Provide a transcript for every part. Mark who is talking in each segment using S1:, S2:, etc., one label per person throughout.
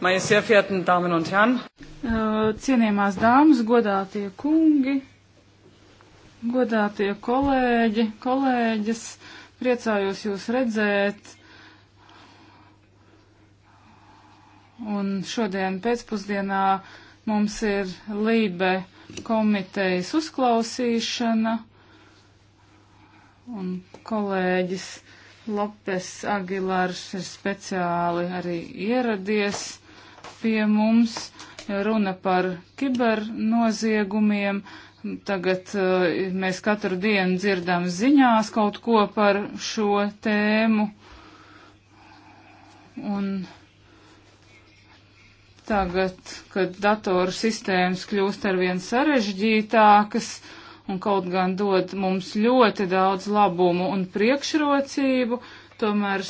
S1: Meine
S2: sehr verehrten Damen und Herren, cienījamās dāmas, godātie kungi, godātie kolēģi, kolēģis, priecājos jūs redzēt. Un šodien pēcpusdienā mums ir Lībe komitejas uzklausīšana un kolēģis Lopes Agilārs ir speciāli arī ieradies pie mums, jo runa par kibernoziegumiem. Tagad uh, mēs katru dienu dzirdam ziņās kaut ko par šo tēmu. Un tagad, kad datoru sistēmas kļūst arvien sarežģītākas, uh, un kaut gan dod mums ļoti daudz labumu un priekšrocību, tomēr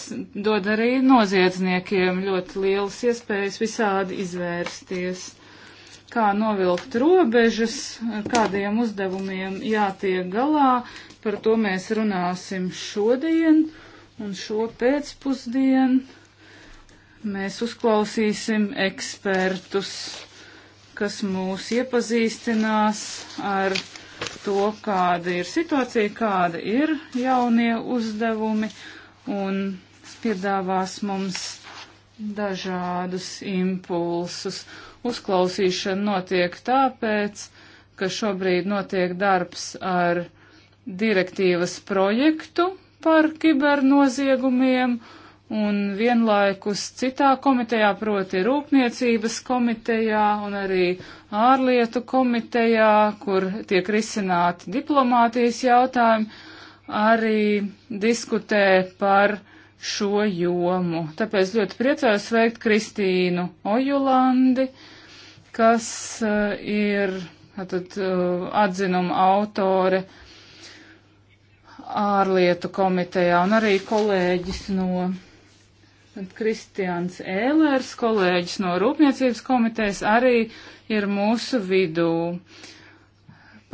S2: dod arī noziedzniekiem ļoti lielas iespējas visādi izvērsties. Kā novilkt robežas, ar kādiem uzdevumiem jātiek galā, par to mēs runāsim šodien un šo pēcpusdienu. Mēs uzklausīsim ekspertus, kas mūs iepazīstinās ar to, kāda ir situācija, kāda ir jaunie uzdevumi un piedāvās mums dažādus impulsus. Uzklausīšana notiek tāpēc, ka šobrīd notiek darbs ar direktīvas projektu par kibernoziegumiem un vienlaikus citā komitejā, proti Rūpniecības komitejā un arī ārlietu komitejā, kur tiek risināti diplomātijas jautājumi, arī diskutē par šo jomu. Tāpēc ļoti priecājos sveikt Kristīnu Ojulandi, kas uh, ir tātad, uh, atzinuma autore ārlietu komitejā un arī kolēģis no Kristians Ēlērs, kolēģis no Rūpniecības komitejas, arī ir mūsu vidū.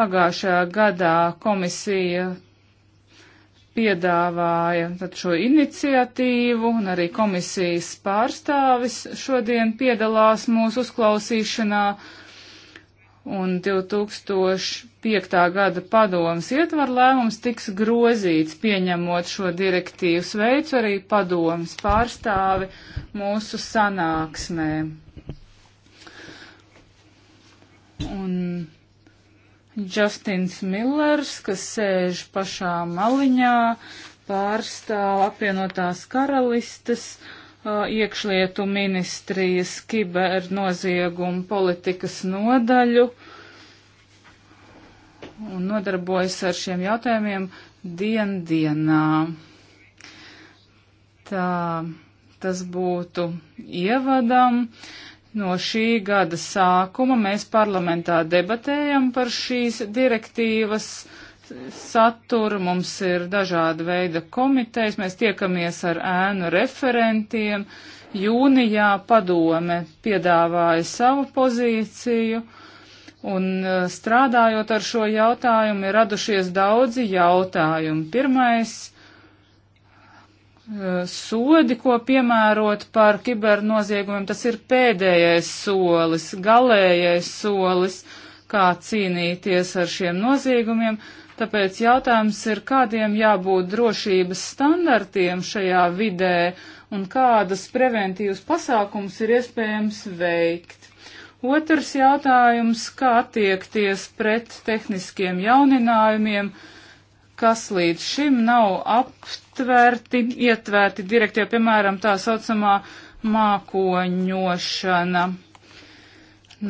S2: Pagājušajā gadā komisija piedāvāja šo iniciatīvu, un arī komisijas pārstāvis šodien piedalās mūsu uzklausīšanā un 2005. gada padomas ietvar lēmums tiks grozīts, pieņemot šo direktīvu. Sveicu arī padomas pārstāvi mūsu sanāksmē. Un Justins Millers, kas sēž pašā maliņā, pārstāv apvienotās karalistes. Uh, iekšlietu ministrijas kibernoziegumu politikas nodaļu un nodarbojas ar šiem jautājumiem diendienā. Tā tas būtu ievadam. No šī gada sākuma mēs parlamentā debatējam par šīs direktīvas uh, saturu, mums ir dažāda veida komitejas, mēs tiekamies ar ēnu referentiem. Jūnijā padome piedāvāja savu pozīciju, un e, strādājot ar šo jautājumu, ir radušies daudzi jautājumi. Pirmais e, sodi, ko piemērot par kibernoziegumiem, tas ir pēdējais solis, galējais solis, kā cīnīties ar šiem noziegumiem. Tāpēc jautājums ir, kādiem jābūt drošības standartiem šajā vidē un kādas preventīvas pasākums ir iespējams veikt. Otrs jautājums, kā attiekties pret tehniskiem jauninājumiem, kas līdz šim nav aptverti, ietverti direktīvi, piemēram, tā saucamā mākoņošana.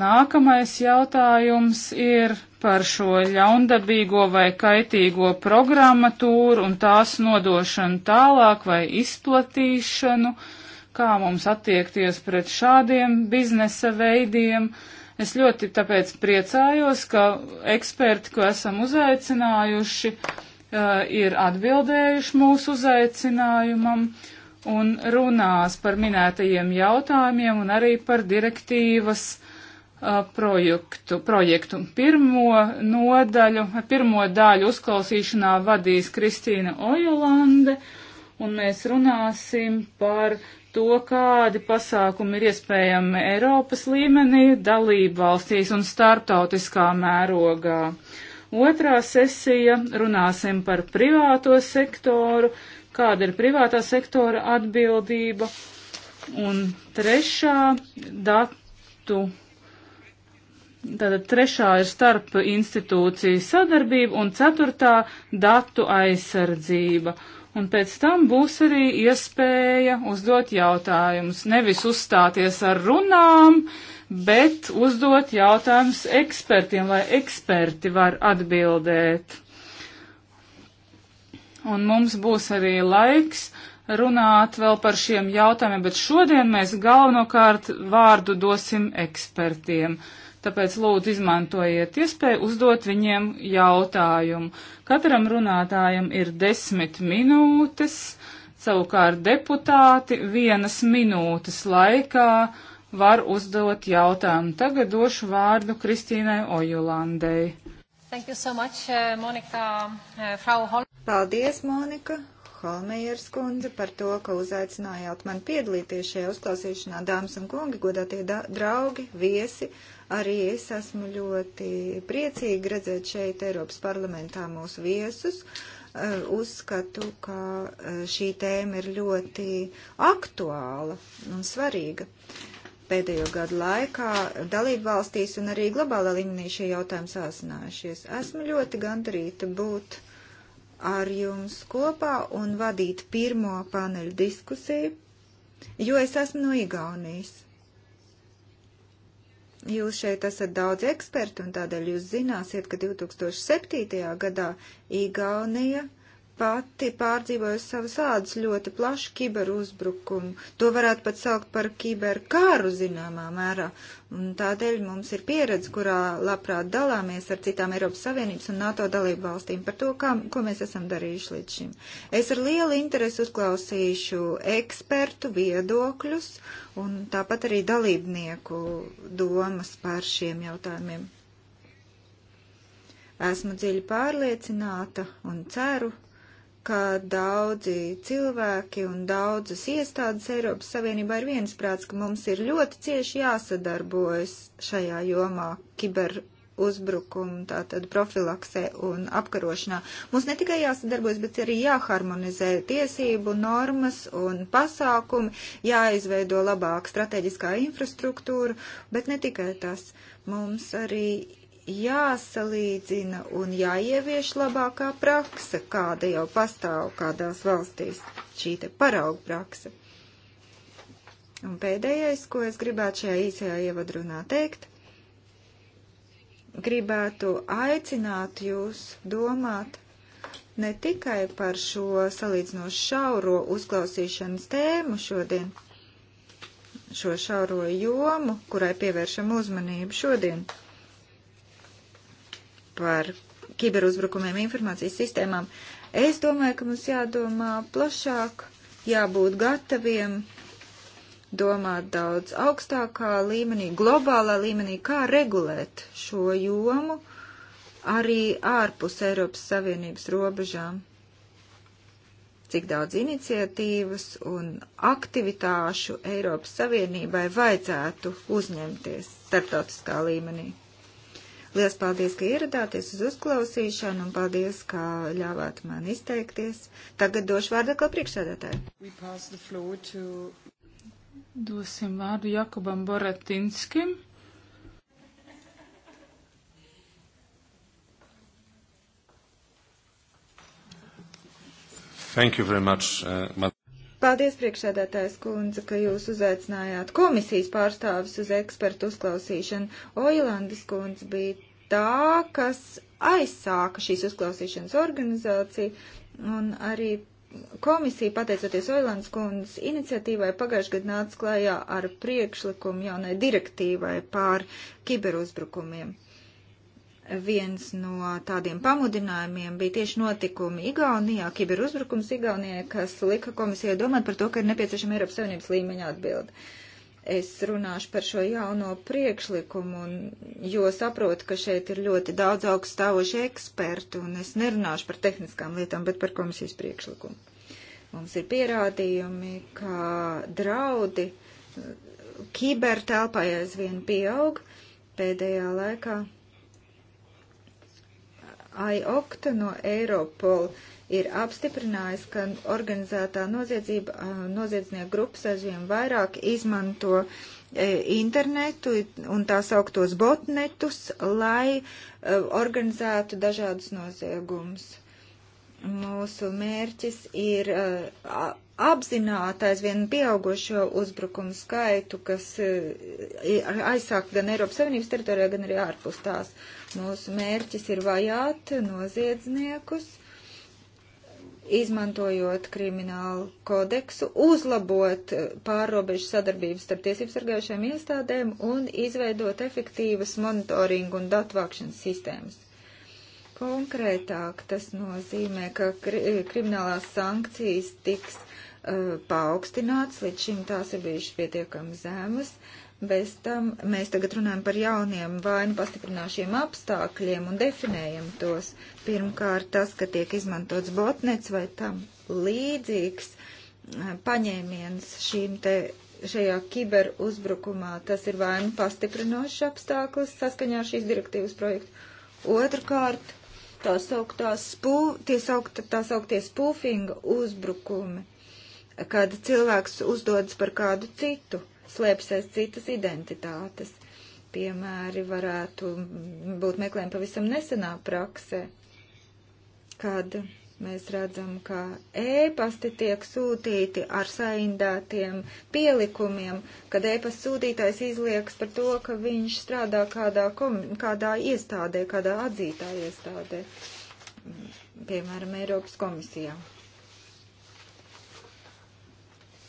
S2: Nākamais jautājums ir, par šo ļaundabīgo vai kaitīgo programmatūru un tās nodošanu tālāk vai izplatīšanu, kā mums attiekties pret šādiem biznesa veidiem. Es ļoti tāpēc priecājos, ka eksperti, ko esam uzaicinājuši, eh, ir atbildējuši mūsu uzaicinājumam un runās par minētajiem jautājumiem un arī par direktīvas uh, projektu, projektu. Pirmo nodaļu, pirmo daļu uzklausīšanā vadīs Kristīna Ojolande, un mēs runāsim par to, kādi pasākumi ir iespējami Eiropas līmenī, dalību valstīs un starptautiskā mērogā. Otrā sesija runāsim par privāto sektoru, kāda ir privātā sektora atbildība, un trešā datu Tātad trešā ir starp institūciju sadarbība un ceturtā datu aizsardzība. Un pēc tam būs arī iespēja uzdot jautājumus. Nevis uzstāties ar runām, bet uzdot jautājumus ekspertiem, lai eksperti var atbildēt. Un mums būs arī laiks runāt vēl par šiem jautājumiem, bet šodien mēs galvenokārt vārdu dosim ekspertiem. Uh, tāpēc lūdzu izmantojiet iespēju uzdot viņiem jautājumu. Katram runātājam ir desmit minūtes, savukārt deputāti vienas minūtes laikā var uzdot jautājumu. Tagad došu vārdu Kristīnai Ojulandei.
S1: Thank you so much, uh, Monika, uh, Frau Hol. Paldies, Monika. Holmejers kundze par to, ka uzaicinājāt mani piedalīties šajā uzklausīšanā, dāmas un kungi, godātie draugi, viesi. Arī es esmu ļoti priecīgi redzēt šeit Eiropas parlamentā mūsu viesus. Eh, uzskatu, ka eh, šī tēma ir ļoti aktuāla un svarīga pēdējo gadu laikā dalību valstīs un arī globālā līmenī šie jautājumi sāsinājušies. Esmu ļoti gandarīta būt ar jums kopā un vadīt pirmo paneļu diskusiju, jo es esmu no Igaunijas. Jūs šeit esat daudz eksperti un tādēļ jūs zināsiet, ka 2007. gadā Igaunija pati pārdzīvoju savas ādas ļoti plašu kiberuzbrukumu. To varētu pat saukt par kiberkāru zināmā mērā. Un tādēļ mums ir pieredze, kurā labprāt dalāmies ar citām Eiropas Savienības un NATO dalību valstīm par to, kā, ko mēs esam darījuši līdz šim. Es ar lielu interesi uzklausīšu ekspertu viedokļus un tāpat arī dalībnieku domas par šiem jautājumiem. Esmu dziļi pārliecināta un ceru, ka daudzi cilvēki un daudzas iestādes Eiropas Savienībā ir viensprāts, ka mums ir ļoti cieši jāsadarbojas šajā jomā kiber uzbrukumu, tātad profilaksē un apkarošanā. Mums ne tikai jāsadarbojas, bet arī jāharmonizē tiesību normas un pasākumi, jāizveido labāk strateģiskā infrastruktūra, bet ne tikai tas. Mums arī jāsalīdzina un jāievieš labākā praksa, kāda jau pastāv kādās valstīs, šī te parauga praksa. Un pēdējais, ko es gribētu šajā īsajā ievadrunā teikt, gribētu aicināt jūs domāt ne tikai par šo salīdzinoši šauro uzklausīšanas tēmu šodien, šo šauro jomu, kurai pievēršam uzmanību šodien par kiberuzbrukumiem informācijas sistēmām, es domāju, ka mums jādomā plašāk, jābūt gataviem domāt daudz augstākā līmenī, globālā līmenī, kā regulēt šo jomu arī ārpus Eiropas Savienības robežām. Cik daudz iniciatīvas un aktivitāšu Eiropas Savienībai vajadzētu uzņemties starptautiskā līmenī. Lielas paldies, ka ieradāties uz uzklausīšanu un paldies, ka ļāvāt man izteikties. Tagad došu vārdu kā priekšsēdētāju.
S2: To... Dosim vārdu Jakobam Boratinskim.
S3: Thank you very much, uh,
S1: Paldies, priekšsēdētājs kundze, ka jūs uzaicinājāt komisijas pārstāvis uz ekspertu uzklausīšanu. Oilandes kundze bija tā, kas aizsāka šīs uzklausīšanas organizāciju un arī komisija, pateicoties Oilandes kundzes iniciatīvai, pagājušajā gadā nāca klājā ar priekšlikumu jaunai direktīvai pār kiberuzbrukumiem viens no tādiem pamudinājumiem bija tieši notikumi Igaunijā, kiberuzbrukums Igaunijai, kas lika komisijai domāt par to, ka ir nepieciešama Eiropas Savienības līmeņa atbildi. Es runāšu par šo jauno priekšlikumu, un, jo saprotu, ka šeit ir ļoti daudz augststāvoši ekspertu, un es nerunāšu par tehniskām lietām, bet par komisijas priekšlikumu. Mums ir pierādījumi, ka draudi uh, kibertelpai aizvien pieaug pēdējā laikā AIOKTA no Eiropola ir apstiprinājis, ka organizētā noziedzība, noziedznieku grupas aizvien vairāk izmanto e, internetu un tā sauktos botnetus, lai e, organizētu dažādus noziegumus. Mūsu mērķis ir e, apzināti aizvien pieaugušo uzbrukumu skaitu, kas e, aizsāk gan Eiropas Savienības teritorijā, gan arī ārpus tās. Mūsu mērķis ir vajāt noziedzniekus, izmantojot kriminālu kodeksu, uzlabot pārrobežu sadarbības starp tiesības sargājušajām iestādēm un izveidot efektīvas monitoringu un datu vākšanas sistēmas. Konkrētāk tas nozīmē, ka kri kriminālās sankcijas tiks uh, Eh, paaugstināts, līdz šim tās ir bijušas pietiekami zemas. Bez tam mēs tagad runājam par jauniem vainu pastiprināšiem apstākļiem un definējam tos. Pirmkārt, tas, ka tiek izmantots botnets vai tam līdzīgs eh, paņēmiens šīm te šajā kiberuzbrukumā, tas ir vainu pastiprinošs apstākļus saskaņā ar šīs direktīvas projektu. Otrakārt, tā sauktās spū, tie saukt, tā sauktie spūfinga uzbrukumi kad cilvēks uzdodas par kādu citu, slēpjas aiz citas identitātes. Piemēri varētu būt meklējumi pavisam nesenā praksē, kad mēs redzam, ka ēpasti tiek sūtīti ar saindētiem pielikumiem, kad ēpasta sūtītājs izliekas par to, ka viņš strādā kādā, kom, kādā iestādē, kādā atzītā iestādē, piemēram, Eiropas komisijā.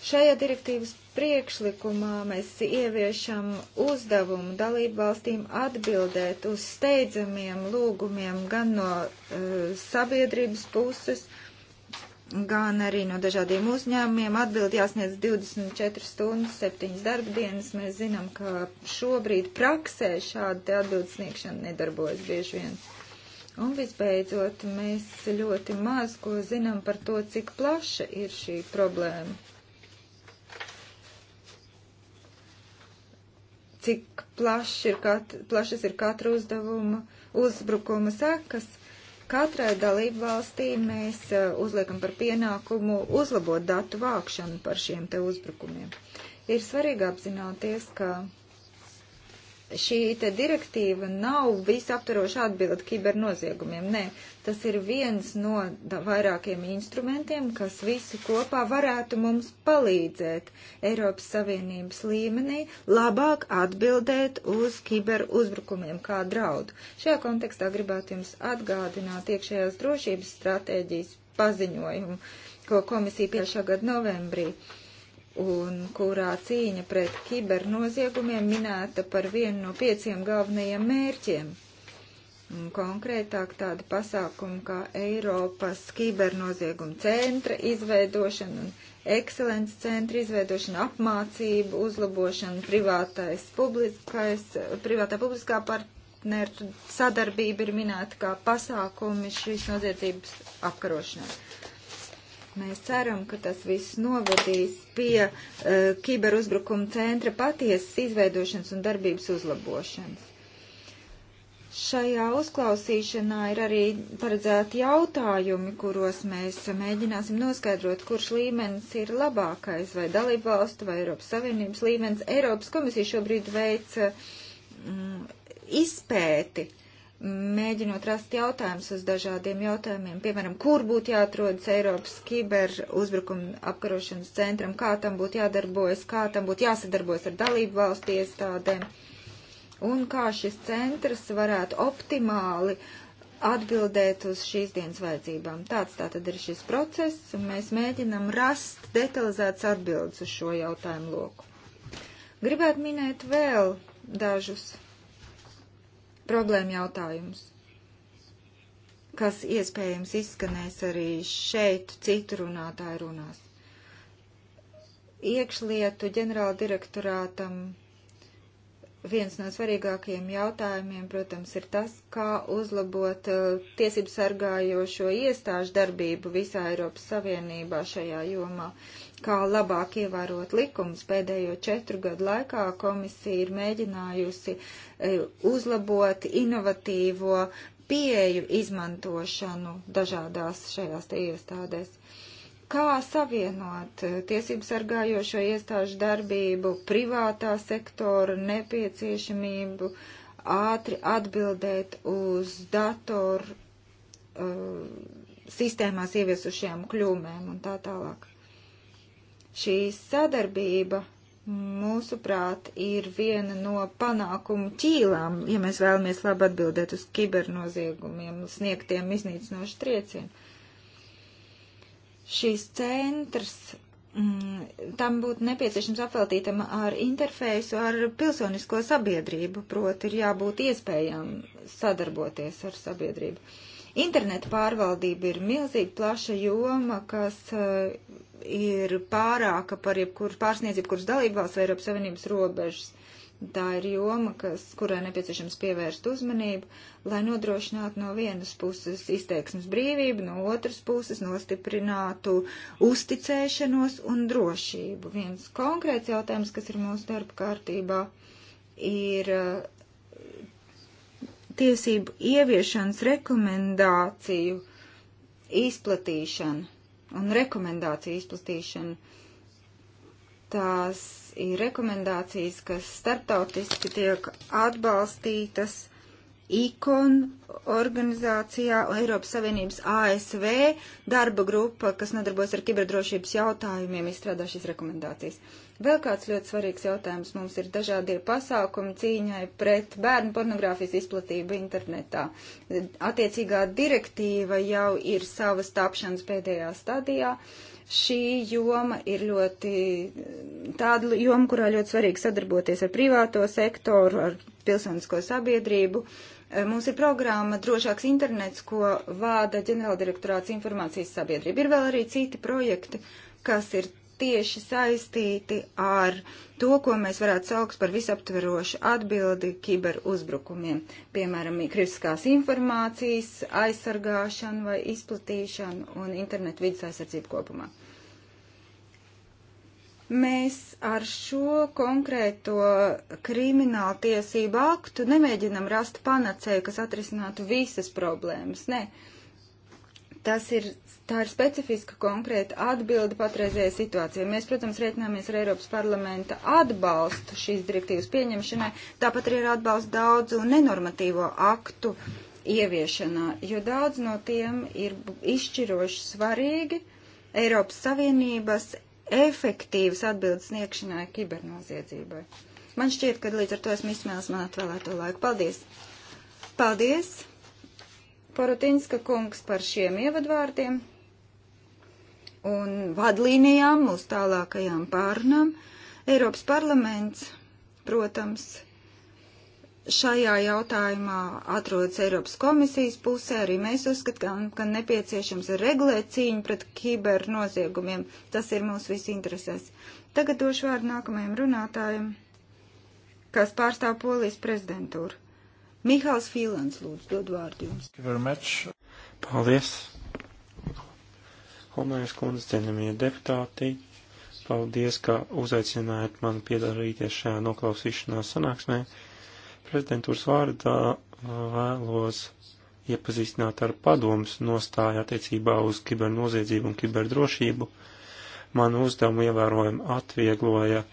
S1: Šajā direktīvas priekšlikumā mēs ieviešam uzdevumu dalību valstīm atbildēt uz steidzamiem lūgumiem gan no uh, sabiedrības puses, gan arī no dažādiem uzņēmumiem. Atbildi jāsniedz 24 stundas, 7 darba dienas. Mēs zinām, ka šobrīd praksē šāda atbildes sniegšana nedarbojas bieži vien. Un visbeidzot, mēs ļoti maz ko zinām par to, cik plaša ir šī problēma cik plaši ir kat, plašas ir katra uzdevuma, uzbrukuma sekas. Katrai dalību valstī mēs eh, uzliekam par pienākumu uzlabot datu vākšanu par šiem te uzbrukumiem. Ir svarīgi apzināties, ka šī te direktīva nav visaptvaroša atbilde kibernoziegumiem. Nē, tas ir viens no vairākiem instrumentiem, kas visi kopā varētu mums palīdzēt Eiropas Savienības līmenī labāk atbildēt uz kiberuzbrukumiem kā draudu. Šajā kontekstā gribētu jums atgādināt iekšējās drošības stratēģijas paziņojumu, ko komisija pie šā gada novembrī uh, un kurā cīņa pret kibernoziegumiem minēta par vienu no pieciem galvenajiem mērķiem. Un konkrētāk tāda pasākuma kā Eiropas kibernozieguma centra izveidošana un ekscelences centra izveidošana, apmācība, uzlabošana, privātais, publiskais, privātā publiskā partneru sadarbība ir minēta kā pasākumi šīs noziedzības apkarošanai. Mēs ceram, ka tas viss novadīs pie uh, kiberuzbrukuma centra patiesas izveidošanas un darbības uzlabošanas. Šajā uzklausīšanā ir arī paredzēti jautājumi, kuros mēs mēģināsim noskaidrot, kurš līmenis ir labākais, vai dalību valstu, vai Eiropas Savienības līmenis. Eiropas komisija šobrīd veic mm, izpēti uh, mēģinot rast jautājumus uz dažādiem jautājumiem, piemēram, kur būtu jāatrodas Eiropas kiber uzbrukuma apkarošanas centram, kā tam būtu jādarbojas, kā tam būtu jāsadarbojas ar dalību valstu iestādēm, un kā šis centrs varētu optimāli atbildēt uz šīs dienas vajadzībām. Tāds tā tad ir šis process, un mēs mēģinam rast detalizētas atbildes uz šo jautājumu loku. Gribētu minēt vēl dažus problēma jautājums, kas iespējams izskanēs arī šeit citu runātāju runās. Iekšlietu ģenerāldirektorātam viens no svarīgākajiem jautājumiem, protams, ir tas, kā uzlabot uh, tiesību sargājošo iestāžu darbību visā Eiropas Savienībā šajā jomā. Uh, kā labāk ievērot likums. Pēdējo četru gadu laikā komisija ir mēģinājusi e, uzlabot inovatīvo pieeju izmantošanu dažādās šajās te iestādēs. Kā savienot e, tiesību sargājošo iestāžu darbību, privātā sektora nepieciešamību, ātri atbildēt uz datoru uh, sistēmās ieviesušajām kļūmēm un tā tālāk. Šī sadarbība, mūsuprāt, ir viena no panākumu ķīlām, ja mēs vēlamies labi atbildēt uz kibernoziegumiem, sniegtiem iznīcinošu triecienu. Šīs centrs mm, tam būtu nepieciešams apveltītam ar interfeisu ar pilsonisko sabiedrību, proti ir jābūt iespējām sadarboties ar sabiedrību. Interneta pārvaldība ir milzīgi plaša joma, kas eh, ir pārāka par jebkuru pārsniedz jebkuras dalībvalsts vai Eiropas Savienības robežas. Tā ir joma, kas, kurai nepieciešams pievērst uzmanību, lai nodrošinātu no vienas puses izteiksmes brīvību, no otras puses nostiprinātu uzticēšanos un drošību. Viens konkrēts jautājums, kas ir mūsu darba kārtībā, ir uh, tiesību ieviešanas rekomendāciju izplatīšana un rekomendāciju izplatīšana. Tās ir rekomendācijas, kas starptautiski tiek atbalstītas ikon organizācijā Eiropas Savienības ASV darba grupa, kas nodarbojas ar kiberdrošības jautājumiem, izstrādā šīs rekomendācijas. Uh, Vēl kāds ļoti svarīgs jautājums mums ir dažādie pasākumi cīņai pret bērnu pornogrāfijas izplatību internetā. Attiecīgā direktīva jau ir savas tapšanas pēdējā stadijā. Šī joma ir ļoti tāda joma, kurā ļoti svarīgi sadarboties ar privāto sektoru, ar pilsonisko sabiedrību. Mums ir programma Drošāks internets, ko vāda ģenerāldirektorāts informācijas sabiedrība. Ir vēl arī citi projekti, kas ir tieši saistīti ar to, ko mēs varētu saukt par visaptverošu atbildi kiberuzbrukumiem, piemēram, kritiskās informācijas aizsargāšanu vai izplatīšanu un internetu vidas aizsardzību kopumā. Mēs ar šo konkrēto kriminālu tiesību aktu nemēģinam rast panacēju, kas atrisinātu visas problēmas. Nē. Ne tas ir, tā ir specifiska konkrēta atbilde patreizējai situācijai. Mēs, protams, rēķināmies ar Eiropas parlamenta atbalstu šīs direktīvas pieņemšanai, tāpat arī ir atbalsts daudzu nenormatīvo aktu ieviešanā, jo daudz no tiem ir izšķiroši svarīgi Eiropas Savienības efektīvas atbildes sniegšanai kibernoziedzībai. Man šķiet, ka līdz ar to esmu izsmēlis man atvēlēto laiku. Paldies! Paldies! Parotinska kungs par šiem ievadvārdiem un vadlīnijām uz tālākajām pārunām. Eiropas parlaments, protams, šajā jautājumā atrodas Eiropas komisijas pusē. Arī mēs uzskatām, ka nepieciešams ir regulēt cīņu pret kibernoziegumiem. Tas ir mūsu visu interesēs. Tagad došu vārdu nākamajam runātājam, kas pārstāv Polijas prezidentūru. Mihāls Fīlans, lūdzu, dod vārdu
S3: jums. Paldies. Homērs kundze, cienījamie deputāti, paldies, ka uzaicinājāt mani piedalīties šajā noklausīšanās sanāksmē. Prezidentūras vārdā uh, vēlos iepazīstināt ar padomus nostāju attiecībā uz kibernoziedzību un kiberdrošību. Manu uzdevumu ievērojami atviegloja uh,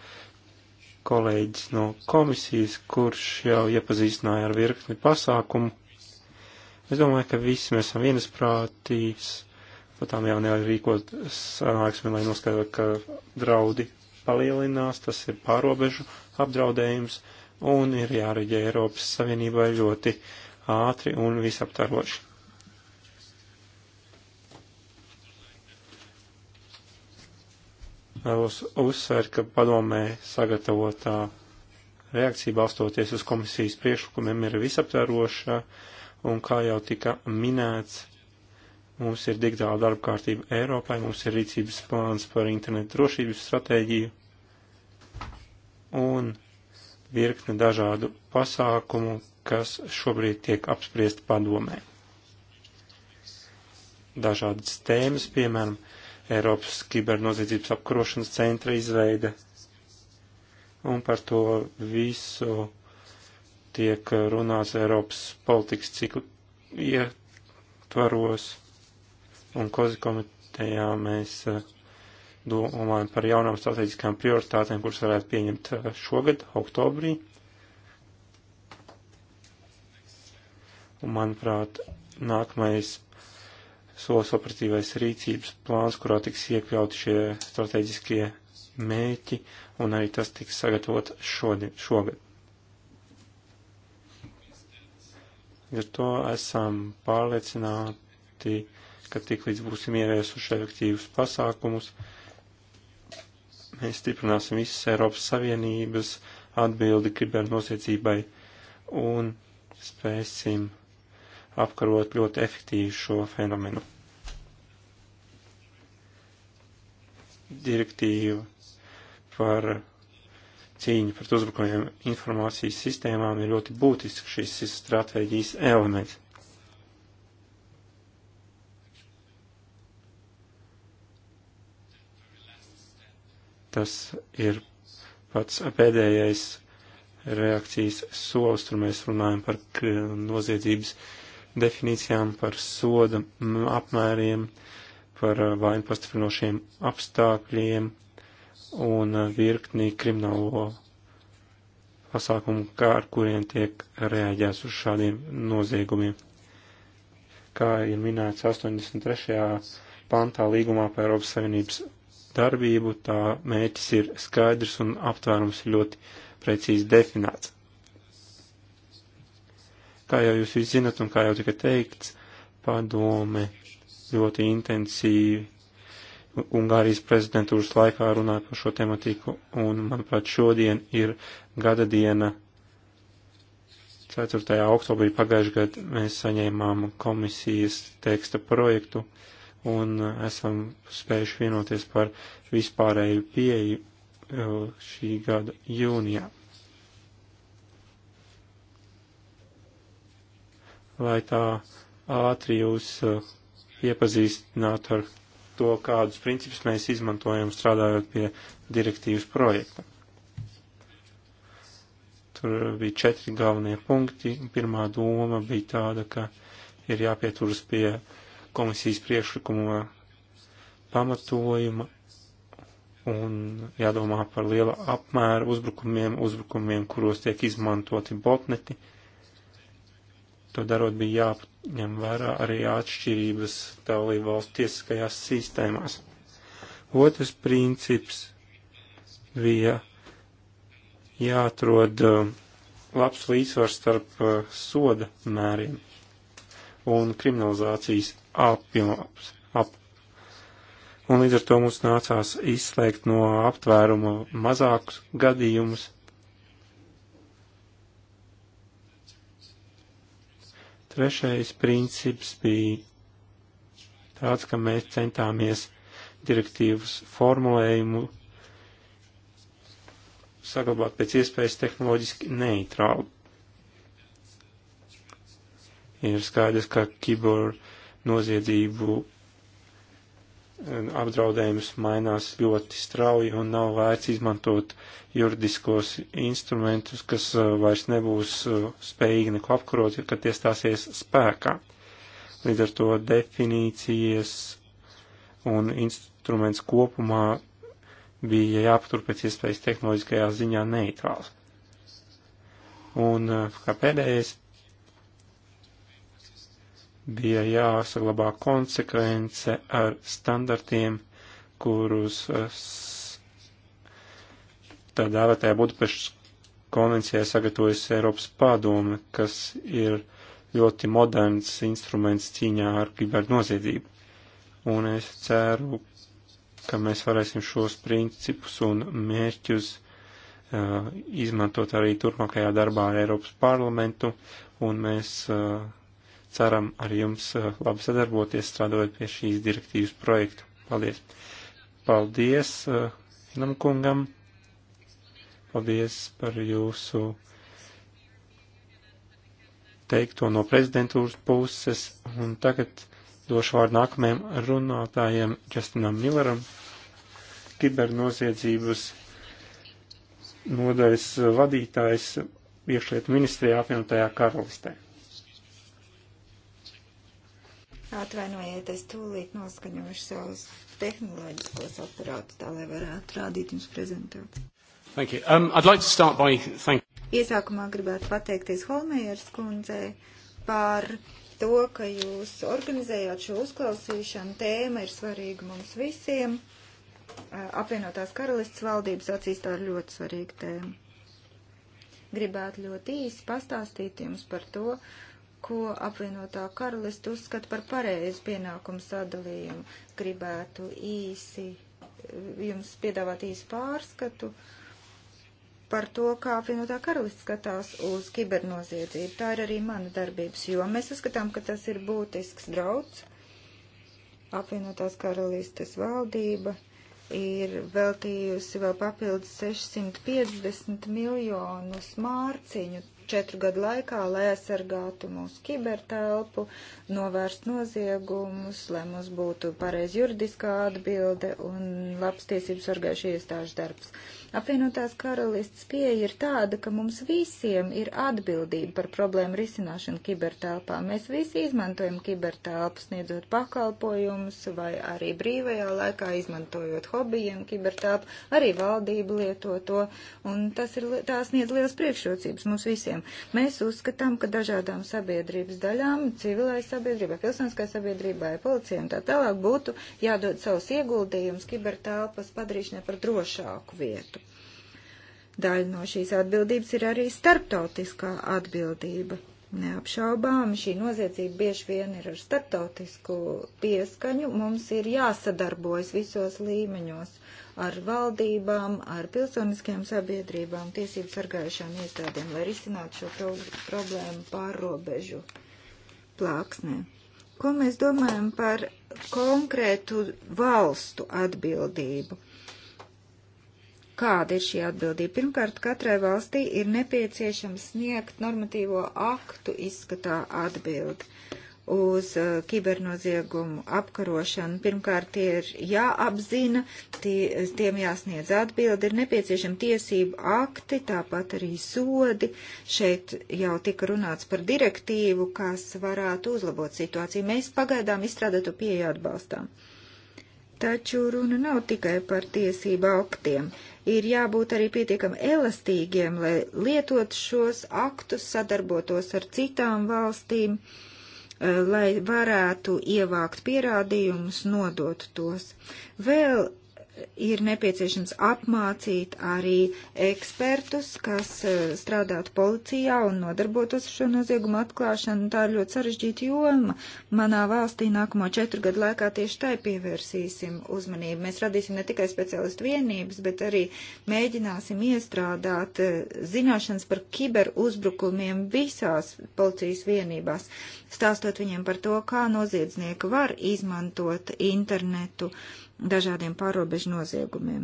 S3: kolēģis no komisijas, kurš jau iepazīstināja ar virkni pasākumu. Es domāju, ka visi mēs esam vienasprātīs, pat tām jau nerīkot sanāksmi, lai noskaidrotu, ka draudi palielinās, tas ir pārobežu apdraudējums, un ir jāreģē Eiropas Savienībai ļoti ātri un visaptaroši. Vēlos uzsvērt, ka padomē sagatavotā reakcija balstoties uz komisijas priekšlikumiem ir visaptēroša, un kā jau tika minēts, mums ir digitāla darba kārtība Eiropai, mums ir rīcības plāns par internetu drošības stratēģiju, un virkne dažādu pasākumu, kas šobrīd tiek apspriesti padomē. Dažādas tēmas, piemēram, Eiropas kibernoziedzības apkarošanas centra izveide. Un par to visu tiek runāts Eiropas politikas ciklu ietvaros. Un kozi komitejā mēs eh, domājam par jaunām strateģiskām prioritātēm, kuras varētu pieņemt eh, šogad, oktobrī. Un, manuprāt, nākamais SOS operatīvais rīcības plāns, kurā tiks iekļauti šie strateģiskie mēķi, un arī tas tiks sagatavot šodien, šogad. Ar to esam pārliecināti, ka tik līdz būsim ieviesuši efektīvus pasākumus, mēs stiprināsim visas Eiropas Savienības atbildi kibernosacībai un spēsim apkarot ļoti efektīvi šo fenomenu. Direktīva par cīņu pret uzbrukumiem informācijas sistēmām ir ļoti būtisks šīs stratēģijas elements. Tas ir pats pēdējais reakcijas solis, tur mēs runājam par noziedzības uh, definīcijām, par soda apmēriem, par uh, vainu pastiprinošiem apstākļiem un uh, virknī kriminālo pasākumu, kā ar kuriem tiek reaģēts uz šādiem noziegumiem. Kā ir minēts 83. pantā līgumā par Eiropas Savienības darbību, tā mērķis ir skaidrs un aptvērums ļoti precīzi definēts. Kā jau jūs visi zinat un kā jau tika teikts, padome ļoti intensīvi Ungārijas prezidentūras laikā runāja par šo tematiku, un, manuprāt, šodien ir gada diena. 4. oktobrī pagājušajā gadā mēs saņēmām komisijas teksta projektu un esam spējuši vienoties par vispārēju pieeju uh, šī gada jūnijā. lai tā ātri jūs uh, iepazīstinātu ar to, kādus principus mēs izmantojam strādājot pie direktīvas projekta. Tur bija četri galvenie punkti. Pirmā doma bija tāda, ka ir jāpieturas pie komisijas priekšlikuma pamatojuma un jādomā par liela apmēra uzbrukumiem, uzbrukumiem, kuros tiek izmantoti botneti. Uh, To darot bija jāņem vērā arī atšķirības dalību valstu tiesiskajās sistēmās. Otrs princips bija jāatrod um, labs līdzsvars starp uh, soda mēriem un kriminalizācijas apjoms. Ap. Un līdz ar to mums nācās izslēgt no aptvēruma mazākus gadījumus, Trešais princips bija tāds, ka mēs centāmies direktīvas formulējumu saglabāt pēc iespējas tehnoloģiski neitrālu. Ir skaidrs, ka kibor noziedzību apdraudējums mainās ļoti strauji un nav vērts izmantot juridiskos instrumentus, kas uh, vairs nebūs uh, spējīgi neko apkarot, kad tie stāsies spēkā. Līdz ar to definīcijas un instruments kopumā bija jāpatur pēc iespējas tehnoloģiskajā ziņā neitrāls. Un uh, kā pēdējais bija jāsaglabā konsekvence ar standartiem, kurus eh, tā dēvētajā Budapeštas konvencijā sagatavojas Eiropas padome, kas ir ļoti moderns instruments cīņā ar kibernoziedzību. Un es ceru, ka mēs varēsim šos principus un mērķus uh, izmantot arī turpmākajā darbā ar Eiropas parlamentu, un mēs uh, ceram ar jums eh, labi sadarboties, strādājot pie šīs direktīvas projektu. Paldies! Paldies Hinam eh, kungam! Paldies par jūsu teikto no prezidentūras puses, un tagad došu vārdu nākamajam runātājiem Justinam Milleram, kibernoziedzības nodaļas vadītājs iekšlietu ministrijā apvienotajā karalistē.
S1: Atvainojiet, es tūlīt noskaņošu savus tehnoloģiskos aparātus, tā lai varētu rādīt jums prezentāciju.
S3: Thank you. Um, I'd like to start by thank
S1: Iesākumā gribētu pateikties Holmējers kundzei par to, ka jūs organizējāt šo uzklausīšanu. Tēma ir svarīga mums visiem. Uh, apvienotās karalists valdības acīs tā ir ļoti svarīga tēma. Gribētu ļoti īsi pastāstīt jums par to, uh, ko apvienotā karalista uzskata par pareizu pienākumu sadalījumu. Gribētu īsi eh, jums piedāvāt īsu pārskatu par to, kā apvienotā karalista skatās uz kibernoziedzību. Tā ir arī mana darbības, jo mēs uzskatām, ka tas ir būtisks drauds. Apvienotās karalistes valdība ir veltījusi vēl papildus 650 miljonus mārciņu četru gadu laikā, lai aizsargātu mūsu kibertelpu, novērst noziegumus, lai mums būtu pareiz juridiskā atbilde un labs tiesības sargājuši iestāžu darbs. Apvienotās karalists pieeja ir tāda, ka mums visiem ir atbildība par problēmu risināšanu kibertelpā. Mēs visi izmantojam kibertelpu, sniedzot pakalpojumus vai arī brīvajā laikā izmantojot hobijiem kibertelpu, arī valdību lieto to, un tas ir, tās sniedz liels priekšrocības mums visiem aktiem. Mēs uzskatām, ka dažādām sabiedrības daļām, civilai sabiedrībai, pilsoniskai sabiedrībai, policijai un tā tālāk būtu jādod savus ieguldījumus kibertelpas padarīšanai par drošāku vietu. Daļa no šīs atbildības ir arī starptautiskā atbildība. Neapšaubām šī noziedzība bieži vien ir ar starptautisku pieskaņu. Mums ir jāsadarbojas visos līmeņos ar valdībām, ar pilsoniskajām sabiedrībām, tiesību sargājušām iestādēm, lai risinātu šo pro problēmu pārrobežu plāksnē. Ko mēs domājam par konkrētu valstu atbildību? Kāda ir šī atbildība? Pirmkārt, katrai valstī ir nepieciešams sniegt normatīvo aktu izskatā atbildi uz uh, kibernoziegumu apkarošanu. Pirmkārt, tie ir jāapzina, tie, tiem jāsniedz atbildi, ir nepieciešami tiesību akti, tāpat arī sodi. Šeit jau tika runāts par direktīvu, kas varētu uzlabot situāciju. Mēs pagaidām izstrādātu pieeju atbalstām. Taču runa nav tikai par tiesību aktiem. Ir jābūt arī pietiekami elastīgiem, lai lietot šos aktus, sadarbotos ar citām valstīm. Uh, lai varētu ievākt pierādījumus, nodot tos. Vēl ir nepieciešams apmācīt arī ekspertus, kas e, strādātu policijā un nodarbotos ar šo noziegumu atklāšanu. Tā ir ļoti sarežģīta joma. Manā valstī nākamo četru gadu laikā tieši tai pievērsīsim uzmanību. Mēs radīsim ne tikai speciālistu vienības, bet arī mēģināsim iestrādāt e, zināšanas par kiberuzbrukumiem visās policijas vienībās, stāstot viņiem par to, kā noziedznieki var izmantot internetu. Uh, dažādiem pārobežu noziegumiem.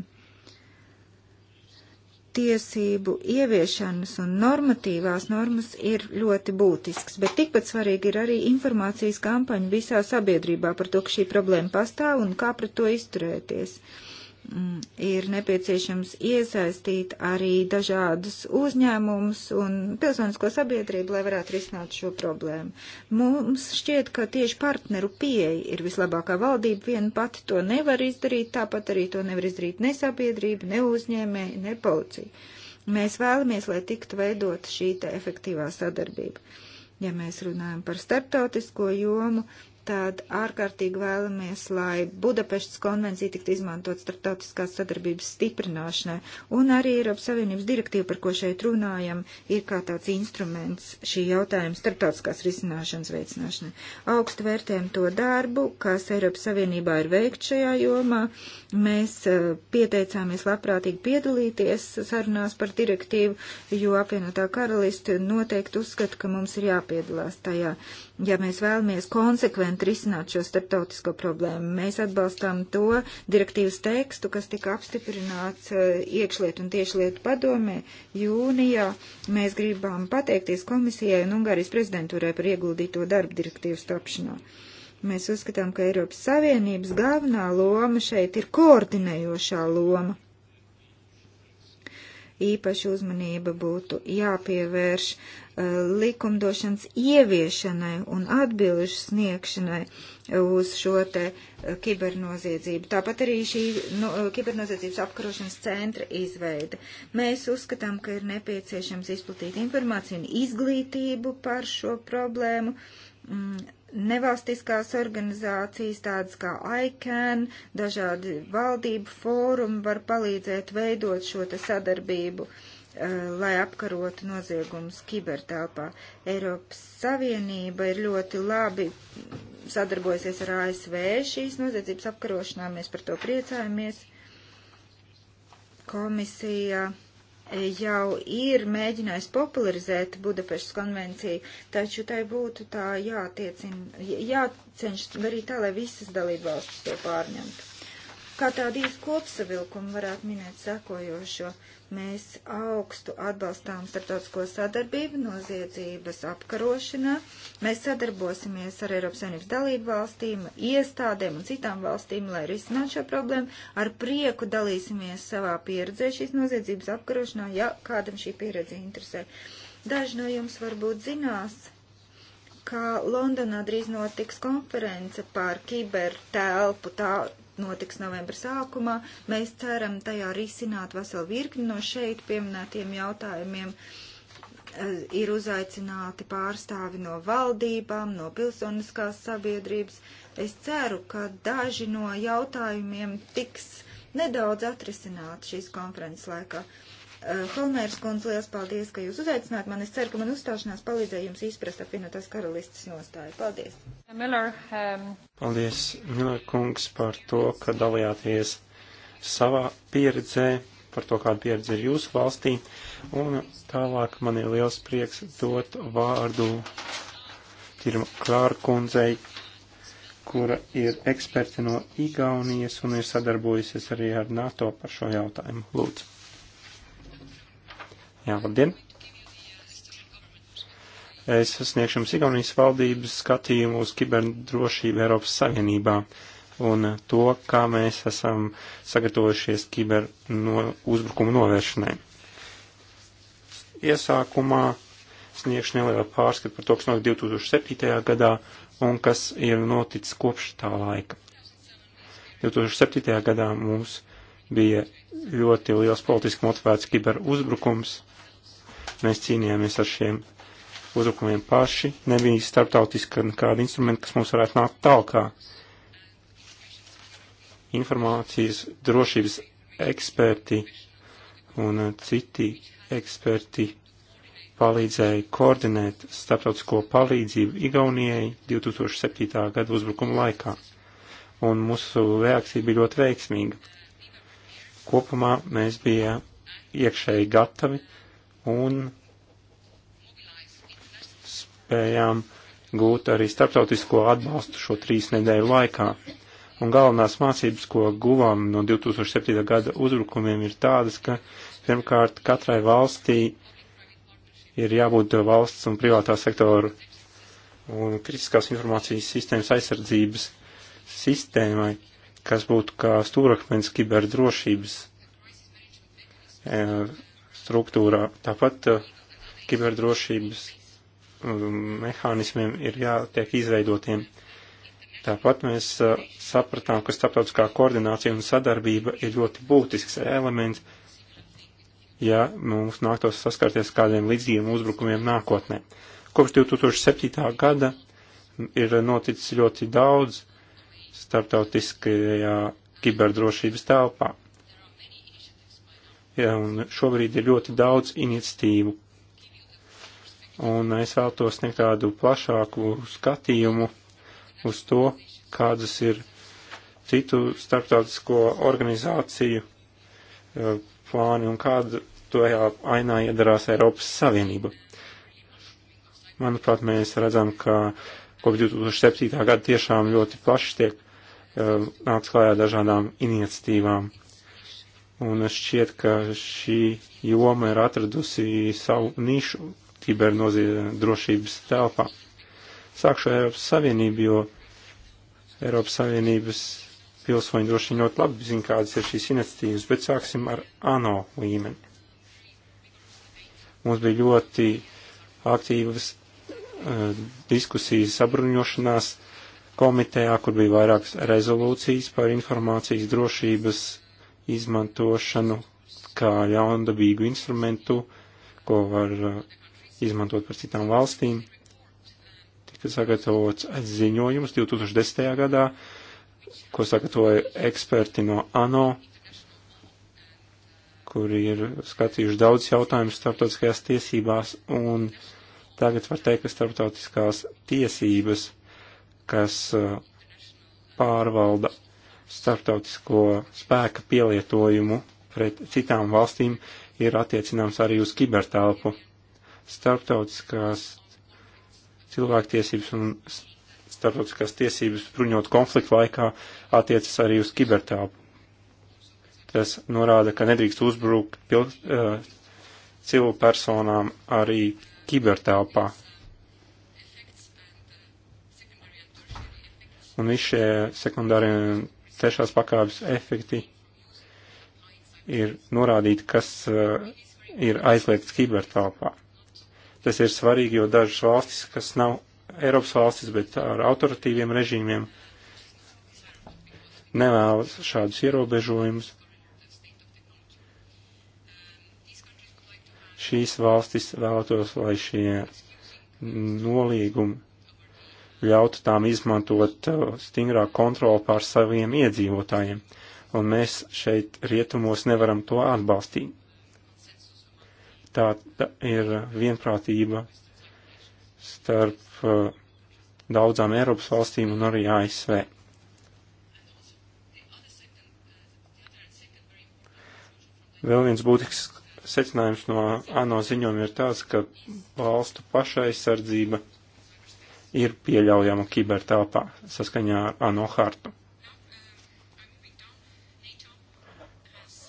S1: Tiesību ieviešanas un normatīvās normas ir ļoti būtisks, bet tikpat svarīgi ir arī informācijas kampaņa visā sabiedrībā par to, ka šī problēma pastāv un kā pret to izturēties. Uh, Mm, ir nepieciešams iesaistīt arī dažādus uzņēmumus un pilsonisko sabiedrību, lai varētu risināt šo problēmu. Mums šķiet, ka tieši partneru pieeja ir vislabākā valdība, viena pati to nevar izdarīt, tāpat arī to nevar izdarīt ne sabiedrība, ne uzņēmēji, ne policija. Mēs vēlamies, lai tiktu veidot šī efektīvā sadarbība. Ja mēs runājam par starptautisko jomu, tad ārkārtīgi vēlamies, lai Budapeštas konvencija tiktu izmantot starptautiskās sadarbības stiprināšanai, un arī Eiropas Savienības direktīva, par ko šeit runājam, ir kā tāds instruments šī jautājuma starptautiskās risināšanas veicināšanai. Augstu vērtējam to darbu, kas Eiropas Savienībā ir veikt šajā jomā. Mēs uh, pieteicāmies labprātīgi piedalīties sarunās par direktīvu, jo apvienotā karaliste noteikti uzskata, ka mums ir jāpiedalās tajā. Uh, ja mēs vēlamies konsekventi risināt šo starptautisko problēmu. Mēs atbalstām to direktīvas tekstu, kas tika apstiprināts eh, iekšlietu un tiešlietu padomē jūnijā. Mēs gribam pateikties komisijai un Ungārijas prezidentūrai par ieguldīto darbu direktīvas tapšanā. Mēs uzskatām, ka Eiropas Savienības galvenā loma šeit ir koordinējošā loma. Īpaši uzmanība būtu jāpievērš uh, likumdošanas ieviešanai un atbilžu sniegšanai uz šo te eh, kibernoziedzību. Tāpat arī šī no, eh, kibernoziedzības apkarošanas centra izveida. Mēs uzskatām, ka ir nepieciešams izplatīt informāciju un izglītību par šo problēmu. Mm, nevalstiskās organizācijas, tādas kā ICANN, dažādi valdību fórumi var palīdzēt veidot šo te sadarbību uh, Eh, lai apkarotu noziegumus kibertelpā. Eiropas Savienība ir ļoti labi sadarbojusies ar ASV šīs noziedzības apkarošanā, mēs par to priecājamies. Komisija jau ir mēģinājusi popularizēt Budapeštas konvenciju, taču tai būtu tā jātiecina, jācenšas darīt tā, lai visas dalībvalstis to pārņemtu. Kā tādu īstu kopsavilkumu varētu minēt sekojošo. Mēs augstu atbalstām starptautisko sadarbību noziedzības apkarošanā. Mēs sadarbosimies ar Eiropas Savienības dalību valstīm, iestādēm un citām valstīm, lai risinātu šo problēmu. Ar prieku dalīsimies savā pieredzē šīs noziedzības apkarošanā, ja kādam šī pieredze interesē. Daži no jums varbūt zinās, ka Londonā drīz notiks konference par kibertelpu. Tā notiks novembra sākumā. Mēs ceram tajā risināt veselu virkni no šeit pieminētiem jautājumiem. Eh, ir uzaicināti pārstāvi no valdībām, no pilsoniskās sabiedrības. Es ceru, ka daži no jautājumiem tiks nedaudz atrisināti šīs konferences laikā. Uh, Eh, Holmērs kundze, liels paldies, ka jūs uzaicināt mani. Es ceru, ka man uzstāšanās palīdzēja jums izprast apvienotās karalistas nostāju. Paldies! Miller, um...
S3: Paldies, Miller kungs, par to, ka dalījāties savā pieredzē, par to, kāda pieredze ir jūsu valstī. Un tālāk man ir liels prieks dot vārdu Tirma Klārkundzei, kura ir eksperte no Igaunijas un ir sadarbojusies arī ar NATO par šo jautājumu. Lūdzu! Jā, labdien! Es sniegšu jums Igaunijas valdības skatījumu uz kiberdrošību Eiropas Savienībā un to, kā mēs esam sagatavojušies kiber no, uzbrukumu novēršanai. Iesākumā sniegšu nelielu pārskatu par to, kas notika 2007. gadā un kas ir noticis kopš tā laika. 2007. gadā mums bija ļoti liels politiski motivēts kiber uzbrukums, Mēs cīnījāmies ar šiem uzbrukumiem paši, nebija starptautiska nekāda instrumenta, kas mums varētu nākt tālākā. Informācijas drošības eksperti un uh, citi eksperti palīdzēja koordinēt starptautisko palīdzību Igaunijai 2007. gada uzbrukuma laikā, un mūsu reakcija bija ļoti veiksmīga. Kopumā mēs bijām iekšēji gatavi un spējām gūt arī starptautisko atbalstu šo trīs nedēļu laikā. Un galvenās mācības, ko guvām no 2007. gada uzbrukumiem, ir tādas, ka pirmkārt katrai valstī ir jābūt valsts un privātā sektora un kritiskās informācijas sistēmas aizsardzības sistēmai, kas būtu kā stūrakmens kiberdrošības eh, struktūrā. Tāpat eh, kiberdrošības mm, mehānismiem ir jātiek izveidotiem. Tāpat mēs eh, sapratām, ka starptautiskā koordinācija un sadarbība ir ļoti būtisks elements, ja mums nāktos saskarties kādiem līdzīgiem uzbrukumiem nākotnē. Kopš 2007. gada ir noticis ļoti daudz starptautiskajā kiberdrošības telpā ja, un šobrīd ir ļoti daudz iniciatīvu. Un es vēlos sniegt tādu plašāku skatījumu uz to, kādas ir citu starptautisko organizāciju e, plāni un kāda tojā ainā iedarās Eiropas Savienība. Manuprāt, mēs redzam, ka kopš 2007. gada tiešām ļoti plaši tiek e, nāc klājā dažādām iniciatīvām un šķiet, ka šī joma ir atradusi savu nišu kiberdrošības telpā. Sākšu ar Eiropas Savienību, jo Eiropas Savienības pilsoņi droši vien ļoti labi zina, kādas ir šīs iniciatīvas, bet sāksim ar ANO līmeni. Mums bija ļoti aktīvas uh, diskusijas sabruņošanās komitejā, kur bija vairākas rezolūcijas par informācijas drošības izmantošanu kā ļaundabīgu instrumentu, ko var uh, izmantot par citām valstīm. Tika sagatavots ziņojums 2010. gadā, ko sagatavoja eksperti no ANO, kuri ir skatījuši daudz jautājumus starptautiskajās tiesībās, un tagad var teikt, ka starptautiskās tiesības, kas uh, pārvalda starptautisko spēka pielietojumu pret citām valstīm ir attiecināms arī uz kibertelpu. Starptautiskās cilvēktiesības un starptautiskās tiesības bruņot konfliktu laikā attiecas arī uz kibertelpu. Tas norāda, ka nedrīkst uzbrukt pil, uh, eh, civu personām arī kibertelpā. Un visi šie sekundārie un trešās pakāpes efekti ir norādīti, kas eh, ir aizliegts kibertelpā. Tas ir svarīgi, jo dažas valstis, kas nav Eiropas valstis, bet ar autoritīviem režīmiem, nevēlas šādus ierobežojumus. Šīs valstis vēlētos, lai šie nolīgumi ļaut tām izmantot uh, stingrāk kontroli pār saviem iedzīvotājiem, un mēs šeit rietumos nevaram to atbalstīt. Tā, tā ir vienprātība starp uh, daudzām Eiropas valstīm un arī ASV. Vēl viens būtisks secinājums no ANO ziņojuma ir tāds, ka valstu pašaizsardzība ir pieļaujama kibertelpā saskaņā ar ANO hartu.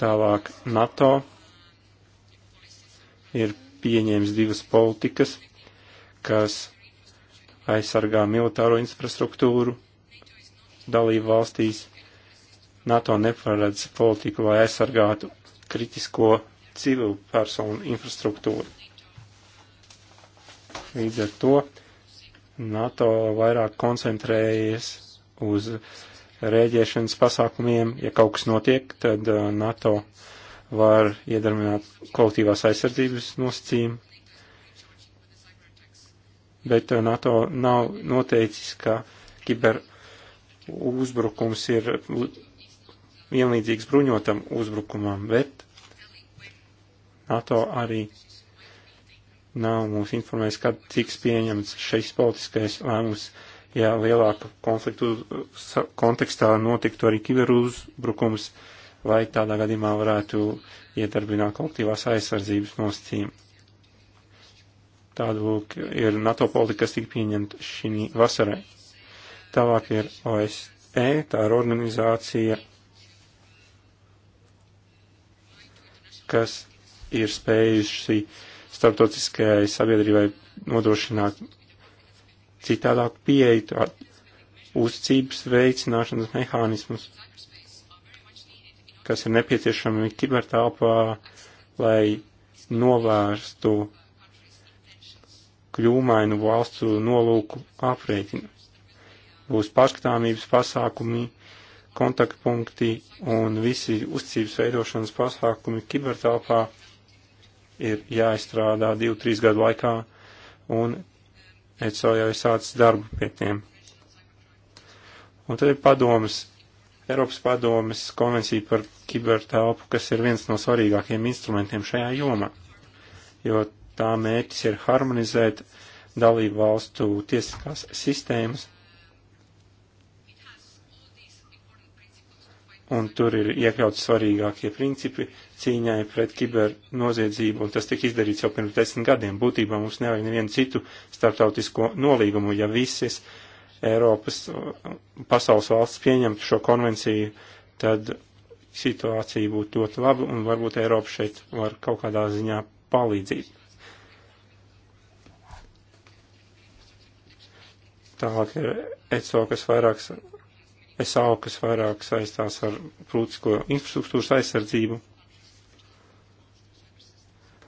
S3: Tālāk NATO ir pieņēmis divas politikas, kas aizsargā militāro infrastruktūru dalību valstīs. NATO neparedz politiku, lai aizsargātu kritisko civilu personu infrastruktūru. Līdz ar to NATO vairāk koncentrējies uz rēģēšanas pasākumiem. Ja kaut kas notiek, tad uh, NATO var iedarmināt kolektīvās aizsardzības nosacījumu. Bet uh, NATO nav noteicis, ka kiber uzbrukums ir vienlīdzīgs bruņotam uzbrukumam, bet NATO arī nav mums informējis, kad tiks pieņemts šis politiskais lēmums, ja lielāka konfliktu kontekstā notiktu arī kiberuzbrukums, vai tādā gadījumā varētu iedarbināt kolektīvās aizsardzības nosacījumu. Tāda lūk ir NATO politika, kas tika pieņemta šī vasarai. Tālāk ir OSE, tā ir organizācija, kas ir spējusi uh, starptautiskajai sabiedrībai nodrošināt citādāk pieeju, uzcības veicināšanas mehānismus, kas ir nepieciešami kibertāpā, lai novērstu kļūmainu valstu nolūku aprēķinu. Būs paskatāmības pasākumi, kontaktpunkti un visi uzcības veidošanas pasākumi kibertāpā ir jāizstrādā 2-3 gadu laikā, un ECO jau ir sācis darbu pie tiem. Un tad ir padomas, Eiropas padomas konvencija par kibertelpu, kas ir viens no svarīgākajiem instrumentiem šajā jomā, jo tā mērķis ir harmonizēt dalību valstu tiesiskās sistēmas un tur ir iekļauts svarīgākie principi cīņai pret kibernoziedzību, un tas tika izdarīts jau pirms desmit gadiem. Būtībā mums nevajag nevienu citu starptautisko nolīgumu, ja visas Eiropas pasaules valsts pieņemtu šo konvenciju, tad situācija būtu ļoti laba, un varbūt Eiropa šeit var kaut kādā ziņā palīdzīt. Tālāk ir ECO, kas vairāk SAO, kas vairāk saistās ar prūtisko infrastruktūras aizsardzību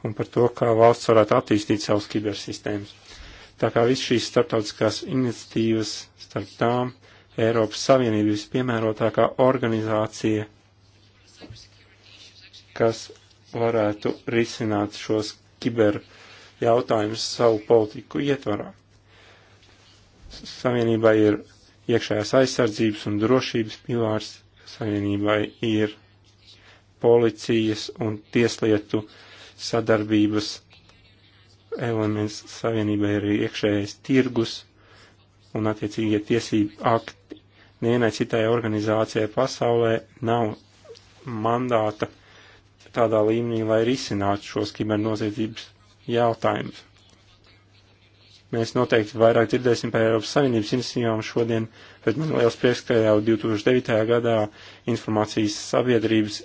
S3: un par to, kā valsts varētu attīstīt savus kibersistēmas. Tā kā viss šīs starptautiskās iniciatīvas starp tām Eiropas Savienība vispiemērotākā organizācija, kas varētu risināt šos kiber jautājumus savu politiku ietvarā. Savienībā ir iekšējās aizsardzības un drošības pilārs savienībai ir policijas un tieslietu sadarbības elements savienībai ir iekšējais tirgus un attiecīgie tiesību akti. Nevienai citai organizācijai pasaulē nav mandāta tādā līmenī, lai risinātu šos kibernoziedzības jautājumus. Mēs noteikti vairāk dzirdēsim par Eiropas Savienības iniciatīvām šodien, bet man liels prieks, ka jau 2009. gadā informācijas sabiedrības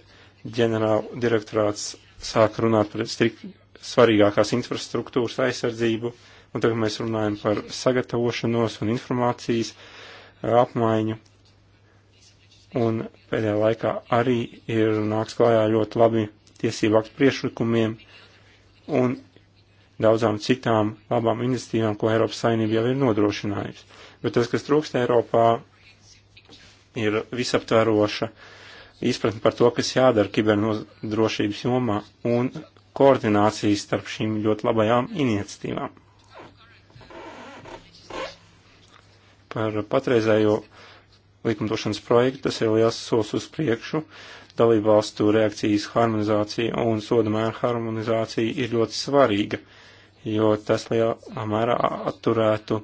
S3: ģenerāla direktorāts sāka runāt par strikt svarīgākās infrastruktūras aizsardzību, un tagad mēs runājam par sagatavošanos un informācijas apmaiņu. Un pēdējā laikā arī ir nāks klājā ļoti labi tiesību aktu priešlikumiem, un daudzām citām labām investīcijām, ko Eiropas Savienība jau ir nodrošinājusi. Bet tas, kas trūkst Eiropā, ir visaptveroša izpratne par to, kas jādara kibernodrošības jomā un koordinācijas starp šīm ļoti labajām iniciatīvām. Par patreizējo likumdošanas projektu tas ir liels solis uz priekšu, dalībvalstu reakcijas harmonizācija un soda mēra harmonizācija ir ļoti svarīga, jo tas lielā mērā atturētu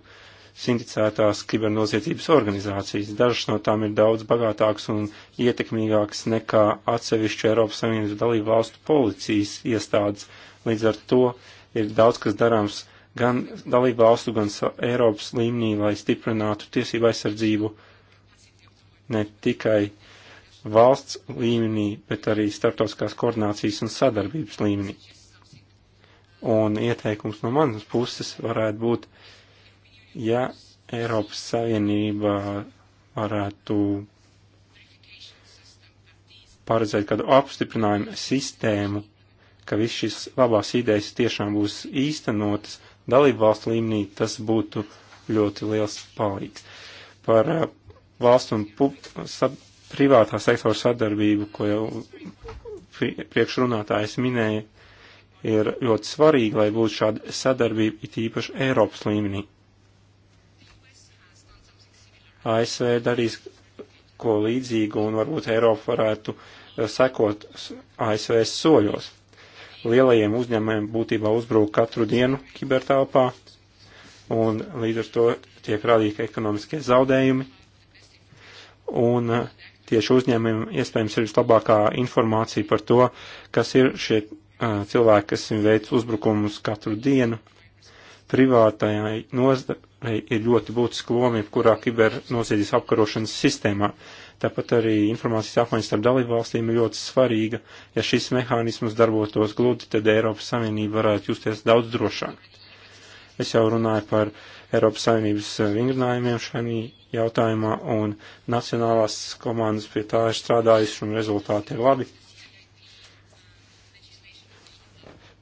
S3: sinticētās kibernoziedzības organizācijas. Dažas no tām ir daudz bagātākas un ietekmīgākas nekā atsevišķu Eiropas Savienības dalību valstu policijas iestādes. Līdz ar to ir daudz kas darāms gan dalību valstu, gan Eiropas līmenī, lai stiprinātu tiesību aizsardzību ne tikai valsts līmenī, bet arī starptautiskās koordinācijas un sadarbības līmenī. Un ieteikums no manas puses varētu būt, ja Eiropas Savienība varētu paredzēt kādu apstiprinājumu sistēmu, ka viss šīs labās idejas tiešām būs īstenotas dalību valstu līmenī, tas būtu ļoti liels palīgs. Par eh, valstu un pub, sab, privātā sektora sadarbību, ko jau priekšrunātājs minēja, ir ļoti svarīgi, lai būtu šāda sadarbība, it īpaši Eiropas līmenī. ASV darīs ko līdzīgu un varbūt Eiropa varētu eh, sekot ASV soļos. Lielajiem uzņēmējiem būtībā uzbrūk katru dienu kibertelpā un līdz ar to tiek radīti ekonomiskie zaudējumi. Un eh, tieši uzņēmējiem iespējams ir vislabākā informācija par to, kas ir šie cilvēki, kas viņam veic uzbrukumus katru dienu, privātajai nozarei ir ļoti būtiska loma, jebkurā kibernoziedzības apkarošanas sistēmā. Tāpat arī informācijas apmaiņas starp dalībvalstīm ir ļoti svarīga. Ja šis mehānisms darbotos gludi, tad Eiropas Savienība varētu justies daudz drošāk. Es jau runāju par Eiropas Savienības vingrinājumiem šajā jautājumā, un nacionālās komandas pie tā ir strādājusi, un rezultāti ir labi.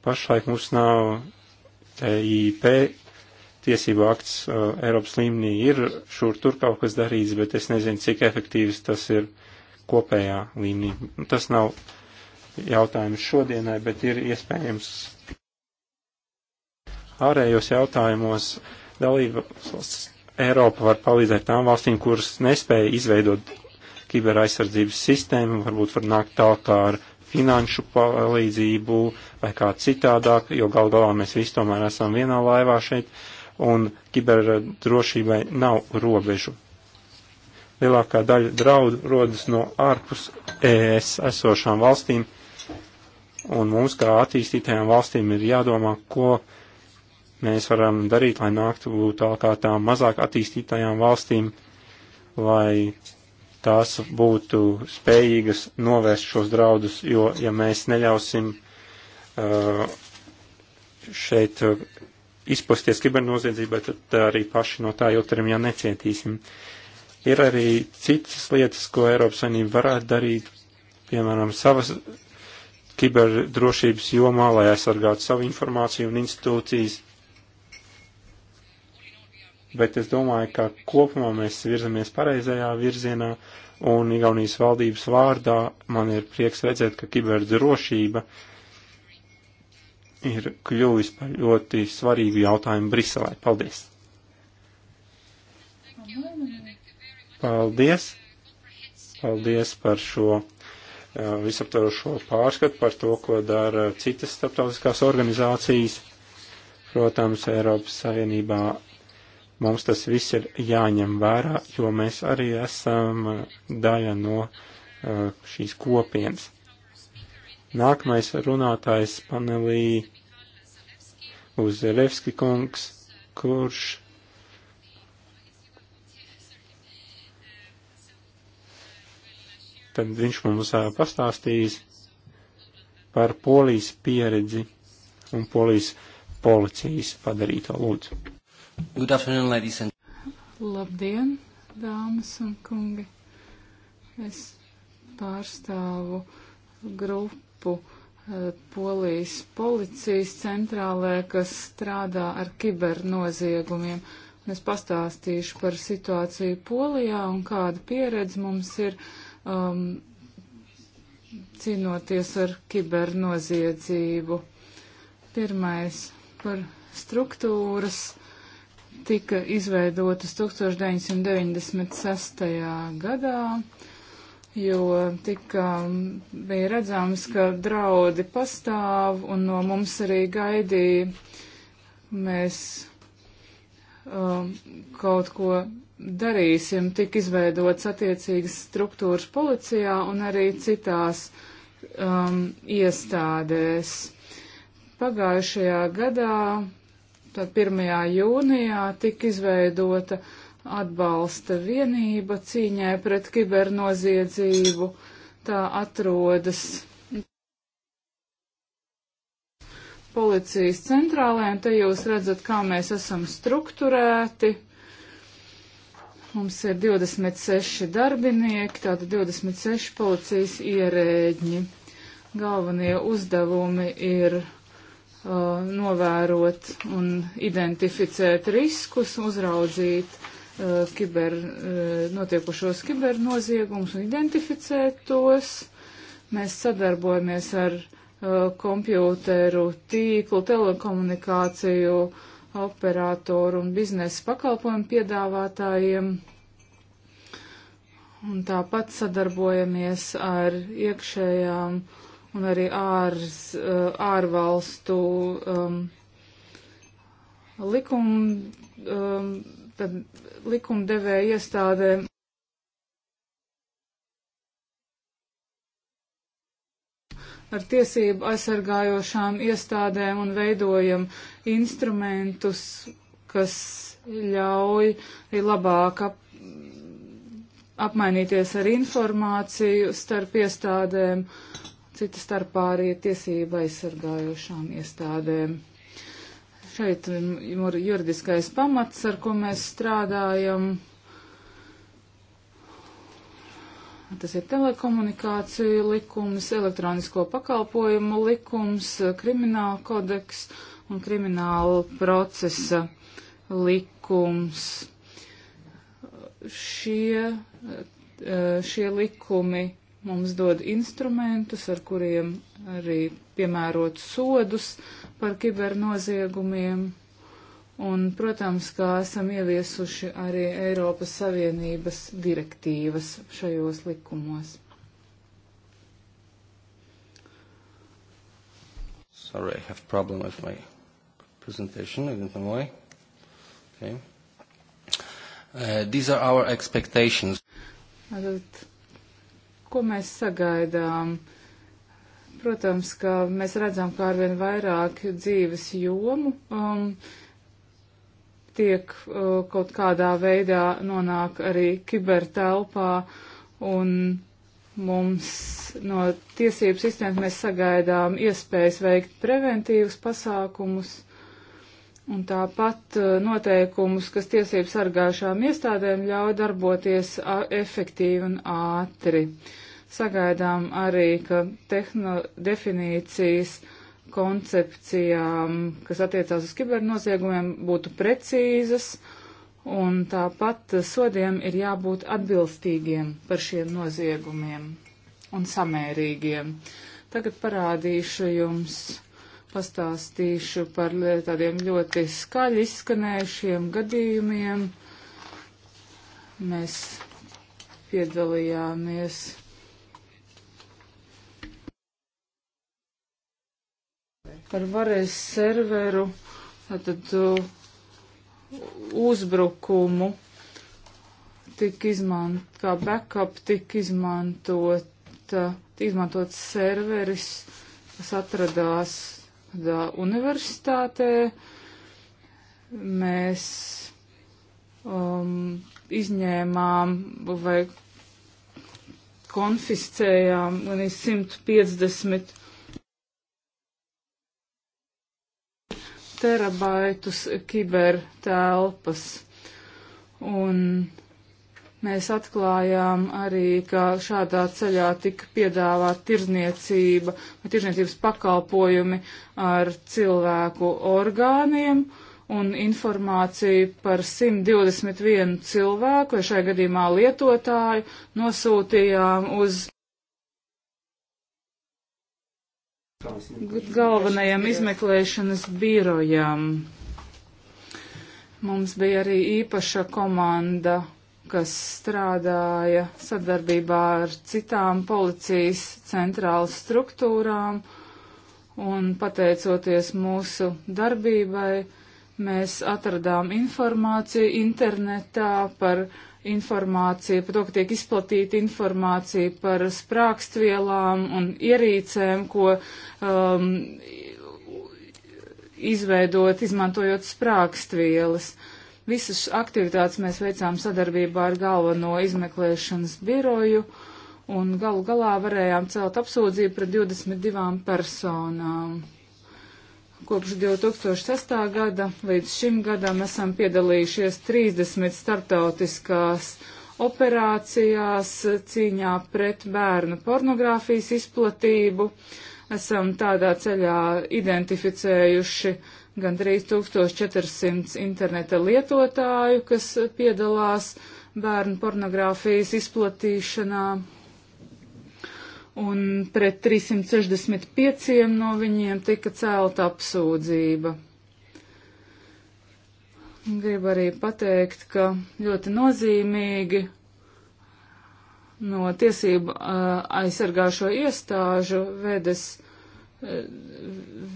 S3: Pašlaik mums nav TIP e tiesību akts uh, Eiropas līmenī. Ir šur tur kaut kas darīts, bet es nezinu, cik efektīvs tas ir kopējā līmenī. Tas nav jautājums šodienai, bet ir iespējams ārējos jautājumos dalībvalsts Eiropa var palīdzēt tām valstīm, kuras nespēja izveidot kiberaizsardzības sistēmu, varbūt var nākt tālāk ar finanšu palīdzību vai kā citādāk, jo gal galā mēs visi tomēr esam vienā laivā šeit, un kiberdrošībai nav robežu. Lielākā daļa draudu rodas no ārpus ES esošām valstīm, un mums kā attīstītajām valstīm ir jādomā, ko mēs varam darīt, lai nāktu tālāk kā tām mazāk attīstītajām valstīm, lai tās būtu spējīgas novērst šos draudus, jo ja mēs neļausim uh, šeit uh, izposties kibernoziedzībai, tad uh, arī paši no tā jūtaram, ja necietīsim. Ir arī citas lietas, ko Eiropas Savienība varētu darīt, piemēram, savas kiberdrošības jomā, lai aizsargātu savu informāciju un institūcijas bet es domāju, ka kopumā mēs virzamies pareizajā virzienā, un Igaunijas valdības vārdā man ir prieks redzēt, ka kiberdrošība ir kļuvis par ļoti svarīgu jautājumu Briselē. Paldies! Paldies! Paldies par šo uh, visaptvarošo pārskatu, par to, ko dara citas starptautiskās organizācijas. Protams, Eiropas Savienībā Mums tas viss ir jāņem vērā, jo mēs arī esam daļa no uh, šīs kopienas. Nākamais runātājs panelī uz Levski kungs, kurš tad viņš mums uh, pastāstīs par polijas pieredzi un polijas policijas padarīto lūdzu. Good afternoon, ladies and
S2: Labdien, dāmas un kungi. Es pārstāvu grupu eh, Polijas policijas centrālē, kas strādā ar kibernoziegumiem. Es pastāstīšu par situāciju Polijā un kāda pieredze mums ir um, cīnoties ar kibernoziedzību. Pirmais par struktūras tika izveidotas 1996. gadā, jo tika, bija redzams, ka draudi pastāv un no mums arī gaidīja mēs um, kaut ko darīsim, tik izveidots attiecīgas struktūras policijā un arī citās um, iestādēs. Pagājušajā gadā Tad 1. jūnijā tika izveidota atbalsta vienība cīņai pret kibernoziedzību. Tā atrodas policijas centrālē, un te jūs redzat, kā mēs esam strukturēti. Mums ir 26 darbinieki, tātad 26 policijas ierēģi. Galvenie uzdevumi ir uh, novērot un identificēt riskus, uzraudzīt uh, kiber, uh, notiekušos kibernoziegumus un identificēt tos. Mēs sadarbojamies ar uh, kompjūteru, tīklu, telekomunikāciju operatoru un biznesa pakalpojumu piedāvātājiem. Un tāpat sadarbojamies ar iekšējām uh, un arī ārs, eh, ārvalstu um, likum, um, tad likumdevēja iestādēm. ar tiesību aizsargājošām iestādēm un veidojam instrumentus, kas ļauj labāk ap, apmainīties ar informāciju starp iestādēm. Uh, cita starpā arī tiesība aizsargājošām iestādēm. Šeit ir juridiskais pamats, ar ko mēs strādājam. Tas ir telekomunikāciju likums, elektronisko pakalpojumu likums, krimināla kodeks un krimināla procesa likums. Šie, eh, šie likumi mums dod instrumentus, ar kuriem arī piemērot sodus par kibernoziegumiem. Un, protams, kā esam ieviesuši arī Eiropas Savienības direktīvas šajos likumos.
S3: Sorry, I have problem with my presentation. I don't know why. Okay. Uh, these are our expectations.
S2: Tātad Ko mēs sagaidām? Protams, ka mēs redzam, kā arvien vairāk dzīves jomu um, tiek uh, kaut kādā veidā nonāk arī kibertelpā un mums no tiesību sistēmas mēs sagaidām iespējas veikt preventīvus pasākumus un tāpat uh, noteikumus, kas tiesību sargājušām iestādēm ļauj darboties efektīvi un ātri. Uh, Sagaidām arī, ka tehno definīcijas koncepcijām, kas attiecās uz kibernoziegumiem, būtu precīzas, un tāpat sodiem ir jābūt atbilstīgiem par šiem noziegumiem un samērīgiem. Tagad parādīšu jums, pastāstīšu par tādiem ļoti skaļi izskanējušiem gadījumiem. Mēs piedalījāmies par varēs serveru tātad, uh, uzbrukumu tika izmantot, kā backup tika izmantot, tika izmantot serveris, kas atradās tādā universitātē. Mēs um, izņēmām vai konfiscējām gan 150 terabaitus kibertelpas. Un mēs atklājām arī, ka šādā ceļā tika piedāvāt tirzniecība, tirzniecības pakalpojumi ar cilvēku orgāniem un informāciju par 121 cilvēku, vai šajā gadījumā lietotāju, nosūtījām uz galvenajam izmeklēšanas birojam. Mums bija arī īpaša komanda, kas strādāja sadarbībā ar citām policijas centrālas struktūrām, un pateicoties mūsu darbībai, mēs atradām informāciju internetā par informācija, par to, ka tiek izplatīta informācija par sprākstvielām un ierīcēm, ko um, izveidot, izmantojot sprākstvielas. Visas aktivitātes mēs veicām sadarbībā ar galveno izmeklēšanas biroju un galu galā varējām celt apsūdzību par 22 personām. Kopš 2006. gada līdz šim gadam esam piedalījušies 30 startautiskās operācijās cīņā pret bērnu pornogrāfijas izplatību. Esam tādā ceļā identificējuši gandrīz 1400 interneta lietotāju, kas piedalās bērnu pornogrāfijas izplatīšanā un pret 365 no viņiem tika celta apsūdzība. Gribu arī pateikt, ka ļoti nozīmīgi no tiesību aizsargāšo iestāžu vedes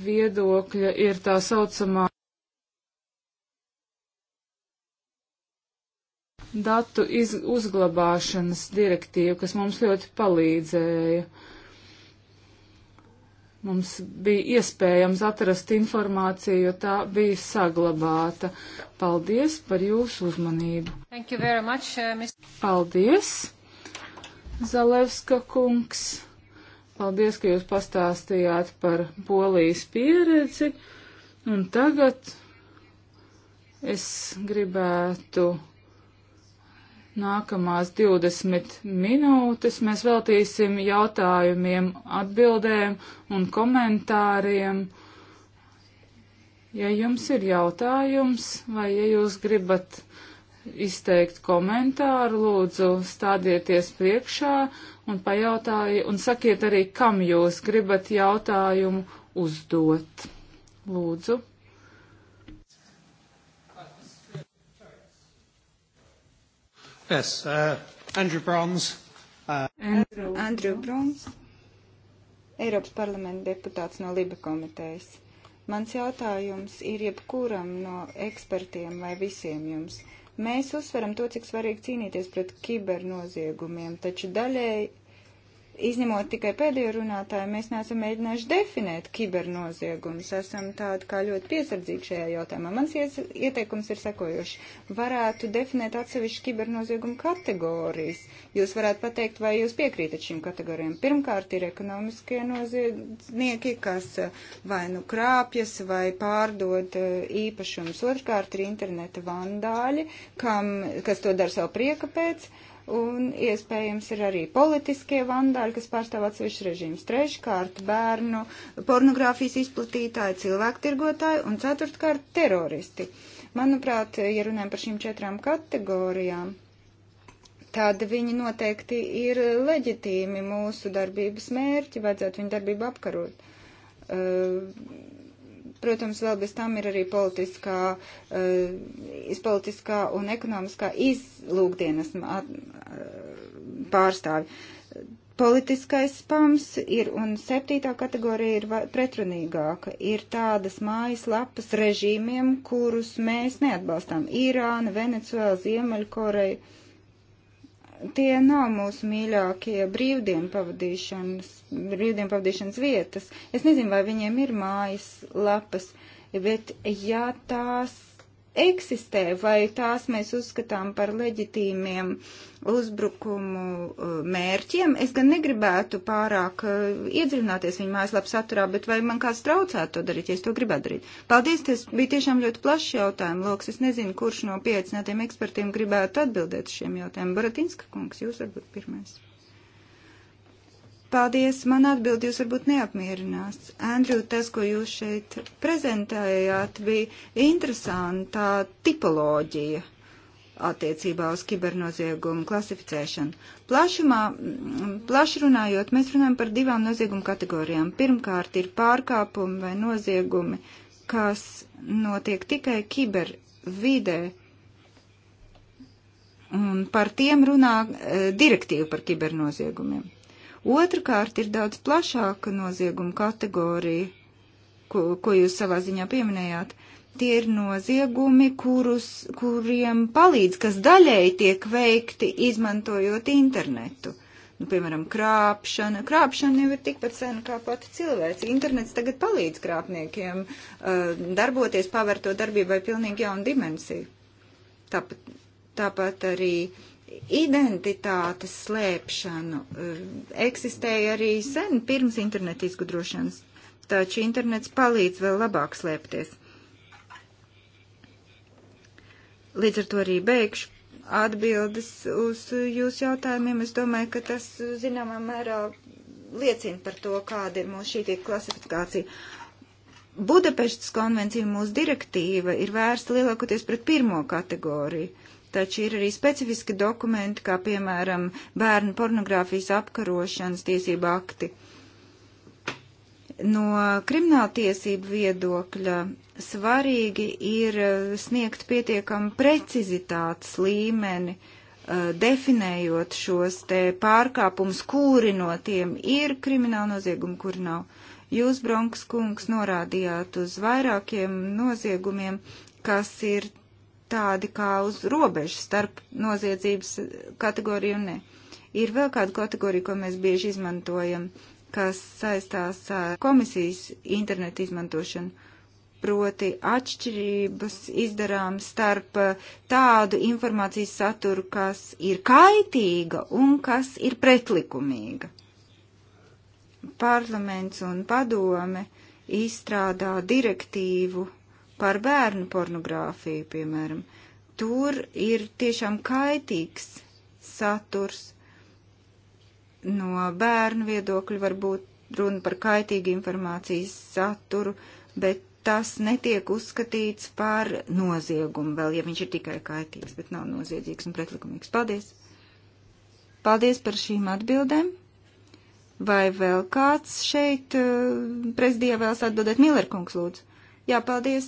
S2: viedokļa ir tā saucamā datu iz, uzglabāšanas direktīvu, kas mums ļoti palīdzēja. Mums bija iespējams atrast informāciju, jo tā bija saglabāta. Paldies par jūsu uzmanību.
S1: Much, uh, Ms...
S2: Paldies, Zalevska kungs. Paldies, ka jūs pastāstījāt par polijas pieredzi. Un tagad es gribētu Nākamās 20 minūtes mēs veltīsim jautājumiem, atbildēm un komentāriem. Ja jums ir jautājums vai ja jūs gribat izteikt komentāru, lūdzu stādieties priekšā un pajautājiet un sakiet arī, kam jūs gribat jautājumu uzdot. Lūdzu.
S1: Yes, uh, Andrew Brons. Uh... Andrew, Andrew Brons, Eiropas parlamenta deputāts no Liba komitejas. Mans jautājums ir jebkuram no ekspertiem vai visiem jums. Mēs uzsveram to, cik svarīgi cīnīties pret kibernoziegumiem, taču daļēji izņemot tikai pēdējo runātāju, mēs neesam mēģinājuši definēt kibernoziegumus. Esam tādi kā ļoti piesardzīgi šajā jautājumā. Mans ieteikums ir sekojoši. Varētu definēt atsevišķu kibernoziegumu kategorijas. Jūs varētu pateikt, vai jūs piekrītat šīm kategorijām. Pirmkārt ir ekonomiskie noziedznieki, kas eh, vai nu krāpjas, vai pārdod eh, īpašumus. Otrkārt ir interneta vandāļi, kam, kas to dara savu prieka pēc. Uh, un iespējams ir arī politiskie vandāļi, kas pārstāv atsevišķu režīmus. Treškārt bērnu pornogrāfijas izplatītāji, cilvēktirgotāji un ceturtkārt teroristi. Manuprāt, ja runājam par šīm četrām kategorijām, tad viņi noteikti ir leģitīmi mūsu darbības mērķi, vajadzētu viņu darbību apkarot. Uh, protams, vēl bez tam ir arī politiskā, uh, politiskā un ekonomiskā izlūkdienas eh, pārstāvi. Politiskais spams ir, un septītā kategorija ir pretrunīgāka, ir tādas mājas lapas režīmiem, kurus mēs neatbalstām - Irāna, Venecuēla, Ziemeļkoreja tie nav mūsu mīļākie brīvdienu pavadīšanas, brīvdienu pavadīšanas vietas. Es nezinu, vai viņiem ir mājas lapas, bet ja tās eksistē, vai tās mēs uzskatām par leģitīmiem uzbrukumu uh, mērķiem. Es gan negribētu pārāk uh, iedziļināties viņa mājaslapas saturā, bet vai man kāds traucētu to darīt, ja es to gribētu darīt. Paldies, tas bija tiešām ļoti plašs jautājums, Loks. Es nezinu, kurš no pieaicinātiem ekspertiem gribētu atbildēt uz šiem jautājumiem. Baratinska kungs, jūs varbūt pirmais. Paldies, man atbild jūs varbūt neapmierinās. Andrew, tas, ko jūs šeit prezentējāt, bija interesantā tipoloģija attiecībā uz kibernoziegumu klasificēšanu. Plašumā, plaši runājot, mēs runājam par divām noziegumu kategorijām. Pirmkārt ir pārkāpumi vai noziegumi, kas notiek tikai kibervidē, un par tiem runā e, direktīva par kibernoziegumiem. Otrakārt ir daudz plašāka nozieguma kategorija, ko, ko jūs savā ziņā pieminējāt. Tie ir noziegumi, kurus, kuriem palīdz, kas daļēji tiek veikti izmantojot internetu. Nu, piemēram, krāpšana. Krāpšana jau ir tikpat sena kā pati cilvēks. Internets tagad palīdz krāpniekiem uh, darboties, pavērt to darbībai pilnīgi jaunu dimensiju. Tāpat, tāpat arī uh, identitātes slēpšanu eh, eksistēja arī sen pirms interneta izgudrošanas, taču internets palīdz vēl labāk slēpties. Līdz ar to arī beigšu atbildes uz jūsu jautājumiem. Es domāju, ka tas eh, zināmā mērā liecina par to, kāda ir mūsu šī klasifikācija. Budapeštas konvencija mūsu direktīva ir vērsta lielākoties pret pirmo kategoriju taču ir arī specifiski dokumenti, kā piemēram bērnu pornogrāfijas apkarošanas tiesība akti. No krimināltiesību viedokļa svarīgi ir e, sniegt pietiekam precizitātes līmeni, e, definējot šos te pārkāpumus, kuri no tiem ir krimināla nozieguma, kur nav. Jūs, Bronks kungs, norādījāt uz vairākiem noziegumiem, kas ir tādi kā uz robežas starp noziedzības kategoriju un ne. Ir vēl kāda kategorija, ko mēs bieži izmantojam, kas saistās ar komisijas internetu izmantošanu, proti atšķirības izdarām starp tādu informācijas saturu, kas ir kaitīga un kas ir pretlikumīga. Parlaments un padome izstrādā direktīvu par bērnu pornogrāfiju, piemēram. Tur ir tiešām kaitīgs saturs. No bērnu viedokļa var būt runa par kaitīgu informācijas saturu, bet tas netiek uzskatīts par noziegumu vēl, ja viņš ir tikai kaitīgs, bet nav noziedzīgs un pretlikumīgs. Paldies! Paldies par šīm atbildēm! Vai vēl kāds šeit eh, prezidijā vēlas atbildēt? Miller kungs, lūdzu! Jā, paldies.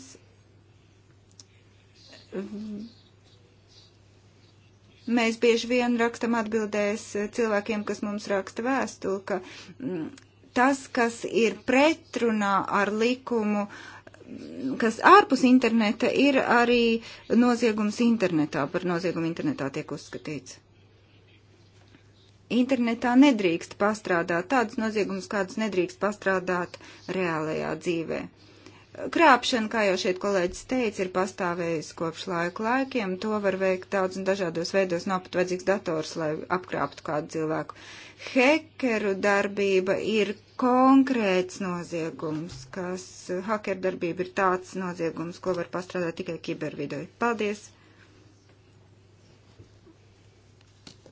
S1: Mēs bieži vien rakstam atbildēs cilvēkiem, kas mums raksta vēstuli, ka mm, tas, kas ir pretrunā ar likumu, mm, kas ārpus interneta, ir arī noziegums internetā, par noziegumu internetā tiek uzskatīts. Internetā nedrīkst pastrādāt tādus noziegumus, kādus nedrīkst pastrādāt reālajā dzīvē. Krāpšana, kā jau šeit kolēģis teica, ir pastāvējusi kopš laika laikiem. To var veikt daudz un dažādos veidos. Nav pat vajadzīgs dators, lai apkrāptu kādu cilvēku. Hekeru darbība ir konkrēts noziegums, kas hakeru darbība ir tāds noziegums, ko var pastrādāt tikai kibervidoj. Paldies!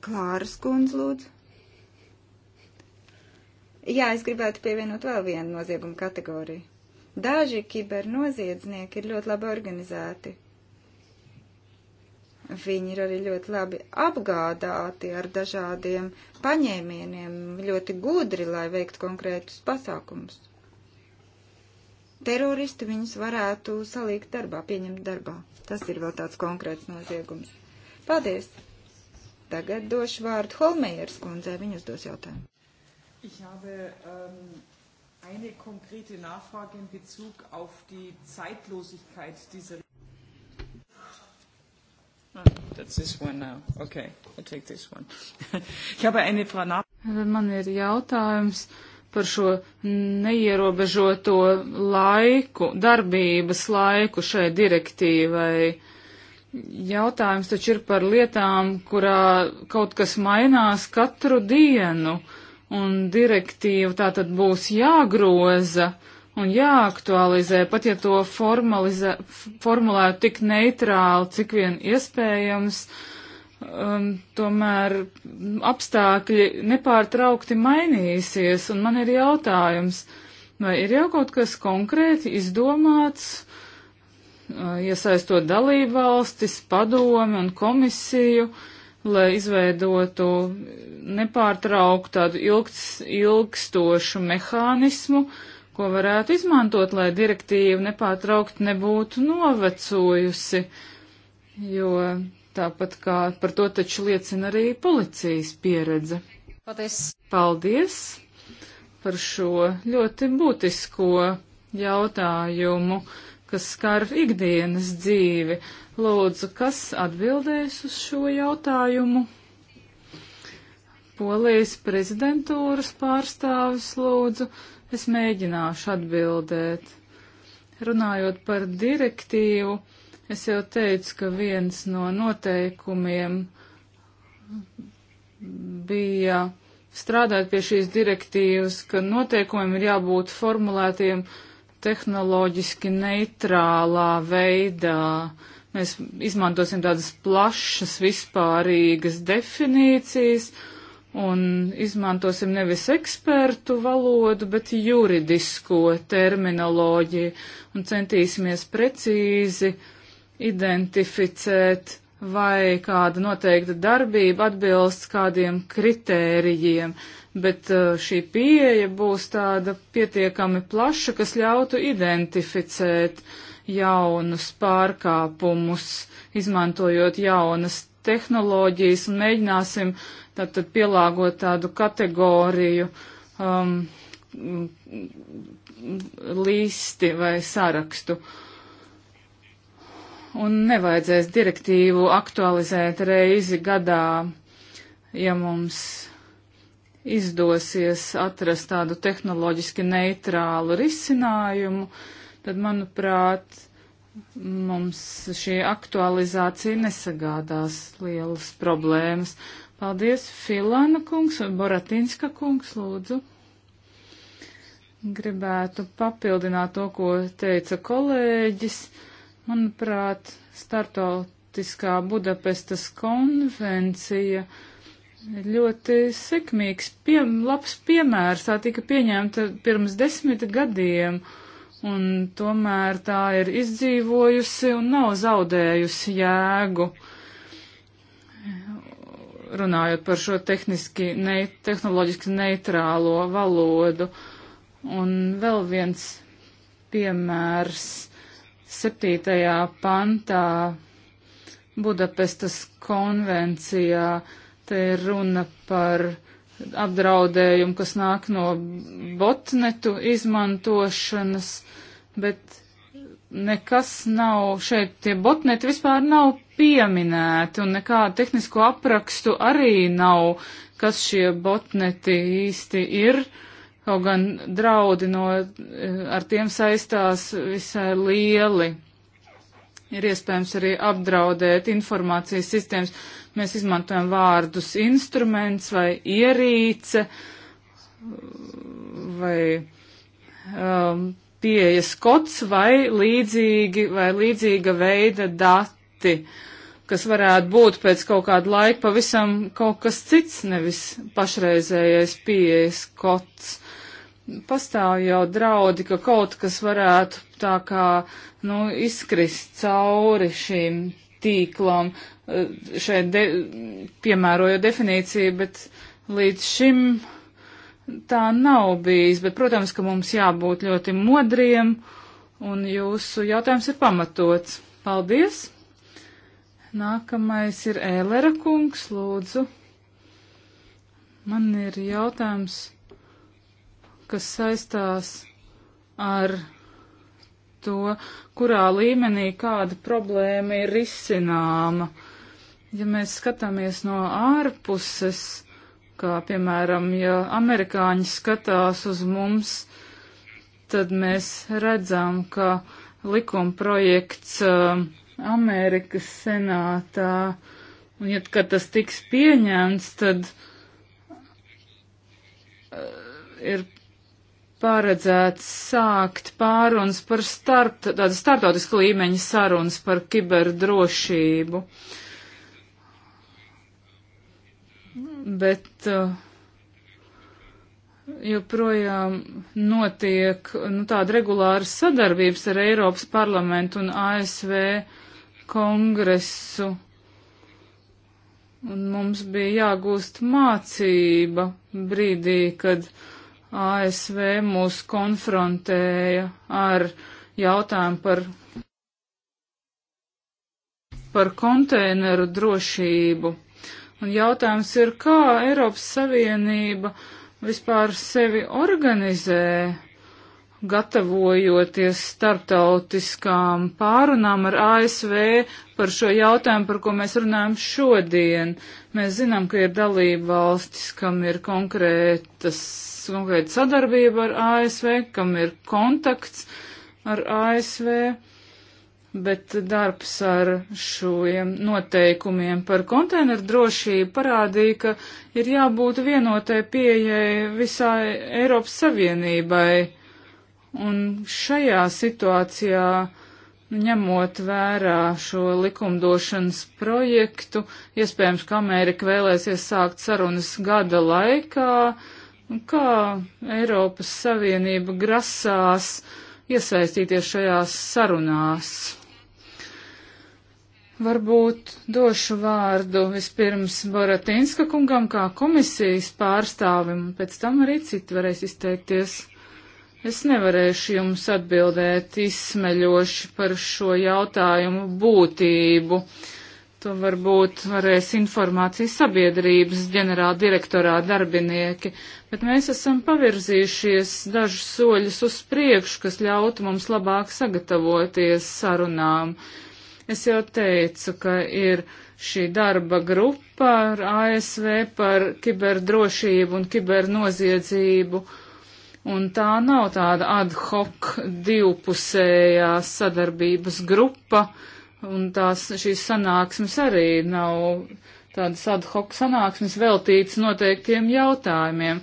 S1: Klāras kundz, lūdzu. Jā, es gribētu pievienot vēl vienu noziegumu kategoriju Daži kibernoziedznieki ir ļoti labi organizēti. Viņi ir arī ļoti labi apgādāti ar dažādiem paņēmieniem, ļoti gudri, lai veiktu konkrētus pasākumus. Teroristi viņus varētu salikt darbā, pieņemt darbā. Tas ir vēl tāds konkrēts noziegums. Paldies! Tagad došu vārdu Holmejers kundzei, viņas dos jautājumu.
S2: Ich habe, um eine konkrete Nachfrage in Bezug auf die Zeitlosigkeit dieser. Ah, that's this one now. Okay, I take this one. ich habe eine Frage. Man ir jautājums par šo neierobežoto laiku, darbības laiku šai direktīvai. Jautājums taču ir par lietām, kurā kaut kas mainās katru dienu. Uh, un direktīva tā tad būs jāgroza un jāaktualizē, pat ja to formulē tik neitrāli, cik vien iespējams, um, tomēr apstākļi nepārtraukti mainīsies, un man ir jautājums, vai ir jau kaut kas konkrēti izdomāts, uh, iesaistot dalībvalstis, padomi un komisiju, uh, lai izveidotu nepārtrauktu tādu ilgst, ilgstošu mehānismu, ko varētu izmantot, lai direktīva nepārtraukt nebūtu novecojusi, jo tāpat kā par to taču liecina arī policijas pieredze. Paldies! Paldies par šo ļoti būtisko jautājumu kas skar ikdienas dzīvi. Lūdzu, kas atbildēs uz šo jautājumu? Polijas prezidentūras pārstāvis lūdzu, es mēģināšu atbildēt. Runājot par direktīvu, es jau teicu, ka viens no noteikumiem bija strādāt pie šīs direktīvas, ka noteikumiem ir jābūt formulētiem uh, tehnoloģiski neitrālā veidā. Mēs izmantosim tādas plašas, vispārīgas definīcijas un izmantosim nevis ekspertu valodu, bet juridisko terminoloģiju un centīsimies precīzi identificēt, vai kāda noteikta darbība atbilst kādiem kritērijiem, bet uh, šī pieeja būs tāda pietiekami plaša, kas ļautu identificēt jaunus pārkāpumus, izmantojot jaunas tehnoloģijas un mēģināsim tātad pielāgot tādu kategoriju um, līsti vai sarakstu. Un nevajadzēs direktīvu aktualizēt reizi gadā, ja mums izdosies atrast tādu tehnoloģiski neitrālu risinājumu, tad, manuprāt, mums šī aktualizācija nesagādās lielas problēmas. Paldies, Filāna kungs un Boratinska kungs, lūdzu. Gribētu papildināt to, ko teica kolēģis. Manuprāt, startautiskā Budapestas konvencija uh, ļoti sekmīgs, pie, labs piemērs. Tā tika pieņemta pirms desmit gadiem, un tomēr tā ir izdzīvojusi un nav zaudējusi jēgu. Runājot par šo tehniski, ne, tehnoloģiski neitrālo valodu. Un vēl viens piemērs septītajā pantā Budapestas konvencijā Te ir runa par apdraudējumu, kas nāk no botnetu izmantošanas, bet nekas nav šeit, tie botneti vispār nav pieminēti un nekādu tehnisko aprakstu arī nav, kas šie botneti īsti ir. Kaut gan draudi no, eh, ar tiem saistās visai lieli. Ir iespējams arī apdraudēt informācijas sistēmas. Mēs izmantojam vārdus instruments vai ierīce vai um, pieejas kods vai līdzīgi vai līdzīga veida dati kas varētu būt pēc kaut kāda laika pavisam kaut kas cits, nevis pašreizējais pieejas kots. Pastāv jau draudi, ka kaut kas varētu tā kā, nu, izkrist cauri šīm tīklām. Eh, šeit de, piemēroju definīciju, bet līdz šim tā nav bijis. Bet, protams, ka mums jābūt ļoti modriem, un jūsu jautājums ir pamatots. Paldies! Nākamais ir Ēlera kungs, lūdzu. Man ir jautājums, kas saistās ar to, kurā līmenī kāda problēma ir risināma. Uh, ja mēs skatāmies no ārpuses, kā piemēram, ja amerikāņi skatās uz mums, tad mēs redzam, ka likuma projekts uh, um, Amerikas senātā, un ja kad tas tiks pieņemts, tad uh, ir paredzēts sākt pārunas par start, tādu startautisku līmeņu sarunas par kiberdrošību. Uh, bet uh, joprojām notiek nu, tāda regulāra sadarbības ar Eiropas parlamentu un ASV kongresu. Un mums bija jāgūst mācība brīdī, kad ASV mūs konfrontēja ar jautājumu par, par konteineru drošību. Un jautājums ir, kā Eiropas Savienība vispār sevi organizē, gatavojoties starptautiskām pārunām ar ASV par šo jautājumu, par ko mēs runājam šodien. Mēs zinām, ka ir dalība valstis, kam ir konkrētas, konkrēta sadarbība ar ASV, kam ir kontakts ar ASV bet darbs ar šiem noteikumiem par konteineru drošību parādīja, ka ir jābūt vienotai pieejai visai Eiropas Savienībai. Un šajā situācijā, ņemot vērā šo likumdošanas projektu, iespējams, ka Amerika vēlēsies sākt sarunas gada laikā, kā Eiropas Savienība grasās iesaistīties šajās sarunās. Varbūt došu vārdu vispirms Boratinska kungam kā komisijas pārstāvim, un pēc tam arī citi varēs izteikties. Es nevarēšu jums atbildēt izsmeļoši par šo jautājumu būtību. To varbūt varēs informācijas sabiedrības ģenerāla direktorā darbinieki, bet mēs esam pavirzījušies dažus soļus uz priekšu, kas ļautu mums labāk sagatavoties sarunām. Es jau teicu, ka ir šī darba grupa ar ASV par kiberdrošību un kibernoziedzību. Un tā nav tāda ad hoc divpusējā sadarbības grupa, un tās šīs sanāksmes arī nav tādas ad hoc sanāksmes veltītas noteiktiem jautājumiem.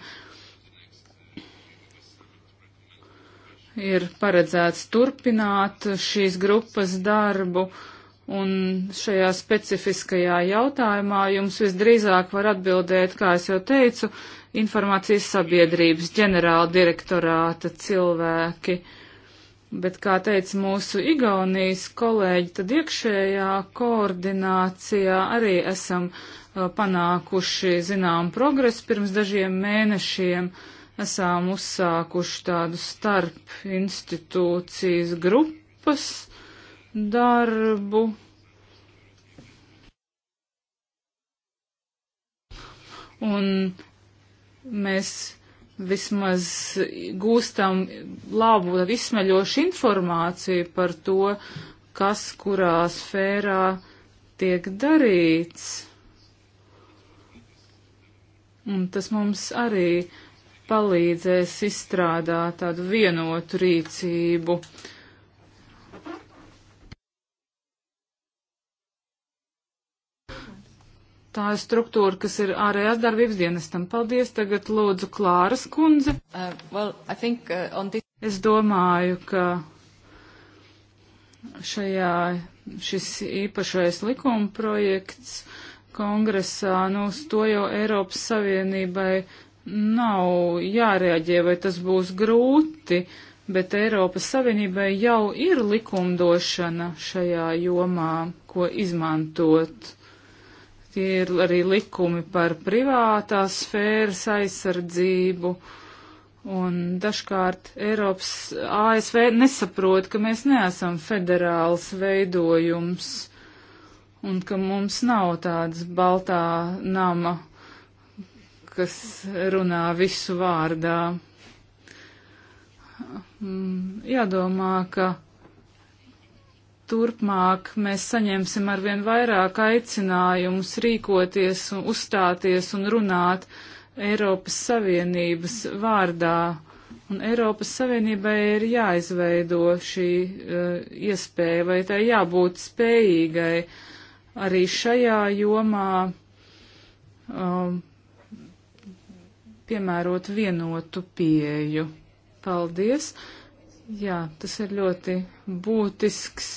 S2: Ir paredzēts turpināt šīs grupas darbu Un šajā specifiskajā jautājumā jums visdrīzāk var atbildēt, kā es jau teicu, informācijas sabiedrības ģenerāla direktorāta cilvēki. Bet, kā teica mūsu Igaunijas kolēģi, tad iekšējā koordinācijā arī esam uh, panākuši zinām progresu. Pirms dažiem mēnešiem esam uzsākuši tādu starp institūcijas grupas darbu. Un mēs vismaz gūstam labu, izsmeļošu informāciju par to, kas kurā sfērā tiek darīts. Un tas mums arī palīdzēs izstrādāt tādu vienotu rīcību. Uh, Tā ir struktūra, kas ir ārējās darbības dienestam. Paldies, tagad lūdzu Klāras kundze. Uh, well, think, uh, this... Es domāju, ka šajā, šis īpašais likuma projekts kongresā, nu, uz to jau Eiropas Savienībai nav jārēģē, vai tas būs grūti, bet Eiropas Savienībai jau ir likumdošana šajā jomā, ko izmantot. Tie ir arī likumi par privātās sfēras aizsardzību. Un dažkārt Eiropas ASV nesaprot, ka mēs neesam federāls veidojums un ka mums nav tādas baltā nama, kas runā visu vārdā. Mm, jādomā, ka turpmāk mēs saņemsim arvien vairāk aicinājumus rīkoties un uzstāties un runāt Eiropas Savienības vārdā. Un Eiropas Savienībai ir jāizveido šī uh, iespēja, vai tai jābūt spējīgai arī šajā jomā um, piemērot vienotu pieju. Paldies! Jā, tas ir ļoti būtisks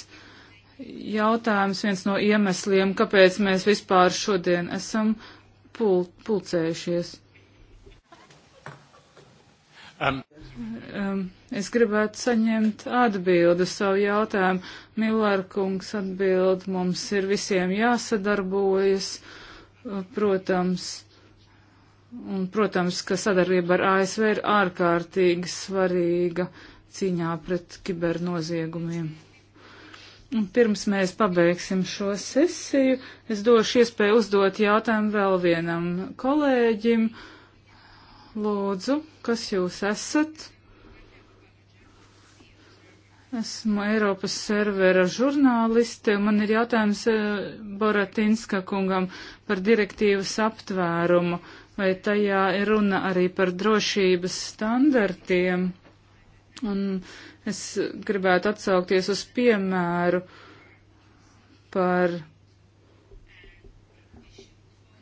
S2: jautājums, viens no iemesliem, kāpēc mēs vispār šodien esam pul pulcējušies. Um. Um, es gribētu saņemt atbildi savu jautājumu. Milārkungs atbild, mums ir visiem jāsadarbojas, uh, protams, un, protams, ka sadarbība ar ASV ir ārkārtīgi svarīga cīņā pret kibernoziegumiem. Un pirms mēs pabeigsim šo sesiju, es došu iespēju uzdot jautājumu vēl vienam kolēģim. Lūdzu, kas jūs esat? Esmu Eiropas servera žurnāliste, un man ir jautājums eh, Boratinska kungam par direktīvas aptvērumu, vai tajā ir runa arī par drošības standartiem. Un es gribētu atsaukties uz piemēru par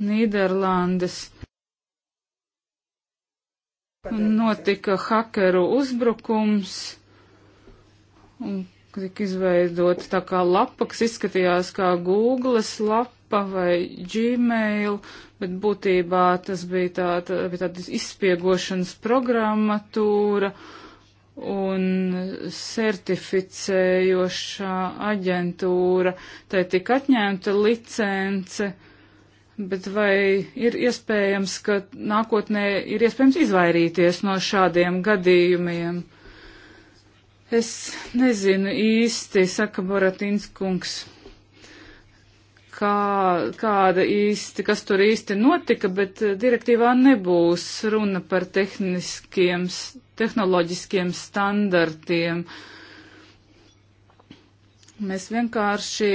S2: Nīderlandes.
S3: Notika
S2: hakeru uzbrukums, un tika izveidot tā kā lapa, kas izskatījās kā Googles lapa vai Gmail, bet būtībā tas bija tāda, tā, bija tāda izspiegošanas programmatūra. Uh, un certificējošā aģentūra, tai tika atņemta licence, bet vai ir iespējams, ka nākotnē ir iespējams izvairīties no šādiem gadījumiem? Es nezinu īsti, saka Boratinskungs, kā, kāda īsti, kas tur īsti notika, bet eh, direktīvā nebūs runa par tehniskiem tehnoloģiskiem standartiem. Mēs vienkārši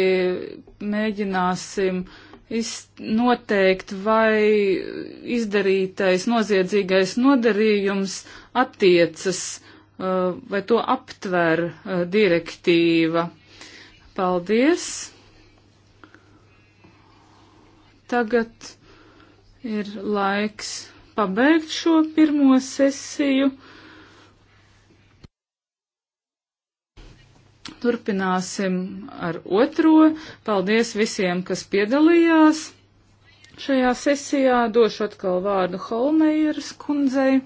S2: mēģināsim noteikt, vai izdarītais noziedzīgais nodarījums attiecas uh, vai to aptver uh, direktīva. Paldies! Tagad ir laiks pabeigt šo pirmo sesiju. Turpināsim ar otro. Paldies visiem, kas piedalījās šajā sesijā. Došu atkal vārdu Holmeieras kundzei.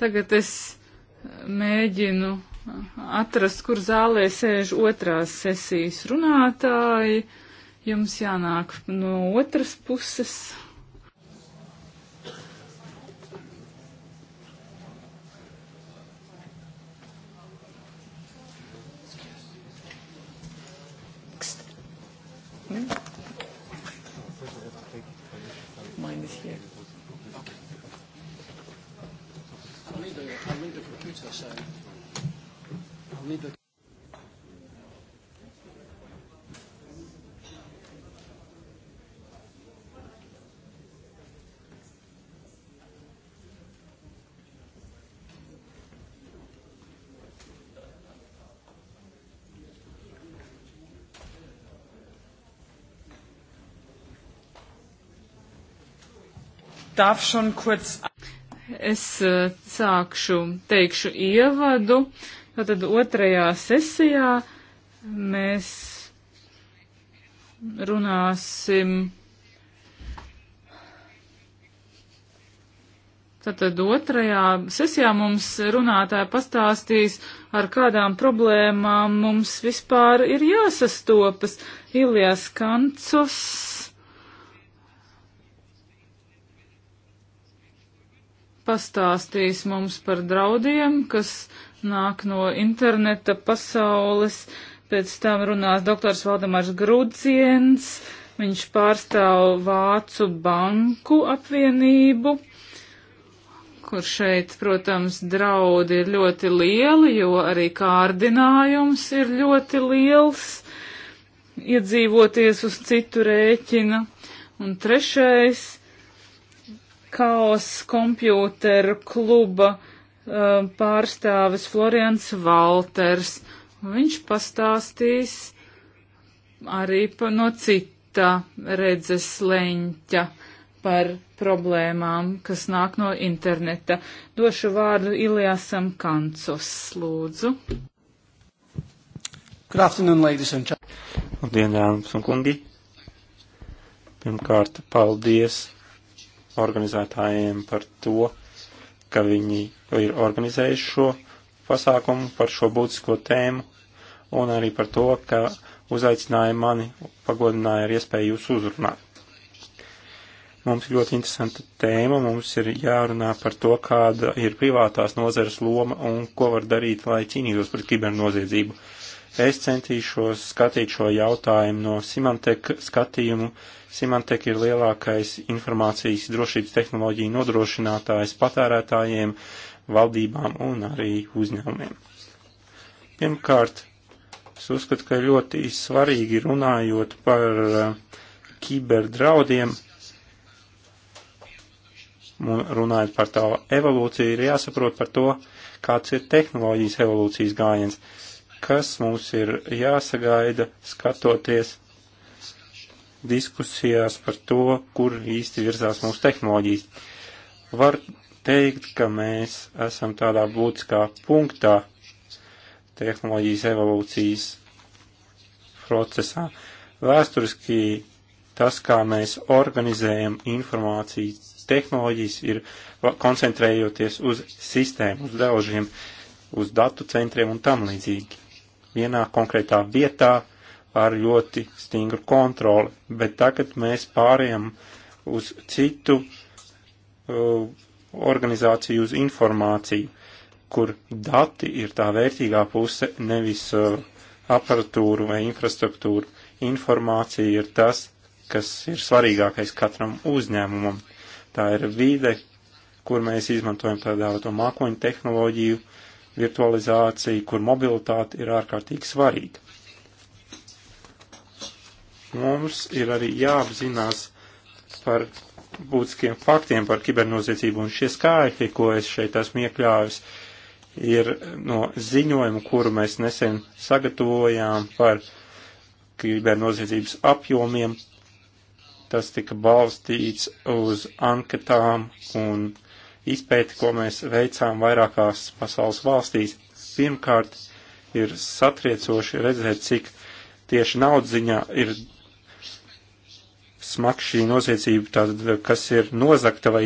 S2: Tagad es mēģinu atrast, kur zālē sēž otrās sesijas runātāji. Jums jānāk no otras puses. Mm-hmm. submitted darf schon kurz. Es eh, sākšu, teikšu ievadu, Tātad otrajā sesijā mēs runāsim. Tātad otrajā sesijā mums runātāja pastāstīs, ar kādām problēmām mums vispār ir jāsastopas. Ilijas Kancus. Pastāstīs mums par draudiem, kas nāk no interneta pasaules, pēc tam runās doktors Valdemārs Grudziens, viņš pārstāv Vācu banku apvienību, kur šeit, protams, draudi ir ļoti lieli, jo arī kārdinājums ir ļoti liels, iedzīvoties uz citu rēķina. Un trešais - kaos kompjūteru kluba Uh, pārstāvis Florians Valters. Viņš pastāstīs arī pa, no cita redzes leņķa par problēmām, kas nāk no interneta. Došu vārdu Iljasam Kancus, lūdzu.
S3: Good afternoon, ladies and gentlemen. Labdien, dāmas un kungi. Pirmkārt, paldies organizētājiem par to, ka viņi ir organizējuši šo pasākumu par šo būtisko tēmu un arī par to, ka uzaicināja mani, pagodināja ar iespēju jūs uzrunāt. Mums ir ļoti interesanta tēma, mums ir jārunā par to, kāda ir privātās nozares loma un ko var darīt, lai cīnītos pret kibernoziedzību. Es centīšos skatīt šo jautājumu no Simanteka skatījumu. Simantek ir lielākais informācijas drošības tehnoloģija nodrošinātājs patērētājiem, uh, valdībām un arī uzņēmumiem. Pirmkārt, es uzskatu, ka ļoti svarīgi runājot par eh, kiberdraudiem, runājot par tā evolūciju, ir jāsaprot par to, kāds ir tehnoloģijas evolūcijas gājiens, kas mums ir jāsagaida skatoties diskusijās par to, kur īsti virzās mūsu tehnoloģijas. Var teikt, ka mēs esam tādā būtiskā punktā tehnoloģijas evolūcijas procesā. Vēsturiski tas, kā mēs organizējam informācijas tehnoloģijas, ir koncentrējoties uz sistēmu, uz daužiem, uz datu centriem un tam līdzīgi. Vienā konkrētā vietā ar ļoti stingru kontroli, bet tagad mēs pārējām uz citu uh, organizāciju uz informāciju, kur dati ir tā vērtīgā puse, nevis uh, aparatūru vai infrastruktūru. Informācija ir tas, kas ir svarīgākais katram uzņēmumam. Tā ir vide, kur mēs izmantojam tādā to mākoņu tehnoloģiju, virtualizāciju, kur mobilitāte ir ārkārtīgi svarīga. Mums ir arī jāapzinās par būtiskiem faktiem par kibernoziedzību, un šie skaitļi, ko es šeit esmu iekļāvis, ir no ziņojuma, kuru mēs nesen sagatavojām par kibernoziedzības apjomiem. Tas tika balstīts uz anketām un izpēti, ko mēs veicām vairākās pasaules valstīs. Pirmkārt, ir satriecoši redzēt, cik tieši naudziņā ir smags šī noziedzība, tātad, kas ir nozakta vai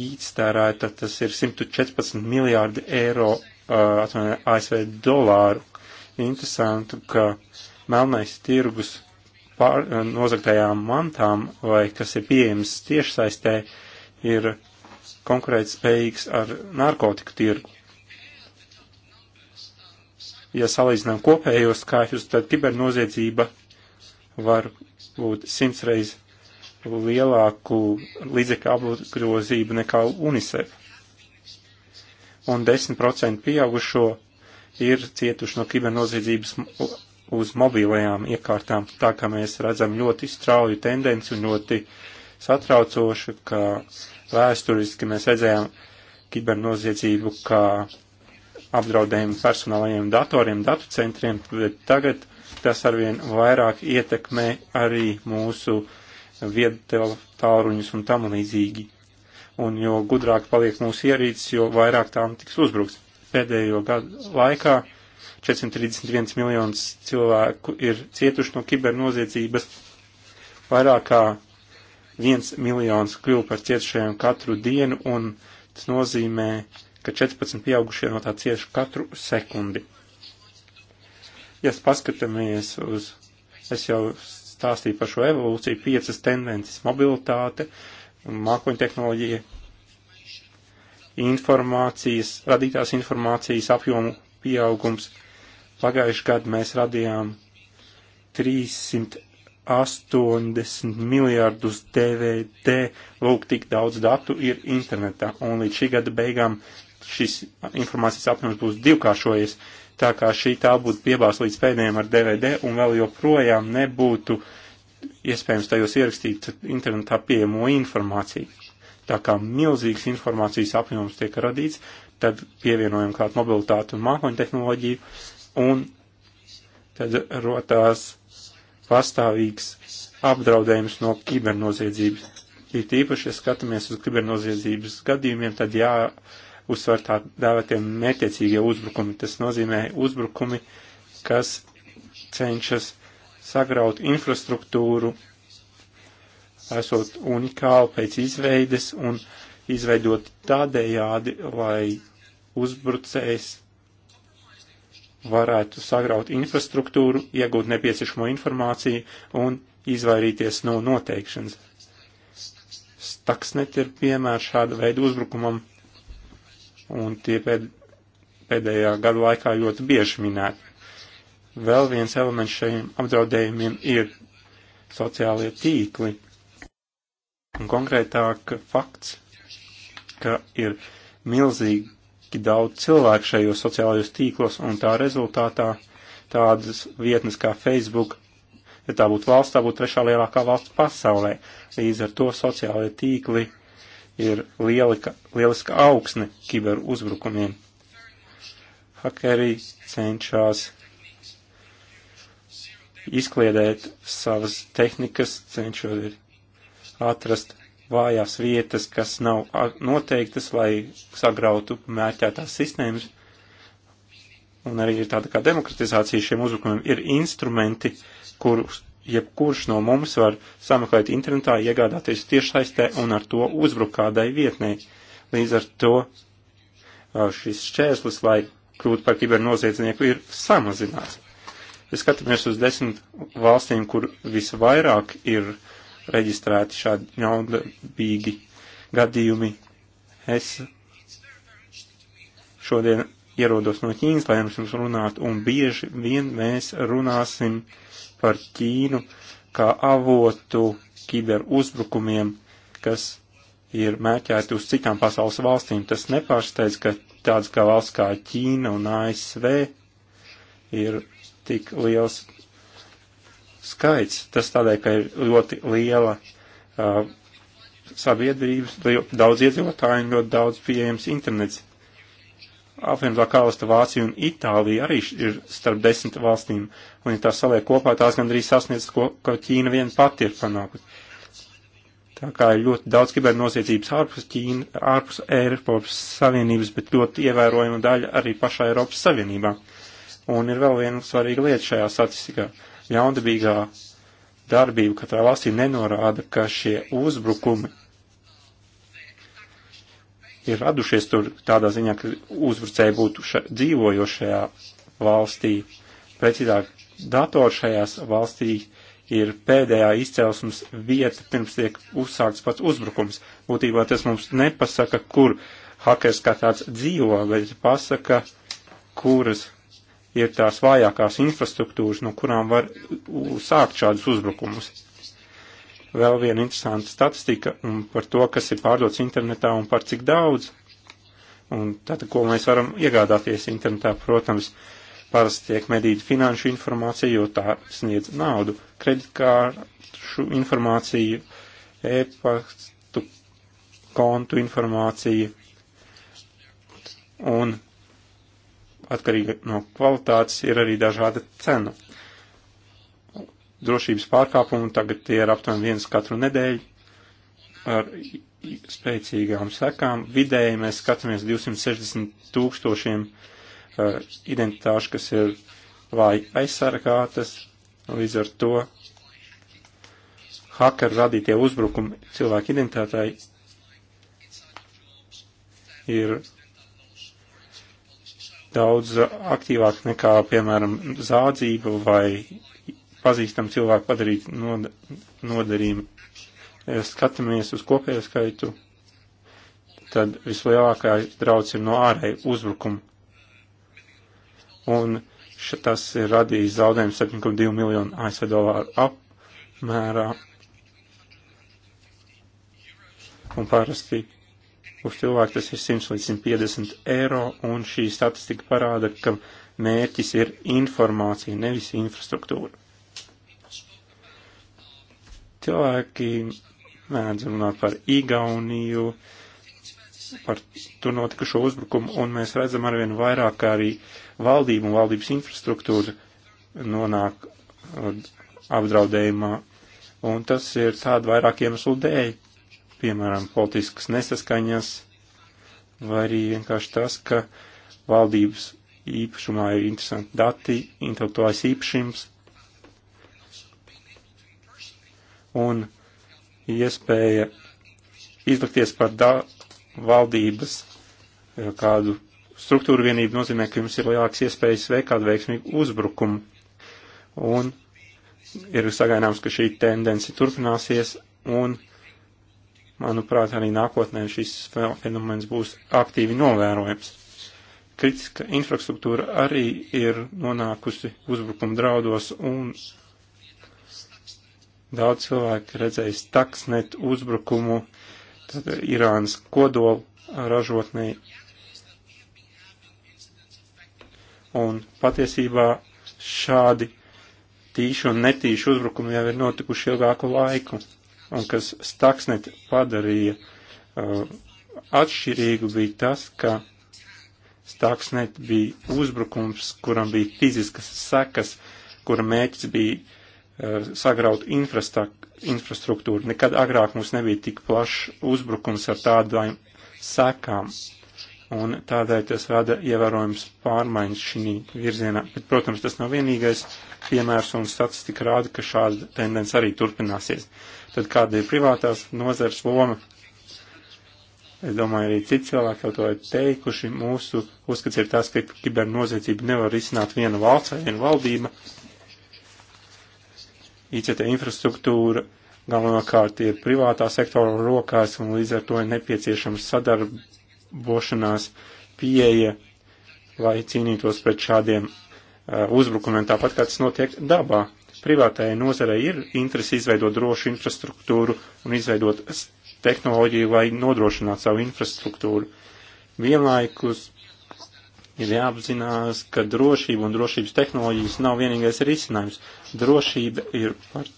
S3: īstērēta, tas ir 114 miljārdi eiro, uh, atvainojiet, ASV dolāru. Interesanti, ka melnais tirgus pār, nozaktajām mantām, vai kas ir pieejams tiešsaistē, ir konkurētspējīgs ar narkotiku tirgu. Ja salīdzinām kopējos skaitļus, tad kibernoziedzība var būtu simtreiz lielāku līdzekļu apgrozību nekā UNICEF. Un 10% pieaugušo ir cietuši no kibernoziedzības uz mobilajām iekārtām. Tā kā mēs redzam ļoti strauju tendenci un ļoti satraucoši, ka vēsturiski mēs redzējām kibernoziedzību kā apdraudējumu personālajiem datoriem, datu centriem, bet tagad tas arvien vairāk ietekmē arī mūsu viedtāruņus un tam līdzīgi. Un jo gudrāk paliek mūsu ierīces, jo vairāk tām tiks uzbrukts. Pēdējo gadu laikā 431 miljonus cilvēku ir cietuši no kibernoziedzības, vairāk kā viens miljons kļuva par cietušajiem katru dienu, un tas nozīmē, ka 14 pieaugušie no tā cieši katru sekundi. Ja paskatāmies uz, es jau stāstīju par šo evolūciju, piecas tendences - mobilitāte, mākoņtehnoloģija, informācijas, radītās informācijas apjomu pieaugums. Pagājuši gadu mēs radījām 380 miljārdus DVD, lūk, tik daudz datu ir internetā, un līdz šī gada beigām šis informācijas apjoms būs divkāršojies tā kā šī tā būtu piebās līdz pēdējiem ar DVD un vēl joprojām nebūtu iespējams tajos ierakstīt internetā pieejamo informāciju. Tā kā milzīgs informācijas apjoms tiek radīts, tad pievienojam klāt mobilitātu un mākoņu tehnoloģiju, un tad rotās pastāvīgs apdraudējums no kibernoziedzības. Ir tīpaši, ja skatāmies uz kibernoziedzības gadījumiem, tad jā, uh, uzsver tā dēvētie mērķiecīgie uzbrukumi. Tas nozīmē uzbrukumi, kas cenšas sagraut infrastruktūru, esot unikāli pēc izveides un izveidot tādējādi, lai uzbrucējs varētu sagraut infrastruktūru, iegūt nepieciešamo informāciju un izvairīties no noteikšanas. Staksnet ir piemērs šāda veida uzbrukumam, un tie pēd, pēdējā gadu laikā ļoti bieži minēti. Vēl viens elements šiem apdraudējumiem ir sociālie tīkli, un konkrētāk fakts, ka ir milzīgi daudz cilvēku šajos sociālajos tīklos, un tā rezultātā tādas vietnes kā Facebook, ja tā būtu valsts, tā būtu trešā lielākā valsts pasaulē. Līdz ar to sociālajie tīkli ir lielika, lieliska augsne kiber uzbrukumiem. Hakeri cenšas izkliedēt savas tehnikas, cenšos atrast vājās vietas, kas nav noteiktas, lai sagrautu mērķētās sistēmas. Un arī ir tāda kā demokratizācija šiem uzbrukumiem. Ir instrumenti, kurus jebkurš no mums var sameklēt internetā, iegādāties tiešsaistē un ar to uzbruk kādai vietnei. Līdz ar to šis šķērslis, lai kļūtu par kibernoziedznieku, ir samazināts. Ja skatāmies uz desmit valstīm, kur visvairāk ir reģistrēti šādi ļaunprātīgi gadījumi, es šodien ierodos no Ķīnas, lai jums runātu, un bieži vien mēs runāsim uh, par Ķīnu kā avotu kiberuzbrukumiem, kas ir mērķēti uz citām pasaules valstīm. Tas nepārsteidz, ka tāds kā valsts kā Ķīna un ASV ir tik liels skaits. Tas tādēļ, ka ir ļoti liela uh, sabiedrības, daudz iedzīvotāju un ļoti daudz pieejams internets apvienotā karalista Vācija un Itālija arī ir starp desmit valstīm, un ja tās saliek kopā, tās gandrīz sasniedz, ko, ko Ķīna vien pati ir panākusi. Tā kā ir ļoti daudz kibernoziedzības ārpus Ķīna, ārpus Eiropas Savienības, bet ļoti ievērojama daļa arī pašā Eiropas Savienībā. Un ir vēl viena svarīga lieta šajā statistikā - ļaundabīgā darbība, ka tā valstī nenorāda, ka šie uzbrukumi ir radušies tur tādā ziņā, ka uzbrucēji būtu ša, dzīvojošajā valstī. Precīzāk, dators šajās valstī ir pēdējā izcelsmes vieta, pirms tiek uzsākts pats uzbrukums. Būtībā tas mums nepasaka, kur hakers kā tāds dzīvo, bet pasaka, kuras ir tās vājākās infrastruktūras, no kurām var sākt šādus uzbrukumus vēl viena interesanta statistika um, par to, kas ir pārdots internetā un par cik daudz. Un tātad, ko mēs varam iegādāties internetā, protams, parasti tiek medīta finanšu informācija, jo tā sniedz naudu, kreditkāršu informāciju, e-pastu kontu informāciju. Un atkarīgi no kvalitātes ir arī dažāda cena drošības pārkāpumu, tagad tie ir aptuveni viens katru nedēļu ar spēcīgām sekām. Vidēji mēs skatāmies 260 tūkstošiem uh, identitāšu, kas ir vāji aizsargātas, līdz ar to hakeru radītie uzbrukumi cilvēku identitātei ir daudz aktīvāk nekā, piemēram, zādzība vai pazīstam cilvēku padarīt nodarījumu. Ja skatāmies uz kopējo skaitu, tad vislielākais draudz ir no ārēja uzbrukuma. Un tas ir radījis zaudējumu 7,2 miljonu ASV dolāru apmērā. Un parasti uz cilvēku tas ir 100 līdz 150 eiro, un šī statistika parāda, ka mērķis ir informācija, nevis infrastruktūra. Cilvēki mēdz runāt par Igauniju, par tur notikušo uzbrukumu, un mēs redzam arvien vairāk arī valdību un valdības infrastruktūru nonāk uh, apdraudējumā, un tas ir tāda vairāk iemeslu dēļ, piemēram, politiskas nesaskaņas, vai arī vienkārši tas, ka valdības īpašumā ir interesanti dati, intelektuālais īpašums, un iespēja izlikties par valdības e, kādu struktūru vienību nozīmē, ka jums ir lielāks iespējas veikt kādu veiksmīgu uzbrukumu. Un ir sagaidāms, ka šī tendence turpināsies un, manuprāt, arī nākotnē šis fenomens būs aktīvi novērojams. Kritiska infrastruktūra arī ir nonākusi uzbrukuma draudos un Daudz cilvēku redzējis taksnet uzbrukumu Irānas kodolu ražotnē. Un patiesībā šādi tīši un netīši uzbrukumi jau ir notikuši ilgāku laiku. Un kas staksnet padarīja uh, atšķirīgu bija tas, ka staksnet bija uzbrukums, kuram bija fiziskas sekas, kura mēķis bija Eh, sagraut infrastruktūru. Nekad agrāk mums nebija tik plašs uzbrukums ar tādām sekām. Un tādēļ tas rada ievērojams pārmaiņas šī virzienā. Bet, protams, tas nav vienīgais piemērs un statistika rāda, ka šāda tendence arī turpināsies. Tad kāda ir privātās nozars loma? Es domāju, arī citi cilvēki jau to ir teikuši. Mūsu uzskats ir tas, ka kibernoziedzību nevar risināt viena valsts vai viena valdība. Uh, ICT infrastruktūra galvenokārt ir privātā sektora rokās un līdz ar to ir nepieciešams sadarbošanās pieeja, lai cīnītos pret šādiem uh, uzbrukumiem, tāpat kā tas notiek dabā. Privātajai nozarei ir interesi izveidot drošu infrastruktūru un izveidot tehnoloģiju, lai nodrošinātu savu infrastruktūru. Vienlaikus ir jāapzinās, ka drošība un drošības tehnoloģijas nav vienīgais risinājums. Drošība ir par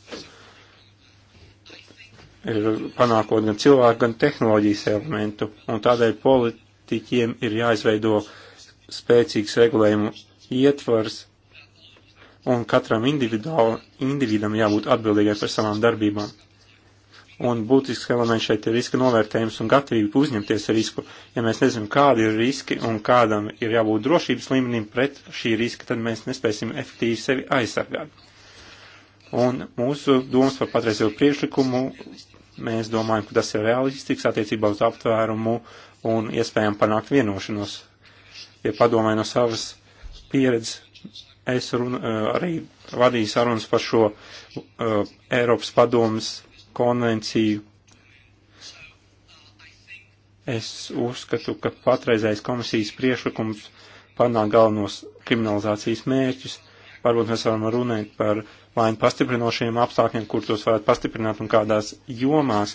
S3: ir panākot gan cilvēku, gan tehnoloģijas elementu, un tādēļ politiķiem ir jāizveido spēcīgs regulējumu ietvars, un katram individuāli, individam jābūt atbildīgai par savām darbībām. Un būtisks elements šeit ir riska novērtējums un gatavība uzņemties risku. Ja mēs nezinām, kādi ir riski un kādam ir jābūt drošības līmenim pret šī riska, tad mēs nespēsim efektīvi sevi aizsargāt. Un mūsu domas par patreizējo priekšlikumu, mēs domājam, ka tas ir realistisks attiecībā uz aptvērumu un iespējām panākt vienošanos. Ja padomāju no savas pieredzes, es run, eh, arī vadīju sarunas par šo uh, Eiropas padomas konvenciju. Es uzskatu, ka patreizējais komisijas priešlikums panāk galvenos kriminalizācijas mērķus. Varbūt mēs varam runāt par vainu pastiprinošiem apstākļiem, kur tos varētu pastiprināt un kādās jomās,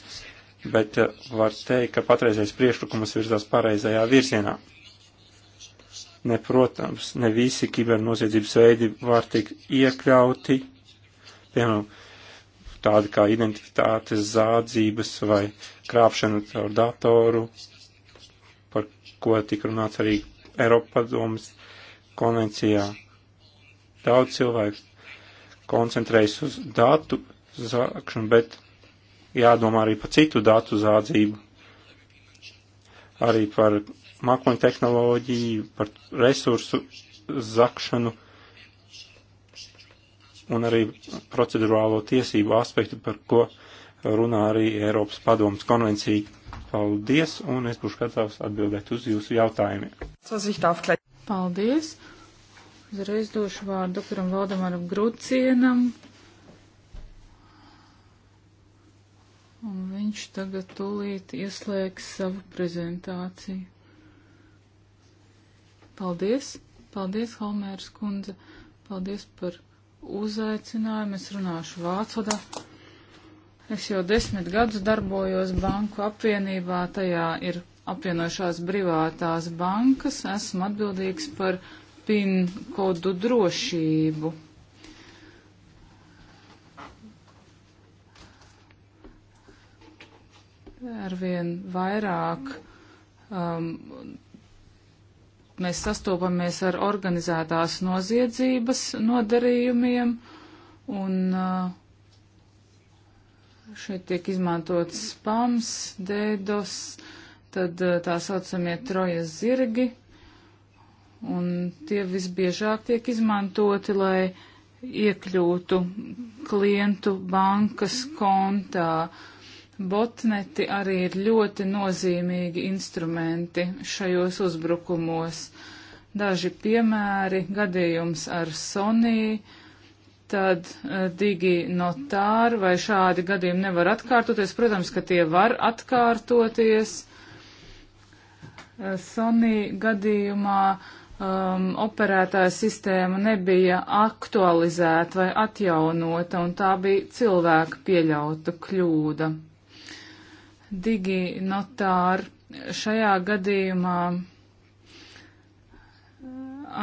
S3: bet eh, var teikt, ka patreizējais priešlikums virzās pareizajā virzienā. Ne, protams, ne visi kibernoziedzības veidi var tikt iekļauti, piemēram, tādi kā identitātes zādzības vai krāpšana caur datoru, par ko tika runāts arī Eiropa padomas konvencijā. Daudz cilvēku koncentrējas uz datu zākšanu, bet jādomā arī par citu datu zādzību, arī par mākoņu tehnoloģiju, par resursu zakšanu un arī procedurālo tiesību aspektu, par ko runā arī Eiropas padomas konvencija. Paldies, un es būšu gatavs atbildēt uz jūsu jautājumiem.
S2: Paldies! Uzreiz došu vārdu doktoram Valdemaram Grūcienam. Un viņš tagad tūlīt ieslēgs savu prezentāciju. Paldies! Paldies, Halmērs kundze! Paldies par uzaicinājumu. Es runāšu vācodā. Es jau desmit gadus darbojos banku apvienībā, tajā ir apvienojušās privātās bankas, esmu atbildīgs par PIN kodu drošību. Arvien vairāk um, mēs sastopamies ar organizētās noziedzības nodarījumiem, un uh, šeit tiek izmantots spams, dēdos, tad uh, tā saucamie trojas zirgi, un tie visbiežāk tiek izmantoti, lai iekļūtu klientu bankas kontā. Uh, Botneti arī ir ļoti nozīmīgi instrumenti šajos uzbrukumos. Daži piemēri - gadījums ar Soniju, tad uh, digi notāri vai šādi gadījumi nevar atkārtoties. Protams, ka tie var atkārtoties. Uh, eh, Sonija gadījumā um, operētāja sistēma nebija aktualizēta vai atjaunota, un tā bija cilvēka pieļauta kļūda digi notāri. Šajā gadījumā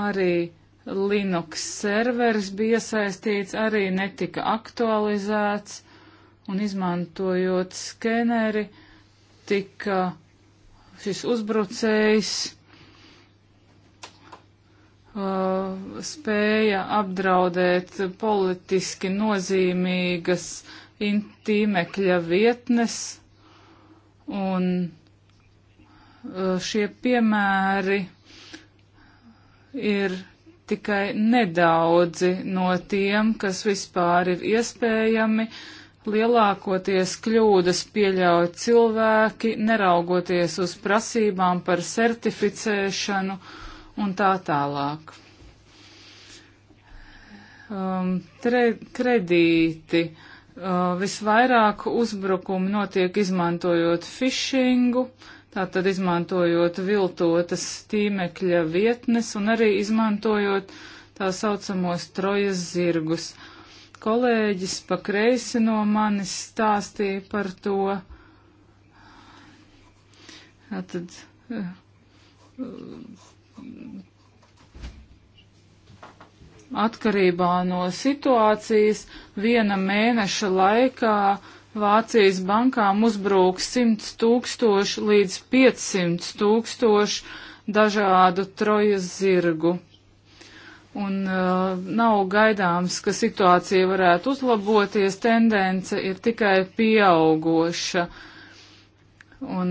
S2: arī Linux serveris bija iesaistīts, arī netika aktualizēts un izmantojot skeneri tika šis uzbrucējs uh, spēja apdraudēt politiski nozīmīgas tīmekļa vietnes Un e, šie piemēri ir tikai nedaudzi no tiem, kas vispār ir iespējami. Lielākoties kļūdas pieļauj cilvēki, neraugoties uz prasībām par certificēšanu un tā tālāk. Um, tre, kredīti. Uh, Uh, visvairāk uzbrukumu notiek izmantojot phishingu, tātad izmantojot viltotas tīmekļa vietnes un arī izmantojot tā saucamos trojas zirgus. Kolēģis pa kreisi no manis stāstīja par to. Tātad uh, atkarībā no situācijas viena mēneša laikā Vācijas bankām uzbrūk 100 tūkstoši līdz 500 tūkstoši dažādu trojas zirgu. Un uh, nav gaidāms, ka situācija varētu uzlaboties, tendence ir tikai pieaugoša. Un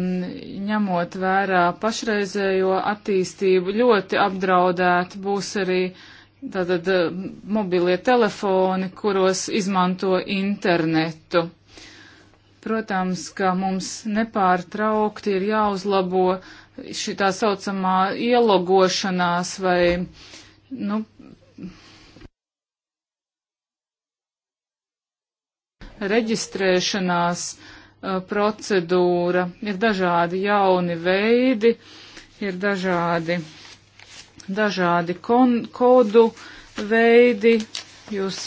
S2: ņemot vērā pašreizējo attīstību, ļoti apdraudēti būs arī uh, tātad eh, mobilie telefoni, kuros izmanto internetu. Protams, ka mums nepārtraukti ir jāuzlabo šī tā saucamā ielogošanās vai, nu, reģistrēšanās uh, procedūra. Ir dažādi jauni veidi, ir dažādi dažādi kon, kodu veidi. Jūs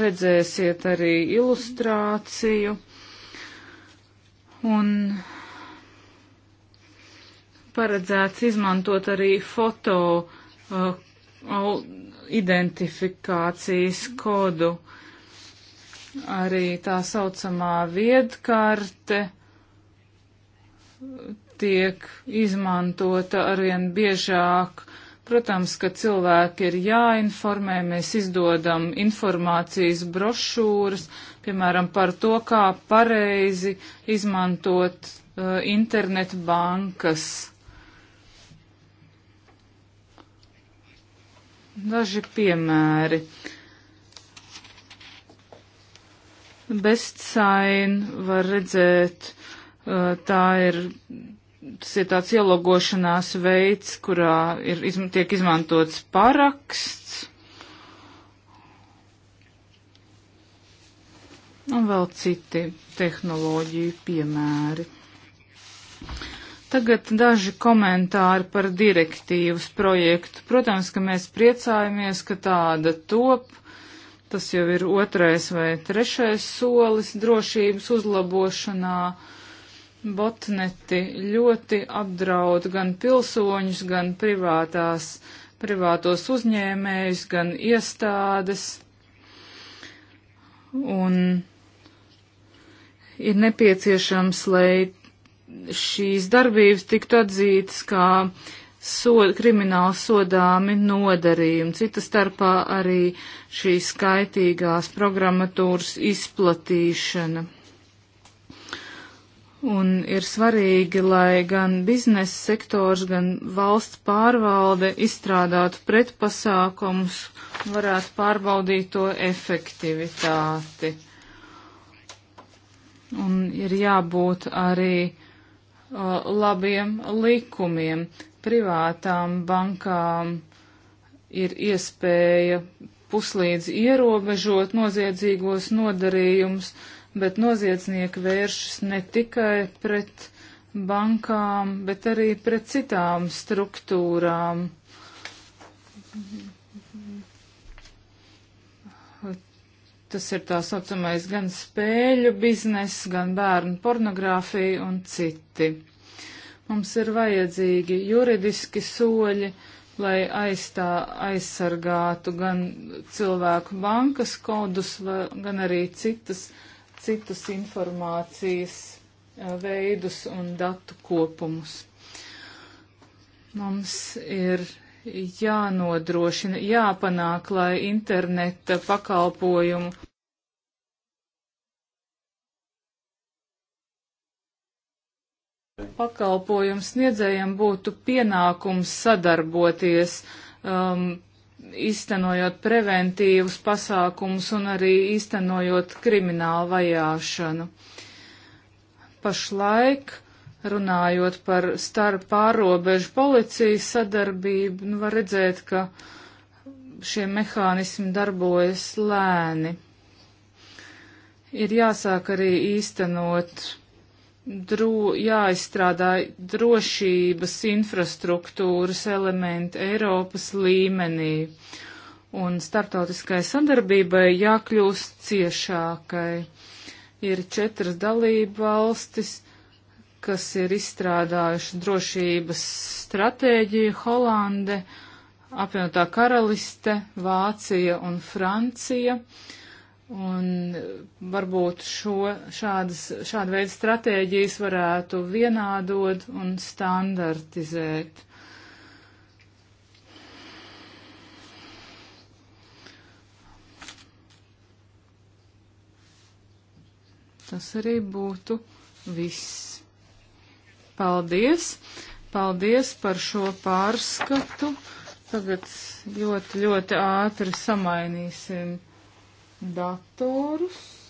S2: redzēsiet arī ilustrāciju. Un paredzēts izmantot arī foto uh, identifikācijas kodu. Arī tā saucamā viedkarte tiek izmantota arvien biežāk Protams, ka cilvēki ir jāinformē, mēs izdodam informācijas brošūras, piemēram, par to, kā pareizi izmantot uh, eh, internetu bankas. Daži piemēri. Bestsain var redzēt, uh, tā ir tas ir tāds ielogošanās veids, kurā ir, izm tiek izmantots paraksts. Un vēl citi tehnoloģiju piemēri. Tagad daži komentāri par direktīvas projektu. Protams, ka mēs priecājamies, ka tāda top. Tas jau ir otrais vai trešais solis drošības uzlabošanā. Uh, Botneti ļoti apdraud gan pilsoņus, gan privātās, privātos uzņēmējus, gan iestādes. Un ir nepieciešams, lai šīs darbības tiktu atzītas kā sod, krimināli sodāmi nodarījumi, cita starpā arī šīs skaitīgās programmatūras izplatīšana. Un ir svarīgi, lai gan biznesa sektors, gan valsts pārvalde izstrādātu pretpasākums, varētu pārbaudīt to efektivitāti. Un ir jābūt arī uh, labiem likumiem. Privātām bankām ir iespēja puslīdz ierobežot noziedzīgos nodarījumus bet noziedznieki vēršas ne tikai pret bankām, bet arī pret citām struktūrām. Tas ir tā saucamais gan spēļu biznes, gan bērnu pornogrāfija un citi. Mums ir vajadzīgi juridiski soļi, lai aizstā, aizsargātu gan cilvēku bankas kodus, gan arī citas citus informācijas veidus un datu kopumus. Mums ir jānodrošina, jāpanāk, lai interneta pakalpojumu pakalpojumu sniedzējiem būtu pienākums sadarboties um, iztenojot preventīvus pasākumus un arī iztenojot kriminālu vajāšanu. Pašlaik, runājot par starp pārobežu policijas sadarbību, nu, var redzēt, ka šie mehānismi darbojas lēni. Ir jāsāk arī īstenot dro, jāizstrādā drošības infrastruktūras elementi Eiropas līmenī, un starptautiskai sadarbībai jākļūst ciešākai. Ir četras dalība valstis, kas ir izstrādājuši drošības stratēģiju - Holande, apvienotā karaliste, Vācija un Francija. Uh, Un varbūt šo, šādas, šāda veida stratēģijas varētu vienādot un standartizēt. Tas arī būtu viss. Paldies! Paldies par šo pārskatu. Tagad ļoti, ļoti ātri samainīsim datorus.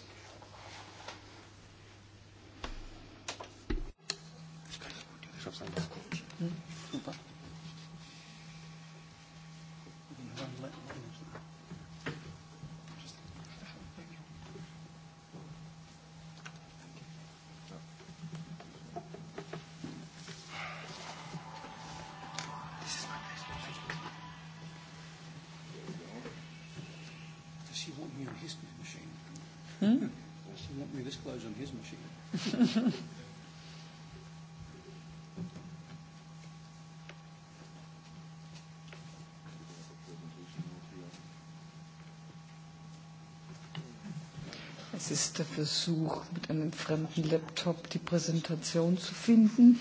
S2: erster Versuch, mit einem fremden Laptop die Präsentation zu finden.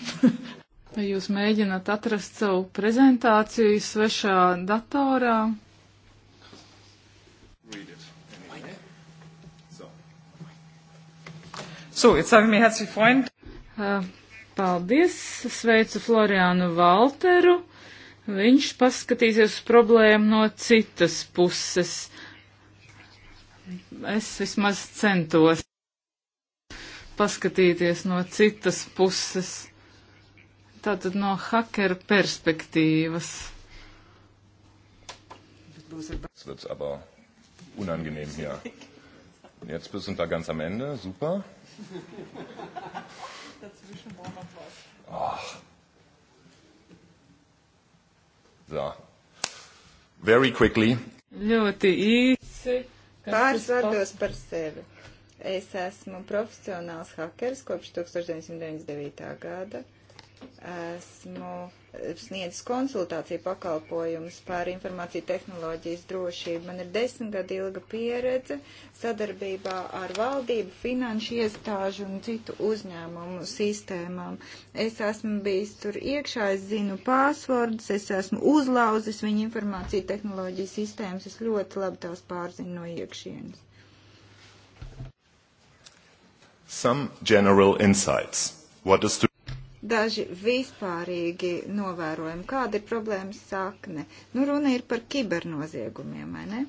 S2: Vai jūs mēģināt atrast savu prezentāciju svešā datorā? So, jetzt habe ich mir herzlich freund. Paldies, sveicu Floriānu Valteru. Viņš paskatīsies uz problēmu no citas puses. Es vismaz centos paskatīties no citas puses, tātad no hakeru perspektīvas.
S3: Jetzt wird's aber
S2: unangenehm hier. Jetzt bist du da ganz am Ende. Super.
S1: Dazwischen war noch was.
S3: Ach. So. Very quickly.
S2: Ļoti īsi.
S1: Pāris vārdos par sevi. Es esmu profesionāls hakeris kopš 1999. gada. Esmu sniedzis konsultāciju pakalpojumus par informāciju tehnoloģijas drošību. Man ir desmit gadu ilga pieredze sadarbībā ar valdību, finanšu iestāžu un citu uzņēmumu sistēmām. Es esmu bijis tur iekšā, es zinu pārsvordus, es esmu uzlauzis viņu informāciju tehnoloģiju sistēmas, es ļoti labi tās pārzinu no iekšienes.
S3: Some general insights. What does the
S1: daži vispārīgi novērojumi, kāda ir problēmas sakne. Nu, runa ir par kibernoziegumiem, vai ne?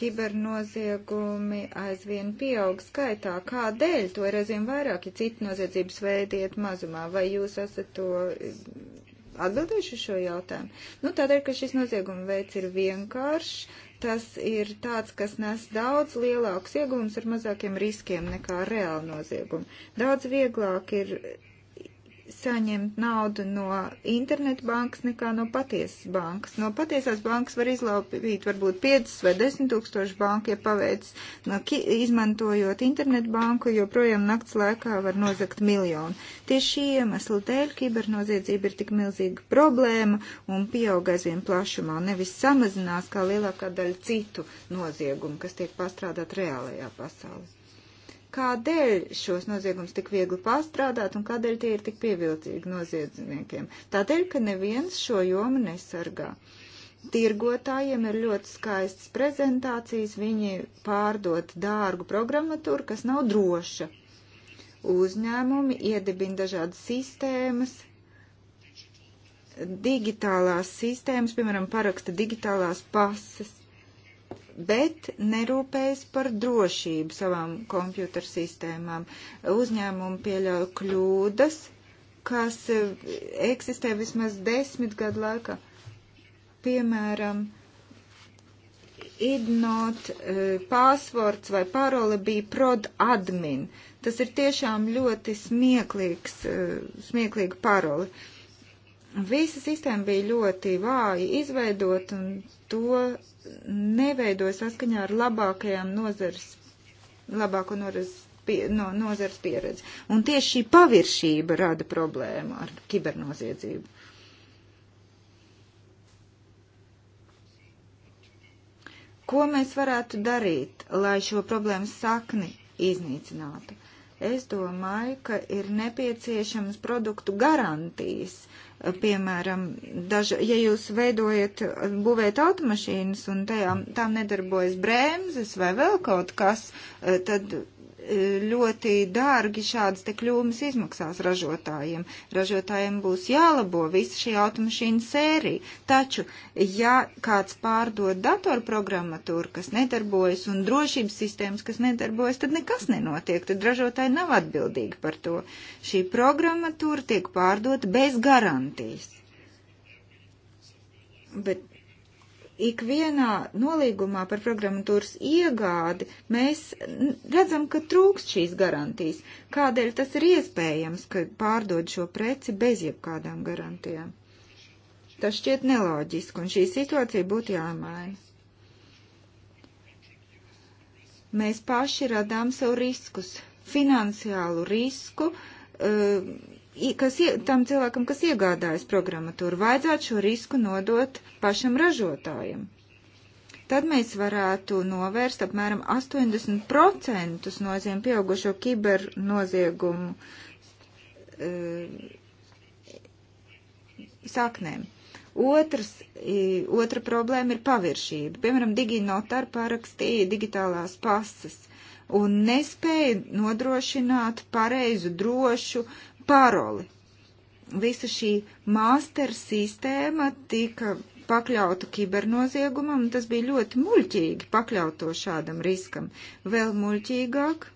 S1: Kibernoziegumi aizvien pieaug skaitā. Kādēļ? To ir aizvien vairāk, ja citi noziedzības veidi iet mazumā. Vai jūs esat to atbildējuši šo jautājumu? Nu, tādēļ, ka šis nozieguma veids ir vienkāršs, Tas ir tāds, kas nes daudz lielākus iegūmus ar mazākiem riskiem nekā reāli noziegumi. Daudz vieglāk ir saņemt naudu no internetu bankas nekā no patiesas bankas. No patiesās bankas var izlaupīt varbūt 5 vai 10 tūkstoši banku, ja paveic, no izmantojot internetu banku, jo projām nakts laikā var nozakt miljonu. Tieši šī iemesla dēļ kibernoziedzība ir tik milzīga problēma un pieaug aizvien plašumā, nevis samazinās kā lielākā daļa citu noziegumu, kas tiek pastrādāt reālajā pasaulē kādēļ šos noziegums tik viegli pārstrādāt un kādēļ tie ir tik pievilcīgi noziedzniekiem. Tādēļ, ka neviens šo jomu nesargā. Tirgotājiem ir ļoti skaistas prezentācijas, viņi pārdod dārgu programmatūru, kas nav droša. Uzņēmumi iedibina dažādas sistēmas, digitālās sistēmas, piemēram, paraksta digitālās pases bet nerūpējas par drošību savām kompjutersistēmām. Uzņēmumi pieļauj kļūdas, kas eksistē vismaz desmit gadu laikā. Piemēram, idnot eh, pāsvords vai parole bija prod admin. Tas ir tiešām ļoti smieklīgs, eh, smieklīga parole. Uh, Visa sistēma bija ļoti vāja izveidot, un to neveidoja saskaņā ar labākajām nozares, labāko nozares, pie, no, nozares pieredzi. Un tieši šī paviršība rada problēmu ar kibernoziedzību. Ko mēs varētu darīt, lai šo problēmu sakni iznīcinātu? Es domāju, ka ir nepiešamas produktu garantijas, uh, Piemēram, daž, ja jūs veidojat, būvēt automašīnas un tajām, tām nedarbojas bremzes vai vēl kaut kas, eh, tad ļoti dārgi šādas te kļūmes izmaksās ražotājiem. Ražotājiem būs jālabo visa šī automašīna sērija. Taču, ja kāds pārdod datorprogrammatūru, kas nedarbojas, un drošības sistēmas, kas nedarbojas, tad nekas nenotiek, tad ražotāji nav atbildīgi par to. Šī programmatūra tiek pārdota bez garantijas. Bet ikvienā nolīgumā par programmatūras iegādi mēs redzam, ka trūkst šīs garantijas. Kādēļ tas ir iespējams, ka pārdod šo preci bez jebkādām garantijām? Tas šķiet neloģiski, un šī situācija būtu jāmaina. Mēs paši radām sev riskus, finansiālu risku, uh, kas, tam cilvēkam, kas iegādājas programmatūru, vajadzētu šo risku nodot pašam ražotājam. Tad mēs varētu novērst apmēram 80% no ziem pieaugušo kibernoziegumu e, saknēm. Otrs, e, otra problēma ir paviršība. Piemēram, DigiNotar parakstīja digitālās pasas un nespēja nodrošināt pareizu, drošu paroli. Visa šī master sistēma tika pakļautu kibernoziegumam, un tas bija ļoti muļķīgi pakļaut to šādam riskam. Vēl muļķīgāk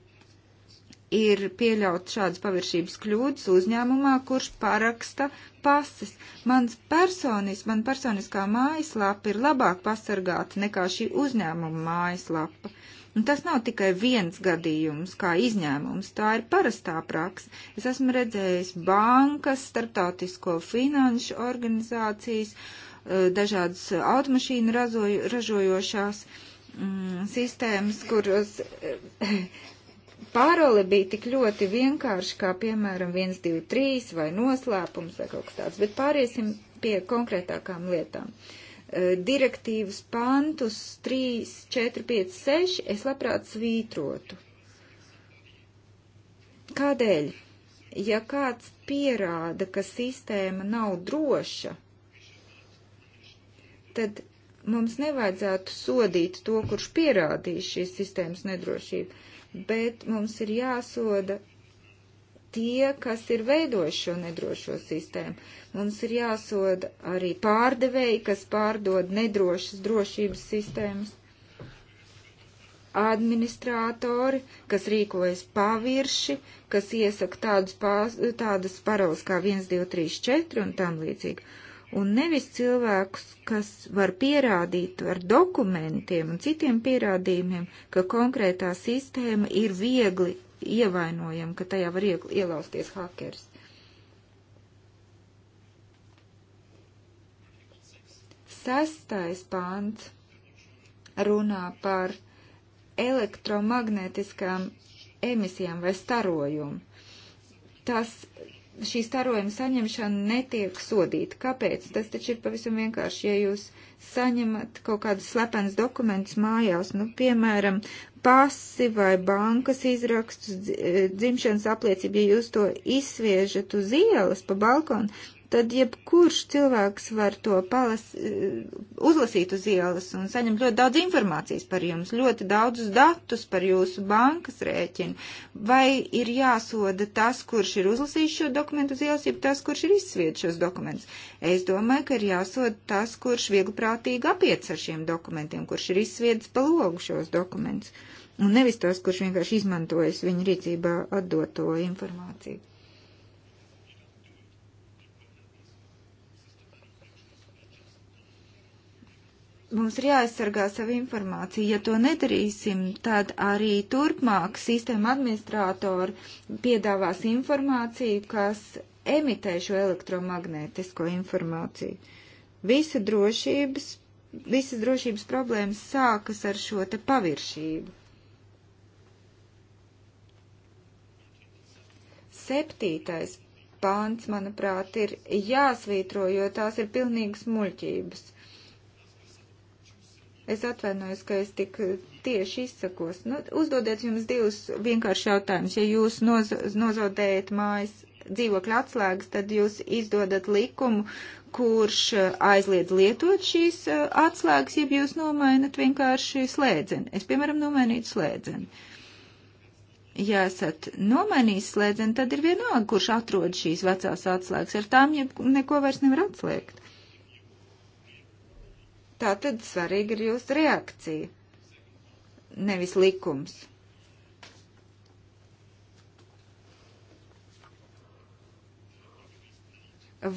S1: ir pieļaut šādas paviršības kļūdas uzņēmumā, kurš paraksta pases. Mans personis, man personiskā mājaslapa ir labāk pasargāta nekā šī uzņēmuma mājaslapa. Uh, Un tas nav tikai viens gadījums, kā izņēmums, tā ir parastā praksa. Es esmu redzējis bankas, starptautisko finanšu organizācijas, eh, dažādas automašīnu razoju, ražojošās mm, sistēmas, kuras eh, pārole bija tik ļoti vienkārši, kā piemēram 1, 2, 3 vai noslēpums vai kaut kas tāds, bet pāriesim pie konkrētākām lietām. Uh, Eh, direktīvas pantus 3, 4, 5, 6 es labprāt svītrotu. Kādēļ? Ja kāds pierāda, ka sistēma nav droša, tad mums nevajadzētu sodīt to, kurš pierādīs šīs sistēmas nedrošību, bet mums ir jāsoda tie, kas ir veidojuši šo nedrošo sistēmu. Mums ir jāsoda arī pārdevēji, kas pārdod nedrošas drošības sistēmas, administratori, kas rīkojas pavirši, kas iesaka tādus pās, tādas paroles kā 1, 2, 3, 4 un tam līdzīgi. Un nevis cilvēkus, kas var pierādīt ar dokumentiem un citiem pierādījumiem, ka konkrētā sistēma ir viegli ievainojam, ka tajā var ielausties hakeris. Sastais pāns runā par elektromagnētiskām emisijām vai starojumu. Tas šī starojuma saņemšana netiek sodīta. Kāpēc? Tas taču ir pavisam vienkārši, ja jūs saņemat kaut kādus slepenus dokumentus mājās, nu, piemēram, pasi vai bankas izrakstus, e, dzimšanas apliecību, ja jūs to izsviežat uz ielas pa balkonu, tad jebkurš cilvēks var to palas, eh, uzlasīt uz ielas un saņemt ļoti daudz informācijas par jums, ļoti daudzus datus par jūsu bankas rēķinu. Vai ir jāsoda tas, kurš ir uzlasījis šo dokumentu uz ielas, jeb tas, kurš ir izsviet šos dokumentus? Es domāju, ka ir jāsoda tas, kurš viegliprātīgi apiet ar šiem dokumentiem, kurš ir izsviedis pa logu šos dokumentus. Un nevis tas, kurš vienkārši izmantojas viņa rīcībā atdoto informāciju. mums ir jāaizsargā savu informāciju. Ja to nedarīsim, tad arī turpmāk sistēma administrātori piedāvās informāciju, kas emitē šo elektromagnētisko informāciju. Visa drošības, visas drošības problēmas sākas ar šo te paviršību. Septītais pāns, manuprāt, ir jāsvītro, jo tās ir pilnīgas muļķības Es atvainojos, ka es tik tieši izsakos. Nu, uzdodiet jums divus vienkāršus jautājumus. Ja jūs noz nozodējat mājas dzīvokļa atslēgas, tad jūs izdodat likumu, kurš aizliedz lietot šīs atslēgas, ja jūs nomainat vienkārši slēdzeni. Es, piemēram, nomainītu slēdzeni. Ja esat nomainījis slēdzeni, tad ir vienalga, kurš atrod šīs vecās atslēgas. Ar tām jau neko vairs nevar atslēgt. Tā tad svarīga ir jūsu reakcija, nevis likums.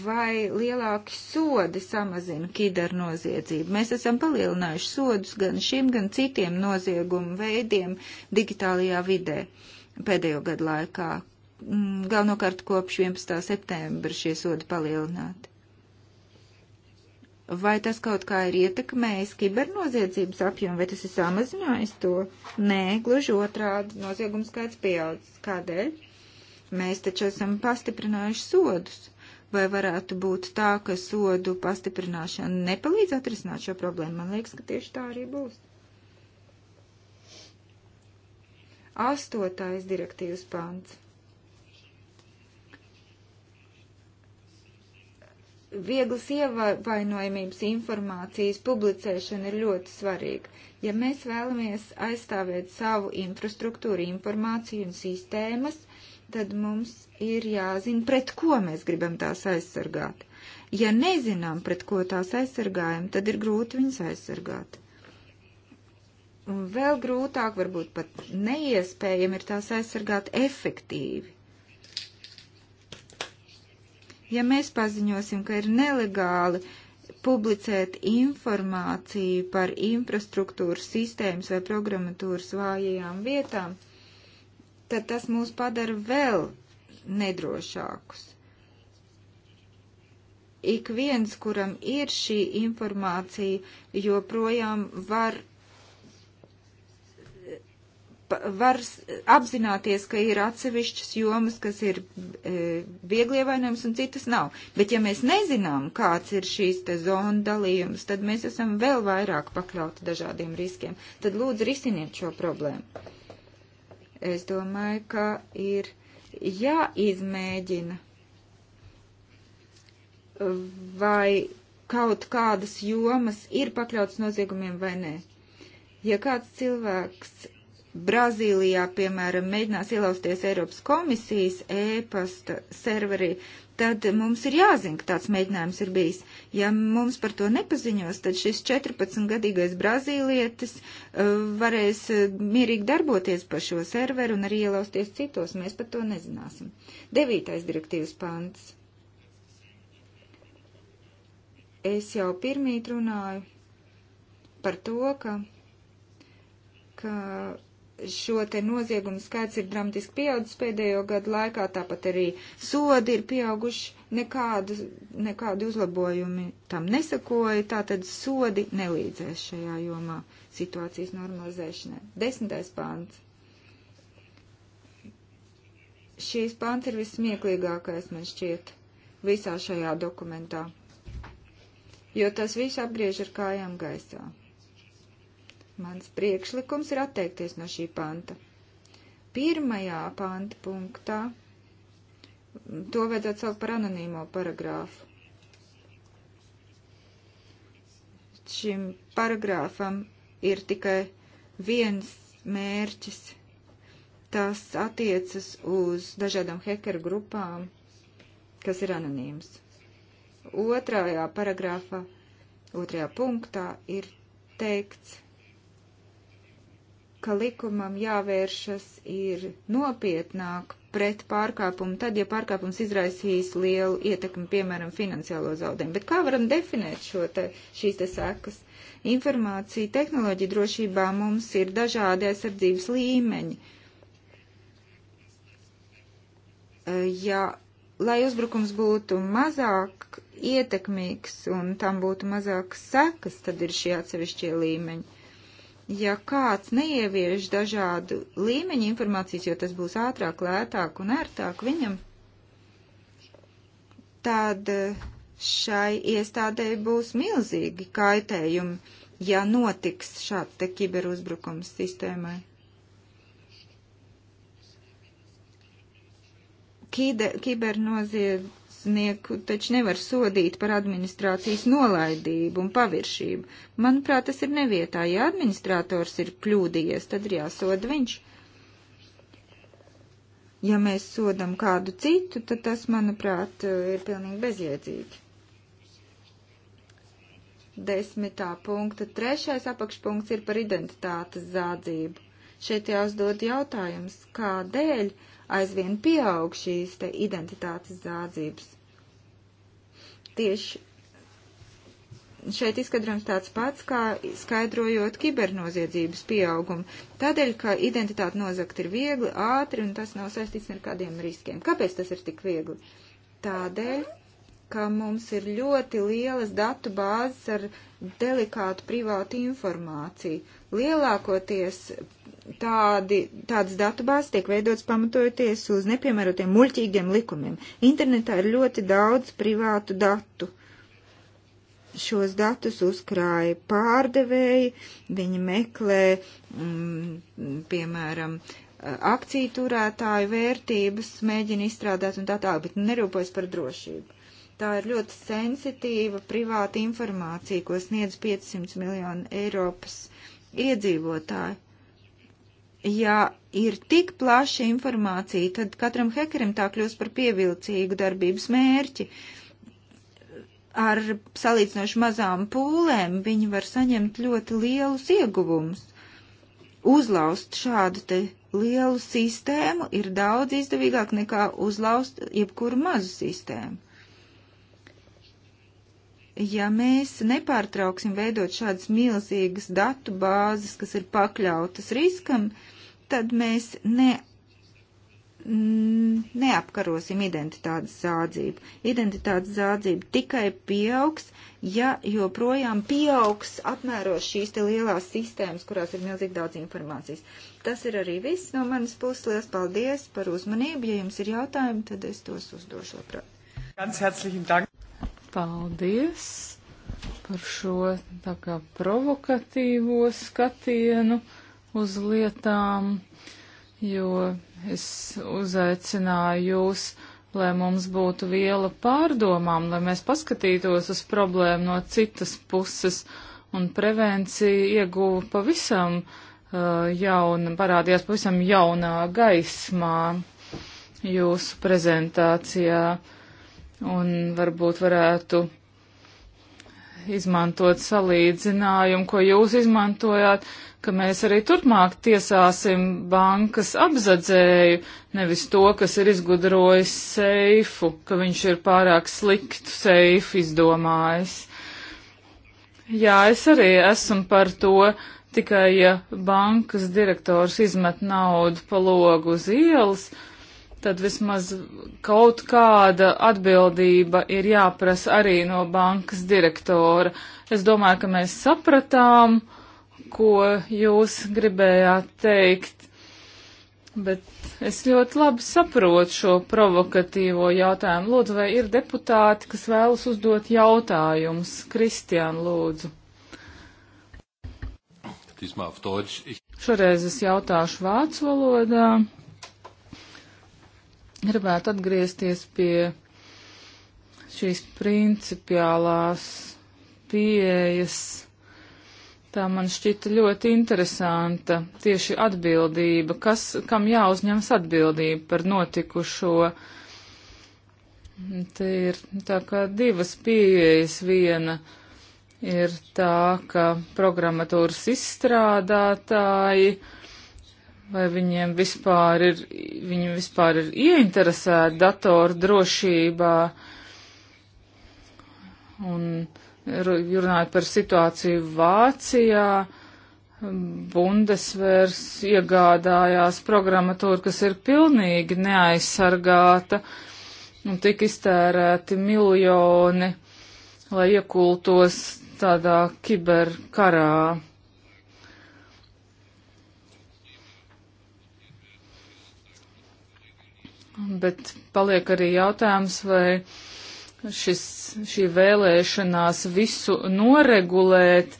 S1: Vai lielāki sodi samazina kibernoziedzību? Mēs esam palielinājuši sodus gan šim, gan citiem noziegumu veidiem digitālajā vidē pēdējo gadu laikā. Mm, Galvenokārt kopš 11. septembra šie sodi palielināti. Vai tas kaut kā ir ietekmējis kibernoziedzības apjomu, vai tas ir samazinājis to? Nē, gluži otrādi, noziegums skaits pieaudzis. Kādēļ? Mēs taču esam pastiprinājuši sodus. Vai varētu būt tā, ka sodu pastiprināšana nepalīdz atrisināt šo problēmu? Man liekas, ka tieši tā arī būs. Astotais direktīvas pants. vieglas ievainojamības informācijas publicēšana ir ļoti svarīga. Ja mēs vēlamies aizstāvēt savu infrastruktūru, informāciju un sistēmas, tad mums ir jāzina, pret ko mēs gribam tās aizsargāt. Ja nezinām, pret ko tās aizsargājam, tad ir grūti viņas aizsargāt. Un vēl grūtāk, varbūt pat neiespējami ir tās aizsargāt efektīvi. Ja mēs paziņosim, ka ir nelegāli publicēt informāciju par infrastruktūras sistēmas vai programmatūras vājajām vietām, tad tas mūs padara vēl nedrošākus. Ik viens, kuram ir šī informācija, joprojām var var apzināties, ka ir atsevišķas jomas, kas ir e, viegli ievainojams un citas nav. Bet ja mēs nezinām, kāds ir šīs te zonu dalījums, tad mēs esam vēl vairāk pakļauti dažādiem riskiem. Tad lūdzu risiniet šo problēmu. Es domāju, ka ir jāizmēģina vai kaut kādas jomas ir pakļautas noziegumiem vai nē. Ja kāds cilvēks Brazīlijā, piemēram, mēģinās ielausties Eiropas komisijas e-pasta serverī, tad mums ir jāzina, ka tāds mēģinājums ir bijis. Ja mums par to nepaziņos, tad šis 14-gadīgais brazīlietis uh, varēs uh, mierīgi darboties pa šo serveru un arī ielausties citos. Mēs par to nezināsim. Devītais direktīvas pants. Es jau pirmīt runāju par to, ka, ka šo te noziegumu skaits ir dramatiski pieaudzis pēdējo gadu laikā, tāpat arī sodi ir pieauguši, nekādu, nekādu uzlabojumi tam nesakoja, tātad sodi nelīdzēs šajā jomā situācijas normalizēšanai. Desmitais pāns. Šīs pāns ir vismieklīgākais, man šķiet, visā šajā dokumentā, jo tas viss apgriež ar kājām gaisā. Mans priekšlikums ir atteikties no šī panta. Pirmajā panta punktā to vajadzētu saukt par anonīmo paragrāfu. Šim paragrāfam ir tikai viens mērķis. Tas attiecas uz dažādām hekeru grupām, kas ir anonīms. Otrajā paragrāfā, otrajā punktā ir teikts, ka likumam jāvēršas ir nopietnāk pret pārkāpumu, tad, ja pārkāpums izraisīs lielu ietekmi, piemēram, finansiālo zaudējumu. Bet kā varam definēt šo te, šīs te sekas? Informācija tehnoloģija drošībā mums ir dažādi aizsardzības līmeņi. Ja, lai uzbrukums būtu mazāk ietekmīgs un tam būtu mazākas sekas, tad ir šie atsevišķie līmeņi ja kāds neievieš dažādu līmeņu informācijas, jo tas būs ātrāk, lētāk un ērtāk viņam, tad eh, šai iestādēji būs milzīgi kaitējumi, ja notiks šāds te kiberuzbrukums sistēmai. Kide, kibernoziedzība Tiesnieku taču nevar sodīt par administrācijas nolaidību un paviršību. Manuprāt, tas ir nevietā. Ja administrators ir kļūdījies, tad ir jāsoda viņš. Ja mēs sodam kādu citu, tad tas, manuprāt, ir pilnīgi bezjēdzīgi desmitā punkta. Trešais apakšpunkts ir par identitātes zādzību. Šeit jāuzdod jautājums, kādēļ aizvien pieaug šīs te identitātes zādzības. Tieši šeit izskatrams tāds pats, kā skaidrojot kibernoziedzības pieaugumu. Tādēļ, ka identitāte nozakt ir viegli, ātri un tas nav saistīts ar kādiem riskiem. Kāpēc tas ir tik viegli? Tādēļ, ka mums ir ļoti lielas datu bāzes ar delikātu privātu informāciju. Lielākoties tādi, tādas datu bāzes tiek veidotas pamatojoties uz nepiemērotiem muļķīgiem likumiem. Internetā ir ļoti daudz privātu datu. Šos datus uzkrāja pārdevēji, viņi meklē, mm, piemēram, akciju turētāju vērtības, mēģina izstrādāt un tā tālāk, bet nerūpojas par drošību tā ir ļoti sensitīva privāta informācija, ko sniedz 500 miljonu Eiropas iedzīvotāji. Ja ir tik plaša informācija, tad katram hekerim tā kļūst par pievilcīgu darbības mērķi. Ar salīdzinoši mazām pūlēm viņi var saņemt ļoti lielus ieguvumus. Uzlaust šādu te lielu sistēmu ir daudz izdevīgāk nekā uzlaust jebkuru mazu sistēmu ja mēs nepārtrauksim veidot šādas milzīgas datu bāzes, kas ir pakļautas riskam, tad mēs ne, neapkarosim identitātes zādzību. Identitātes zādzība tikai pieaugs, ja joprojām pieaugs apmēros šīs te lielās sistēmas, kurās ir milzīgi daudz informācijas. Tas ir arī viss no manas puses. Lielas paldies par uzmanību. Ja jums ir jautājumi, tad es tos uzdošu labprāt.
S2: Ganz herzlichen Dank.
S1: Paldies par šo tā kā
S2: provokatīvo skatienu uz lietām, jo es uzaicināju jūs, lai mums būtu viela pārdomām, lai mēs paskatītos uz problēmu no citas puses, un prevencija ieguva pavisam uh, jauna, parādījās pavisam jaunā gaismā jūsu prezentācijā. Uh, un varbūt varētu izmantot salīdzinājumu, ko jūs izmantojāt, ka mēs arī turpmāk tiesāsim bankas apzadzēju, nevis to, kas ir izgudrojis seifu, ka viņš ir pārāk sliktu seifu izdomājis. Jā, es arī esmu par to, tikai ja bankas direktors izmet naudu pa logu uz ielas, tad vismaz kaut kāda atbildība ir jāprasa arī no bankas direktora. Es domāju, ka mēs sapratām, ko jūs gribējāt teikt, bet es ļoti labi saprotu šo provokatīvo jautājumu. Lūdzu, vai ir deputāti, kas vēlas uzdot jautājumus? Kristian, lūdzu. Šoreiz es jautāšu vācu valodā gribētu atgriezties pie šīs principiālās pieejas. Tā man šķita ļoti interesanta tieši atbildība, kas, kam jāuzņemas atbildība par notikušo. Te ir tā kā divas pieejas. Viena ir tā, ka programmatūras izstrādātāji vai viņiem vispār ir, viņi vispār ir ieinteresēti datoru drošībā. Un runājot par situāciju Vācijā, Bundesvērs iegādājās programmatūru, kas ir pilnīgi neaizsargāta, un tik iztērēti miljoni, lai iekultos tādā kiberkarā. bet paliek arī jautājums, vai šis, šī vēlēšanās visu noregulēt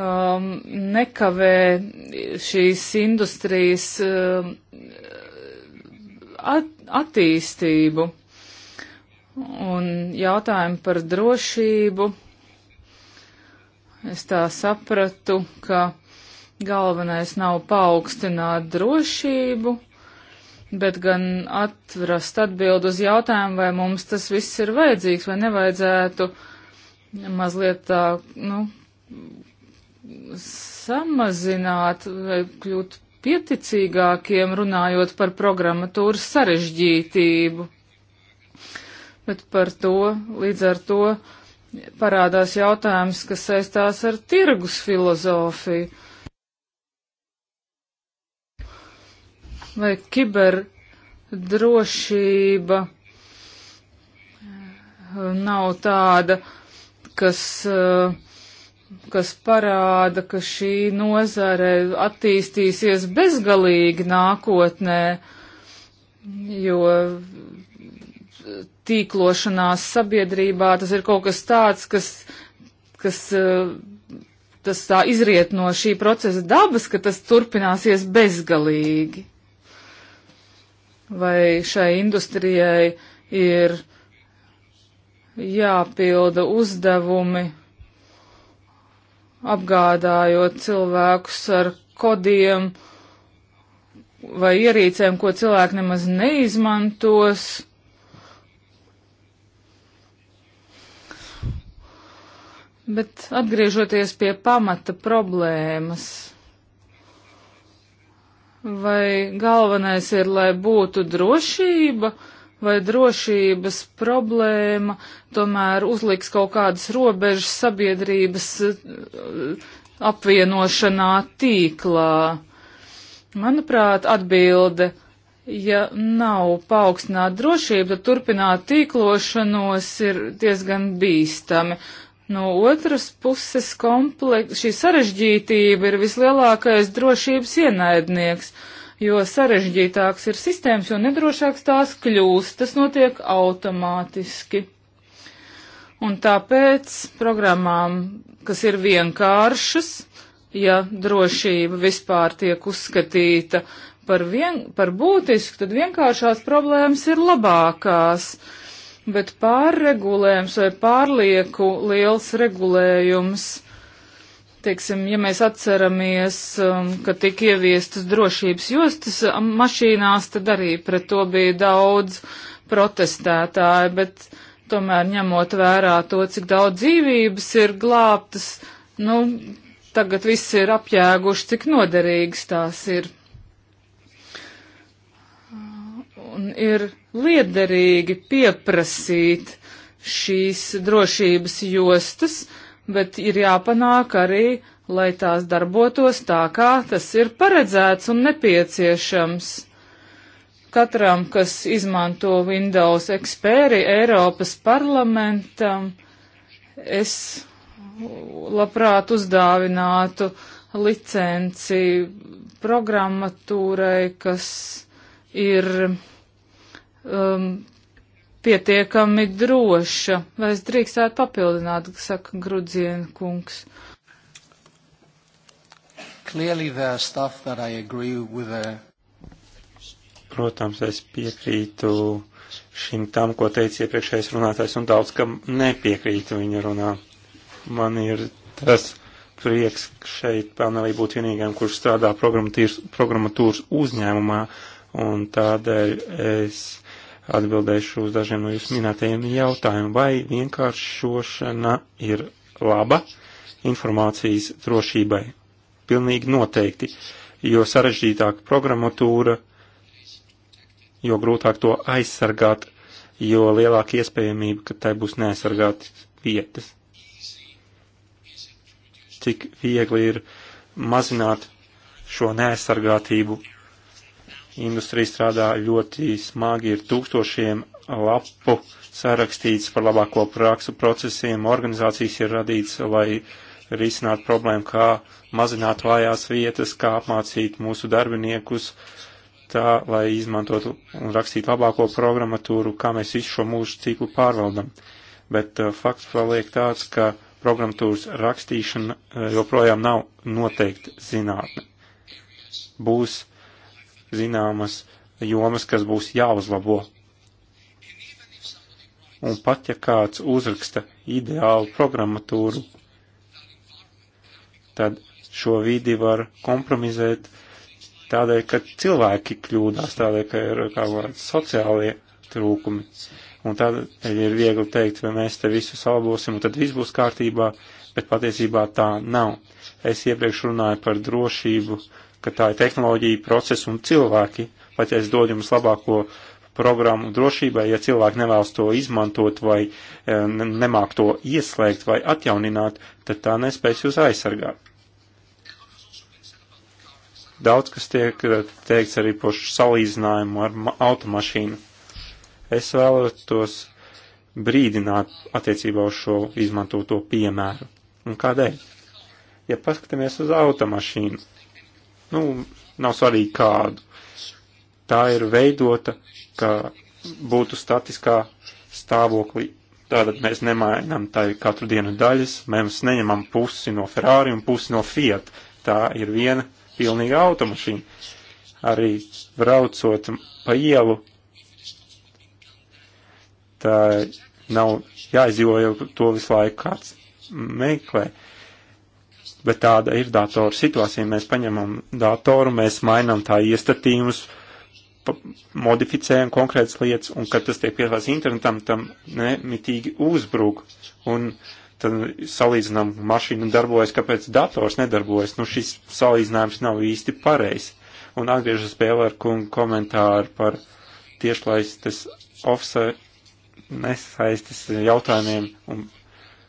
S2: um, nekavē šīs industrijas um, at, attīstību un jautājumu par drošību. Es tā sapratu, ka galvenais nav paaugstināt drošību, bet gan atrast atbildu uz jautājumu, vai mums tas viss ir vajadzīgs, vai nevajadzētu mazliet tā, nu, samazināt vai kļūt pieticīgākiem runājot par programmatūras sarežģītību. Bet par to līdz ar to parādās jautājums, kas saistās ar tirgus filozofiju vai kiberdrošība uh, nav tāda, kas, uh, kas parāda, ka šī nozare attīstīsies bezgalīgi nākotnē, jo tīklošanās sabiedrībā tas ir kaut kas tāds, kas, kas uh, tas tā izriet no šī procesa dabas, ka tas turpināsies bezgalīgi vai šai industrijai ir jāpilda uzdevumi, apgādājot cilvēkus ar kodiem vai ierīcēm, ko cilvēki nemaz neizmantos. Bet atgriežoties pie pamata problēmas, Vai galvenais ir, lai būtu drošība, vai drošības problēma tomēr uzliks kaut kādas robežas sabiedrības eh, apvienošanā tīklā? Manuprāt, atbilde, ja nav paaugstināt drošību, tad turpināt tīklošanos ir diezgan bīstami. No otras puses, kompleks, šī sarežģītība ir vislielākais drošības ienaidnieks, jo sarežģītāks ir sistēmas, jo nedrošāks tās kļūst. Tas notiek automātiski. Un tāpēc programmām, kas ir vienkāršas, ja drošība vispār tiek uzskatīta par, vien, par būtisku, tad vienkāršās problēmas ir labākās. Uh, bet pārregulējums vai pārlieku liels regulējums, teiksim, ja mēs atceramies, um, ka tika ieviestas drošības jostas um, mašīnās, tad arī pret to bija daudz protestētāji, bet tomēr ņemot vērā to, cik daudz dzīvības ir glābtas, nu, tagad viss ir apjēguši, cik noderīgas tās ir. Un ir liederīgi pieprasīt šīs drošības jostas, bet ir jāpanāk arī, lai tās darbotos tā, kā tas ir paredzēts un nepieciešams. Katram, kas izmanto Windows ekspēri Eiropas parlamentam, es labprāt uzdāvinātu licenci programmatūrai, kas ir um, pietiekami droša. Vai es drīkstētu papildināt, saka Grudziena kungs.
S3: Protams, es piekrītu šim tam, ko teica iepriekšējais runātājs, un daudz, kam nepiekrītu viņa runā. Man ir tas prieks šeit pelnavī būt vienīgajam, kurš strādā programmatūras uzņēmumā, un tādēļ es atbildēšu uz dažiem no jūsu minētajiem jautājumiem. Vai vienkāršošana ir laba informācijas drošībai? Pilnīgi noteikti, jo sarežģītāka programmatūra, jo grūtāk to aizsargāt, jo lielāka iespējamība, ka tai būs neaizsargātas vietas. Cik viegli ir mazināt šo neaizsargātību industrija strādā ļoti smagi, ir tūkstošiem lapu sarakstīts par labāko praksu procesiem, organizācijas ir radīts, lai risinātu problēmu, kā mazināt vājās vietas, kā apmācīt mūsu darbiniekus, tā, lai izmantotu un rakstītu labāko programmatūru, kā mēs visu šo mūžu ciklu pārvaldam. Bet uh, fakts paliek tāds, ka programmatūras rakstīšana uh, joprojām nav noteikti zinātne. Būs zināmas jomas, kas būs jāuzlabo. Un pat ja kāds uzraksta ideālu programmatūru, tad šo vidi var kompromizēt tādēļ, ka cilvēki kļūdās, tādēļ, ka ir kaut kādi sociālie trūkumi. Un tādēļ ir viegli teikt, vai mēs te visu salbosim, un tad viss būs kārtībā, bet patiesībā tā nav. Es iepriekš runāju par drošību, ka tā ir tehnoloģija, process un cilvēki. Pat ja es dodu jums labāko programmu drošībai, ja cilvēki nevēlas to izmantot vai e, nemāk to ieslēgt vai atjaunināt, tad tā nespēs jūs aizsargāt daudz kas tiek e, teikts arī pošu salīdzinājumu ar automašīnu. Es vēlētos brīdināt attiecībā uz šo izmantoto piemēru. Un kādēļ? Ja paskatāmies uz automašīnu, nu, nav svarīgi kādu. Tā ir veidota, ka būtu statiskā stāvoklī. Tātad mēs nemainām tā ir katru dienu daļas, mēs neņemam pusi no Ferrari un pusi no Fiat. Tā ir viena pilnīga automašīna. Arī braucot pa ielu, tā nav jāizdzīvo, jo to visu laiku kāds meklē. Uh, bet tāda ir datoru situācija. Mēs paņemam datoru, mēs mainām tā iestatījumus, modificējam konkrētas lietas, un kad tas tiek pievērsts internetam, tam nemitīgi uzbrūk. Un tad salīdzinām, mašīna darbojas, kāpēc dators nedarbojas. Nu, šis salīdzinājums nav īsti pareizs. Un atgriežas pie Elērkunga komentāru par tiešlaistes offset nesaistes jautājumiem, un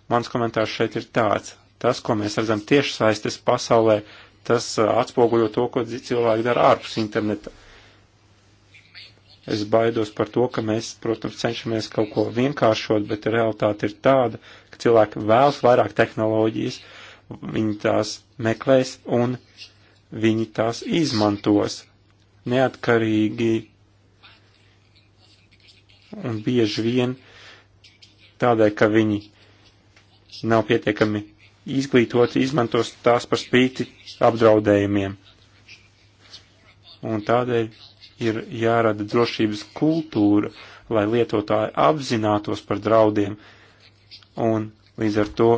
S3: mans komentārs šeit ir tāds Tas, ko mēs redzam tiešsaistes pasaulē, tas uh, atspoguļo to, ko cilvēki dara ārpus interneta. Es baidos par to, ka mēs, protams, cenšamies kaut ko vienkāršot, bet realitāte ir tāda, ka cilvēki vēlas vairāk tehnoloģijas, viņi tās meklēs un viņi tās izmantos neatkarīgi un bieži vien tādēļ, ka viņi nav pietiekami izglītoti izmantos tās par spīti apdraudējumiem. Un tādēļ ir jārada drošības kultūra, lai lietotāji apzinātos par draudiem un līdz ar to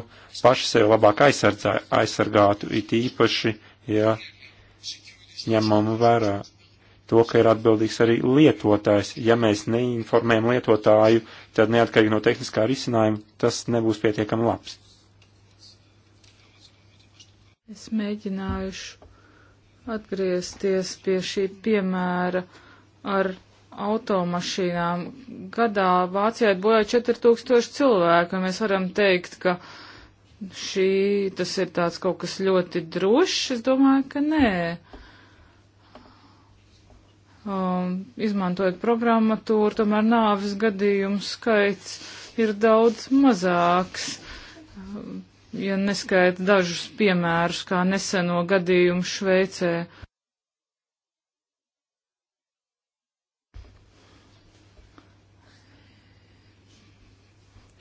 S3: paši sevi labāk aizsardzā, aizsargātu, it īpaši, ja ņemam vērā to, ka ir atbildīgs arī lietotājs. Ja mēs neinformējam lietotāju, tad neatkarīgi no tehniskā risinājuma tas nebūs pietiekami labs.
S2: Es mēģinājuši atgriezties pie šī piemēra ar automašīnām. Gadā Vācijā bojā 4000 cilvēku, un mēs varam teikt, ka šī, tas ir tāds kaut kas ļoti drošs, es domāju, ka nē. Um, izmantojot programmatūru, tomēr nāvis gadījumu skaits ir daudz mazāks. Um, ja neskaita dažus piemērus, kā neseno gadījumu Šveicē.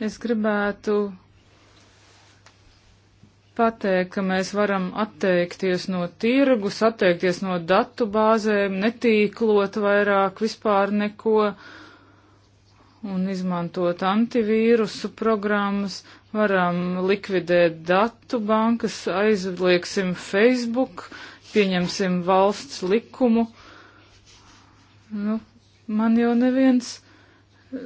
S2: Es gribētu pateikt, ka mēs varam atteikties no tirgus, atteikties no datu bāzēm, netīklot vairāk vispār neko. Uh, un izmantot antivīrusu programmas, varam likvidēt datu bankas, aizlieksim Facebook, pieņemsim valsts likumu. Nu, man jau neviens eh,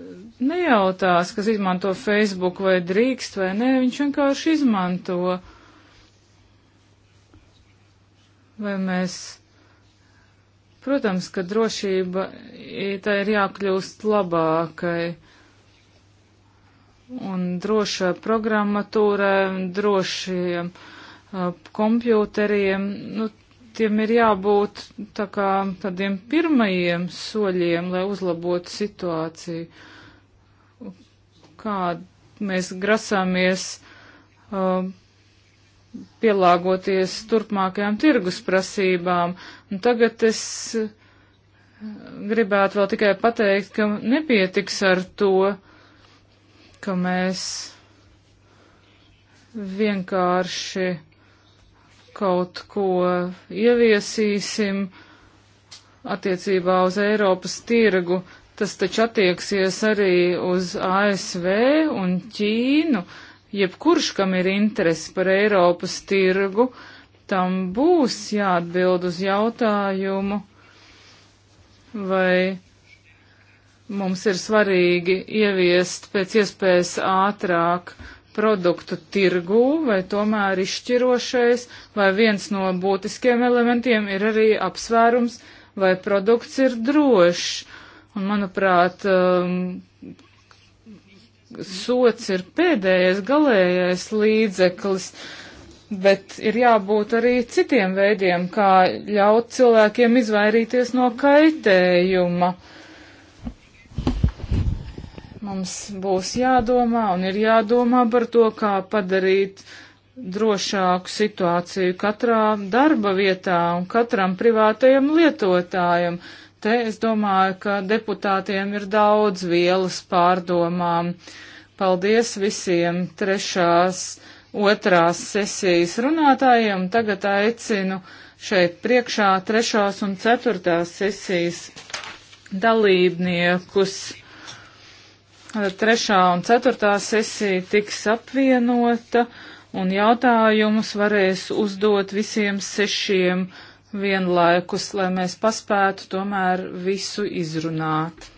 S2: nejautās, kas izmanto Facebook vai drīkst vai nē, viņš vienkārši izmanto. Vai mēs Protams, ka drošība tā ir jākļūst labākai. Un drošai programmatūrai, drošiem kompjūteriem, nu, tiem ir jābūt tā kā tādiem pirmajiem soļiem, lai uzlabotu situāciju. Kā mēs grasāmies uh, pielāgoties turpmākajām tirgus prasībām. Un tagad es eh, gribētu vēl tikai pateikt, ka nepietiks ar to, ka mēs vienkārši kaut ko ieviesīsim attiecībā uz Eiropas tirgu. Tas taču attieksies arī uz ASV un Ķīnu. Uh, jebkurš, kam ir interesi par Eiropas tirgu, tam būs jāatbild uz jautājumu, vai mums ir svarīgi ieviest pēc iespējas ātrāk produktu tirgū, vai tomēr izšķirošais, vai viens no būtiskiem elementiem ir arī apsvērums, vai produkts ir drošs. Un, manuprāt, um, sots ir pēdējais galējais līdzeklis, bet ir jābūt arī citiem veidiem, kā ļaut cilvēkiem izvairīties no kaitējuma. Mums būs jādomā un ir jādomā par to, kā padarīt drošāku situāciju katrā darba vietā un katram privātajam lietotājam te es domāju, ka deputātiem ir daudz vielas pārdomām. Uh, Paldies visiem trešās, otrās sesijas runātājiem. Tagad aicinu šeit priekšā trešās un ceturtās sesijas dalībniekus. Trešā un ceturtā sesija tiks apvienota un jautājumus varēs uzdot visiem sešiem vienlaikus, lai mēs paspētu tomēr visu izrunāt.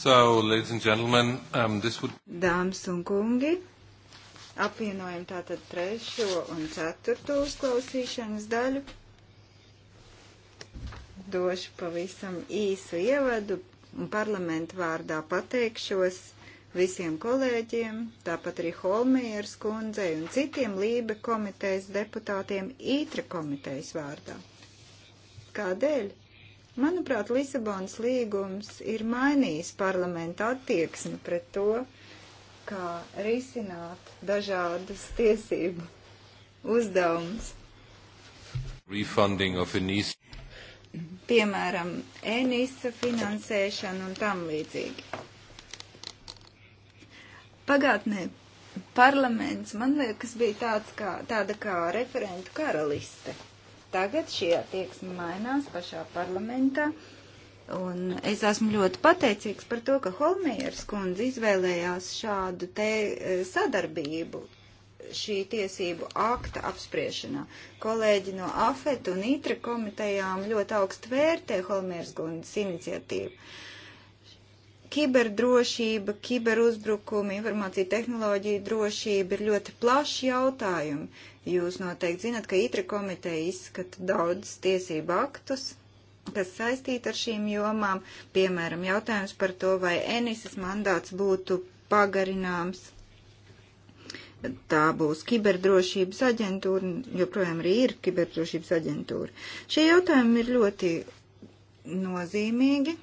S3: So, ladies and gentlemen, um, this would... Dāmas un kungi,
S1: apvienojam tātad trešo un ceturto uzklausīšanas daļu. Došu pavisam īsu ievadu un parlamentu vārdā pateikšos visiem kolēģiem, tāpat arī Holmieras kundzei un citiem Lībe komitejas deputātiem Ītra komitejas vārdā. Kādēļ? Manuprāt, Lisabonas līgums ir mainījis parlamenta attieksmi pret to, kā risināt dažādas tiesību uzdevumus. Piemēram, ENISA finansēšana un tam līdzīgi. Pagātnē parlaments, man liekas, bija tāds kā, tāda kā referentu karaliste. Tagad šī attieksme mainās pašā parlamentā. Un es esmu ļoti pateicīgs par to, ka Holmieras kundze izvēlējās šādu te e, sadarbību šī tiesību akta apspriešanā. Kolēģi no AFET un ITRA komitejām ļoti augstu vērtē Holmieras kundzes iniciatīvu. Kiberdrošība, kiberuzbrukumi, informācija tehnoloģija drošība ir ļoti plaši jautājumi. Jūs noteikti zinat, ka ITRA komiteja izskata daudz tiesību aktus, kas saistīti ar šīm jomām, piemēram, jautājums par to, vai Enises mandāts būtu pagarināms. Tā būs kiberdrošības aģentūra, joprojām arī ir kiberdrošības aģentūra. Šie jautājumi ir ļoti nozīmīgi.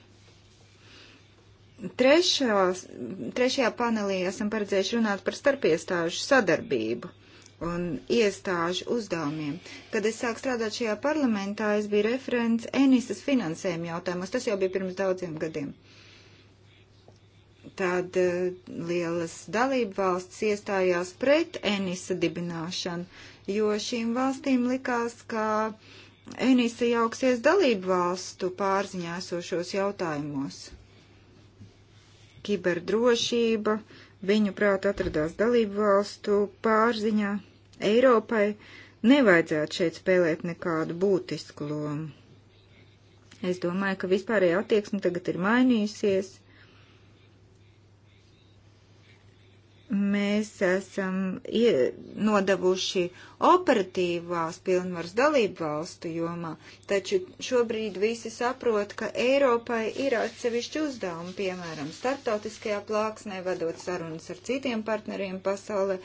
S1: Trešās, trešajā panelī esam paredzējuši runāt par starpiestāžu sadarbību un iestāžu uzdevumiem. Kad es sāku strādāt šajā parlamentā, es biju referents Enisas finansējuma jautājumos. Tas jau bija pirms daudziem gadiem. Tad eh, lielas dalību valsts iestājās pret Enisa dibināšanu, jo šīm valstīm likās, ka Enisa jauksies dalību valstu pārziņā esošos jautājumos. Kiberdrošība, uh, viņu prāt atradās dalību valstu pārziņā, Eiropai nevajadzētu šeit spēlēt nekādu būtisku lomu. Es domāju, ka vispārējā attieksme tagad ir mainījusies. mēs esam nodavuši operatīvās pilnvaras dalību valstu jomā, taču šobrīd visi saprot, ka Eiropai ir atsevišķi uzdevumi, piemēram, starptautiskajā plāksnē, vadot sarunas ar citiem partneriem pasaulē,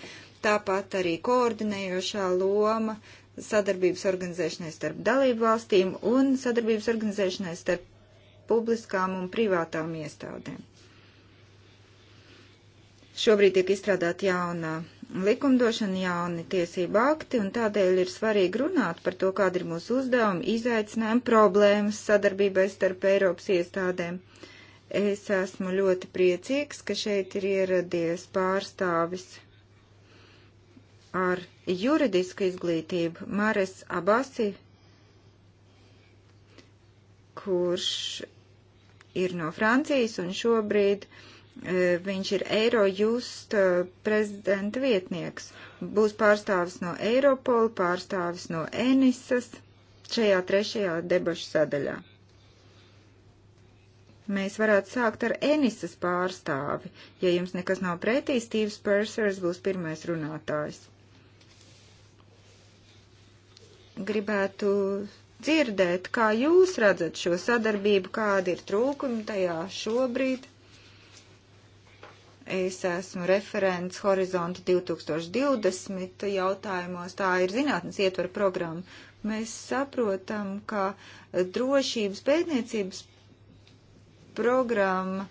S1: tāpat arī koordinējošā loma sadarbības organizēšanai starp dalību valstīm un sadarbības organizēšanai starp publiskām un privātām iestādēm. Šobrīd tiek izstrādāt jauna likumdošana, jauni tiesība akti, un tādēļ ir svarīgi runāt par to, kāda ir mūsu uzdevuma, izaicinājuma, problēmas sadarbībai starp Eiropas iestādēm. Es esmu ļoti priecīgs, ka šeit ir ieradies pārstāvis ar juridisku izglītību Mares Abasi, kurš ir no Francijas un šobrīd uh, E, viņš ir Eirojust e, prezidenta vietnieks. Būs pārstāvis no Eiropola, pārstāvis no Enisas šajā trešajā debašu sadaļā. Mēs varētu sākt ar Enisas pārstāvi. Ja jums nekas nav pretī, Stīvs Persers būs pirmais runātājs. Gribētu dzirdēt, kā jūs redzat šo sadarbību, kādi ir trūkumi tajā šobrīd Es esmu referents Horizonta 2020 jautājumos. Tā ir zinātnes ietvara programma. Mēs saprotam, ka drošības pētniecības programma,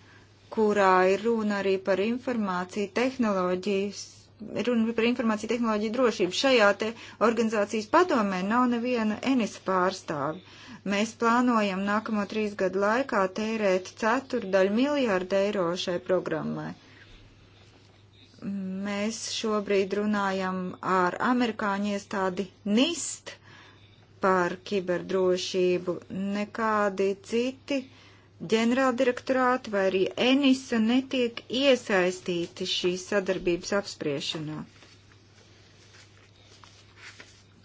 S1: kurā ir runa arī par informāciju tehnoloģijas, runa par informāciju tehnoloģiju drošību, šajā te organizācijas padomē nav neviena ENIS pārstāvi. Mēs plānojam nākamo trīs gadu laikā tērēt ceturdaļu miljārdu eiro šai programmai. Mēs šobrīd runājam ar amerikāņu iestādi NIST par kiberdrošību. Nekādi citi ģenerāldirektorāti vai arī ENISA netiek iesaistīti šīs sadarbības apspriešanā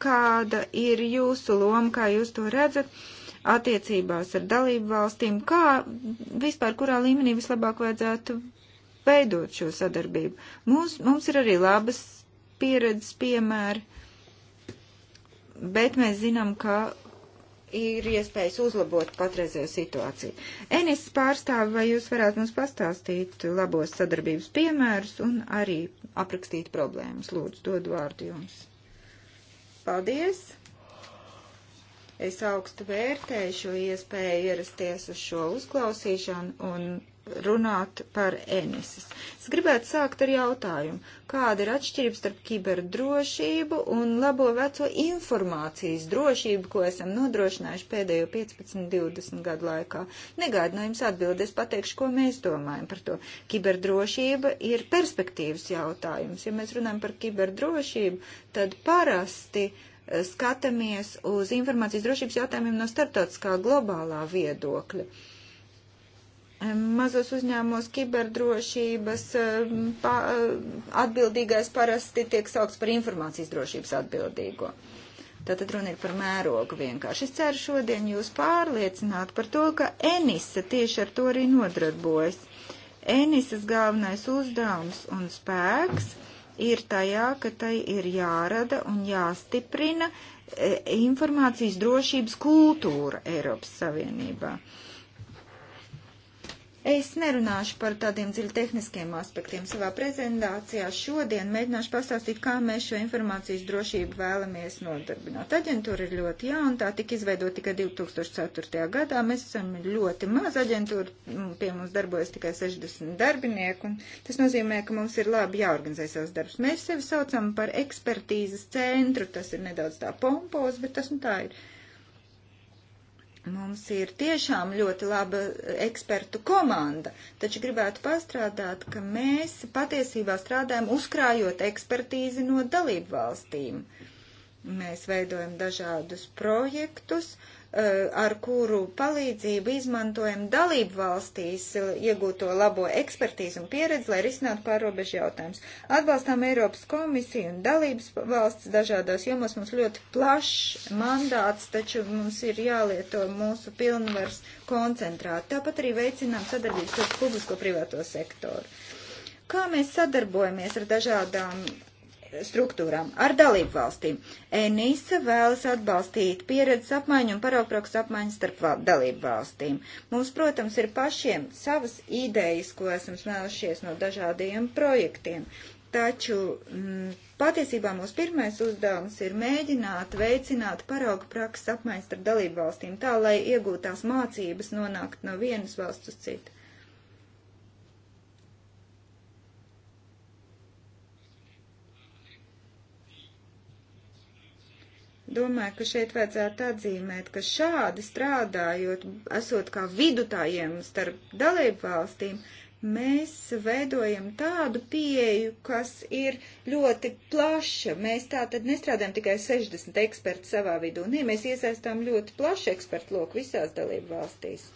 S1: kāda ir jūsu loma, kā jūs to redzat attiecībās ar dalību valstīm, kā vispār kurā līmenī vislabāk vajadzētu veidot šo sadarbību. Mums, mums ir arī labas pieredzes piemēri, bet mēs zinām, ka ir iespējas uzlabot patreizējo situāciju. Enis pārstāvi, vai jūs varētu mums pastāstīt labos sadarbības piemērus un arī aprakstīt problēmas? Lūdzu, dod vārdu jums. Paldies! Es augstu vērtēju šo iespēju ierasties uz šo uzklausīšanu un runāt par ēnesis. Es gribētu sākt ar jautājumu, kāda ir atšķirība starp kiberdrošību un labo veco informācijas drošību, ko esam nodrošinājuši pēdējo 15-20 gadu laikā. Negaidu no jums atbildes, pateikšu, ko mēs domājam par to. Kiberdrošība ir perspektīvas jautājums. Ja mēs runājam par kiberdrošību, tad parasti eh, skatāmies uz informācijas drošības jautājumiem no starptautiskā globālā viedokļa. Uh, Mazos uzņēmumos kiberdrošības pa, atbildīgais parasti tiek saukts par informācijas drošības atbildīgo. Tātad runa ir par mērogu vienkārši. Es ceru šodien jūs pārliecināt par to, ka Enisa tieši ar to arī nodarbojas. Enisas galvenais uzdevums un spēks ir tajā, ka tai ir jārada un jāstiprina e, informācijas drošības kultūra Eiropas Savienībā. Uh, Es nerunāšu par tādiem dziļi tehniskiem aspektiem savā prezentācijā. Šodien mēģināšu pastāstīt, kā mēs šo informācijas drošību vēlamies nodarbināt. Aģentūra ir ļoti jauna, tā tika izveidota tikai 2004. gadā. Mēs esam ļoti maza aģentūra, pie mums darbojas tikai 60 darbinieku, un tas nozīmē, ka mums ir labi jāorganizē savs darbs. Mēs sevi saucam par ekspertīzes centru, tas ir nedaudz tā pompos, bet tas nu tā ir. Mums ir tiešām ļoti laba ekspertu komanda, taču gribētu pastrādāt, ka mēs patiesībā strādājam uzkrājot ekspertīzi no dalību valstīm. Mēs veidojam dažādus projektus, uh, Eh, ar kuru palīdzību izmantojam dalību valstīs eh, iegūto labo ekspertīzu un pieredzi, lai risinātu pārobežu jautājumus. Atbalstām Eiropas komisiju un dalības valsts dažādās jomās. Mums ļoti plašs mandāts, taču mums ir jālieto mūsu pilnvars koncentrēt. Tāpat arī veicinām sadarbības ar publisko privāto sektoru. Kā mēs sadarbojamies ar dažādām struktūrām ar dalību valstīm. ENISA vēlas atbalstīt pieredzes apmaiņu un paraugprakstu apmaiņu starp dalību valstīm. Mums, protams, ir pašiem savas idejas, ko esam smēlušies no dažādiem projektiem. Taču m, mm, patiesībā mūsu pirmais uzdevums ir mēģināt veicināt paraugu prakses apmaiņas starp dalību valstīm tā, lai iegūtās mācības nonākt no vienas valsts uz citu. Domāju, ka šeit vajadzētu atzīmēt, ka šādi strādājot, esot kā vidutājiem starp dalību valstīm, mēs veidojam tādu pieeju, kas ir ļoti plaša. Mēs tā tad nestrādājam tikai 60 eksperti savā vidū. Nē, mēs iesaistām ļoti plašu ekspertu loku visās dalību valstīs.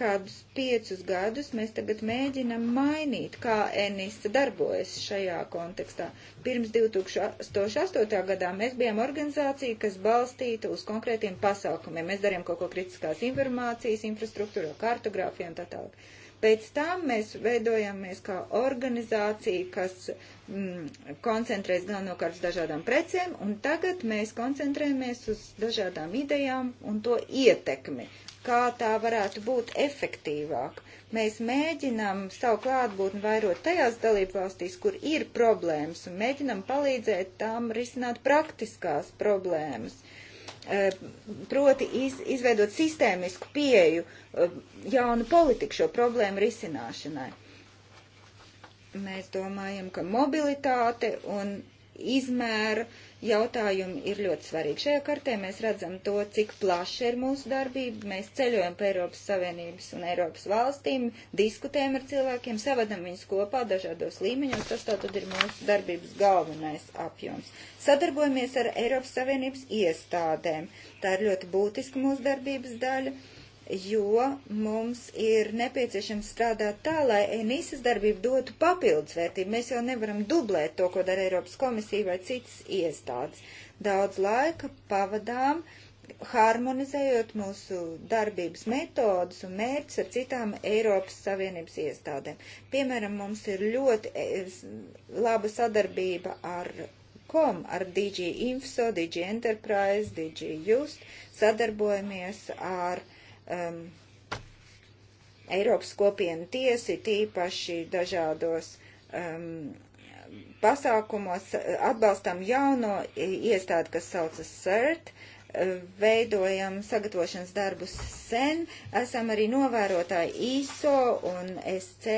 S1: Kādus piecus gadus mēs tagad mēģinam mainīt, kā ENISA darbojas šajā kontekstā. Pirms 2008. gadā mēs bijām organizācija, kas balstīta uz konkrētiem pasākumiem. Mēs darījām kaut ko kritiskās informācijas, infrastruktūru, kartogrāfiju un tā tālāk. Pēc tam mēs veidojamies kā organizācija, kas mm, koncentrēs galvenokārt uz dažādām precēm, un tagad mēs koncentrējamies uz dažādām idejām un to ietekmi kā tā varētu būt efektīvāk. Mēs mēģinām savu klātbūtni vairot tajās dalībvalstīs, kur ir problēmas, un mēģinām palīdzēt tām risināt praktiskās problēmas. E, proti iz, izveidot sistēmisku pieju e, jaunu politiku šo problēmu risināšanai. Mēs domājam, ka mobilitāte un izmēra uh, jautājumi ir ļoti svarīgi. Šajā kartē mēs redzam to, cik plaša ir mūsu darbība. Mēs ceļojam pa Eiropas Savienības un Eiropas valstīm, diskutējam ar cilvēkiem, savadam viņus kopā dažādos līmeņos. Tas tātad ir mūsu darbības galvenais apjoms. Sadarbojamies ar Eiropas Savienības iestādēm. Tā ir ļoti būtiska mūsu darbības daļa jo mums ir nepieciešams strādāt tā, lai ENISAS darbība dotu papildus vērtību. Mēs jau nevaram dublēt to, ko dara Eiropas komisija vai citas iestādes. Daudz laika pavadām harmonizējot mūsu darbības metodus un mērķus ar citām Eiropas Savienības iestādēm. Piemēram, mums ir ļoti laba sadarbība ar kom, ar DG Info, DG Enterprise, DG Just, sadarbojamies ar uh, um, Eiropas kopienu tiesi, tīpaši dažādos um, pasākumos uh, atbalstam jauno iestādi, kas saucas CERT, uh, veidojam sagatavošanas darbus sen, esam arī novērotāji ISO un SC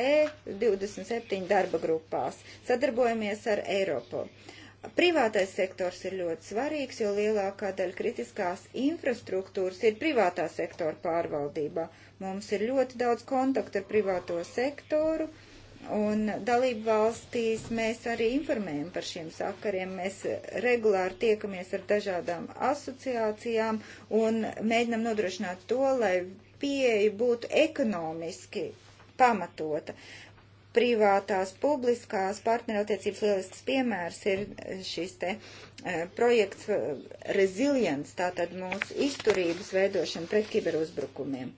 S1: 27 darba grupās, sadarbojamies ar Eiropu. Uh, Privātais sektors ir ļoti svarīgs, jo lielākā daļa kritiskās infrastruktūras ir privātā sektora pārvaldībā. Mums ir ļoti daudz kontaktu ar privāto sektoru. Un dalību valstīs mēs arī informējam par šiem sakariem. Mēs regulāri tiekamies ar dažādām asociācijām un mēģinam nodrošināt to, lai pieeja būtu ekonomiski pamatota privātās publiskās partnerattiecības lielisks piemērs ir eh, šis te uh, projekts uh, Resilience, tātad mūsu izturības veidošana pret kiberuzbrukumiem.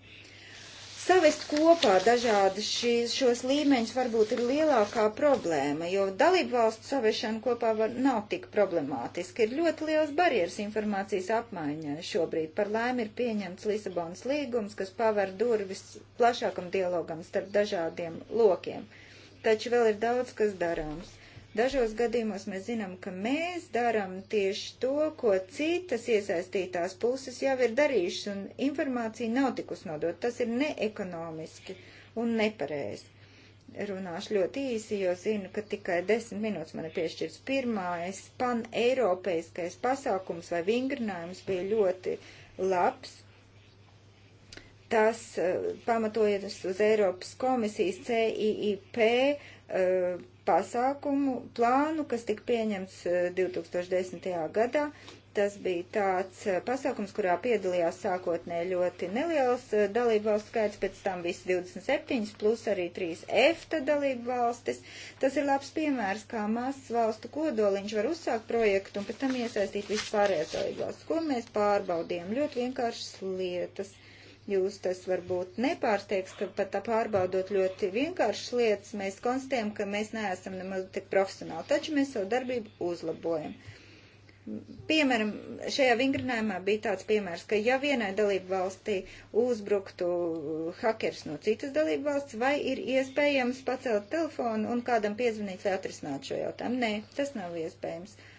S1: Savest kopā dažādi šīs, šos līmeņus varbūt ir lielākā problēma, jo dalību valstu savešana kopā var, nav tik problemātiski. Ir ļoti liels barjeras informācijas apmaiņai. Šobrīd par laimi ir pieņemts Lisabonas līgums, kas paver durvis plašākam dialogam starp dažādiem lokiem. Uh, taču vēl ir daudz, kas darāms. Dažos gadījumos mēs zinām, ka mēs darām tieši to, ko citas iesaistītās puses jau ir darījušas, un informācija nav tikus nodot. Tas ir neekonomiski un nepareizi. Runāšu ļoti īsi, jo zinu, ka tikai desmit minūtes man ir piešķirts. Pirmais pan-eiropeiskais pasākums vai vingrinājums bija ļoti labs Tas eh, pamatojas uz Eiropas komisijas CIIP eh, pasākumu plānu, kas tika pieņemts 2010. Eh, gadā. Tas bija tāds pasākums, kurā piedalījās sākotnē ļoti neliels dalību valsts skaits, pēc tam visi 27, plus arī 3 EFTA dalību valstis. Tas ir labs piemērs, kā mazs valstu kodoliņš var uzsākt projektu un pēc tam iesaistīt vispārējās dalību valsts, ko mēs pārbaudījām. Ļoti vienkāršas lietas. Uh, Jūs tas varbūt nepārsteigs, ka pat pārbaudot ļoti vienkāršas lietas, mēs konstatējam, ka mēs neesam nemaz tik profesionāli, taču mēs savu darbību uzlabojam. Piemēram, šajā vingrinājumā bija tāds piemērs, ka ja vienai dalību valstī uzbruktu hakers no citas dalību valsts, vai ir iespējams pacelt telefonu un kādam piezvanīt, lai atrisināt šo jautājumu? Nē, tas nav iespējams. Uh,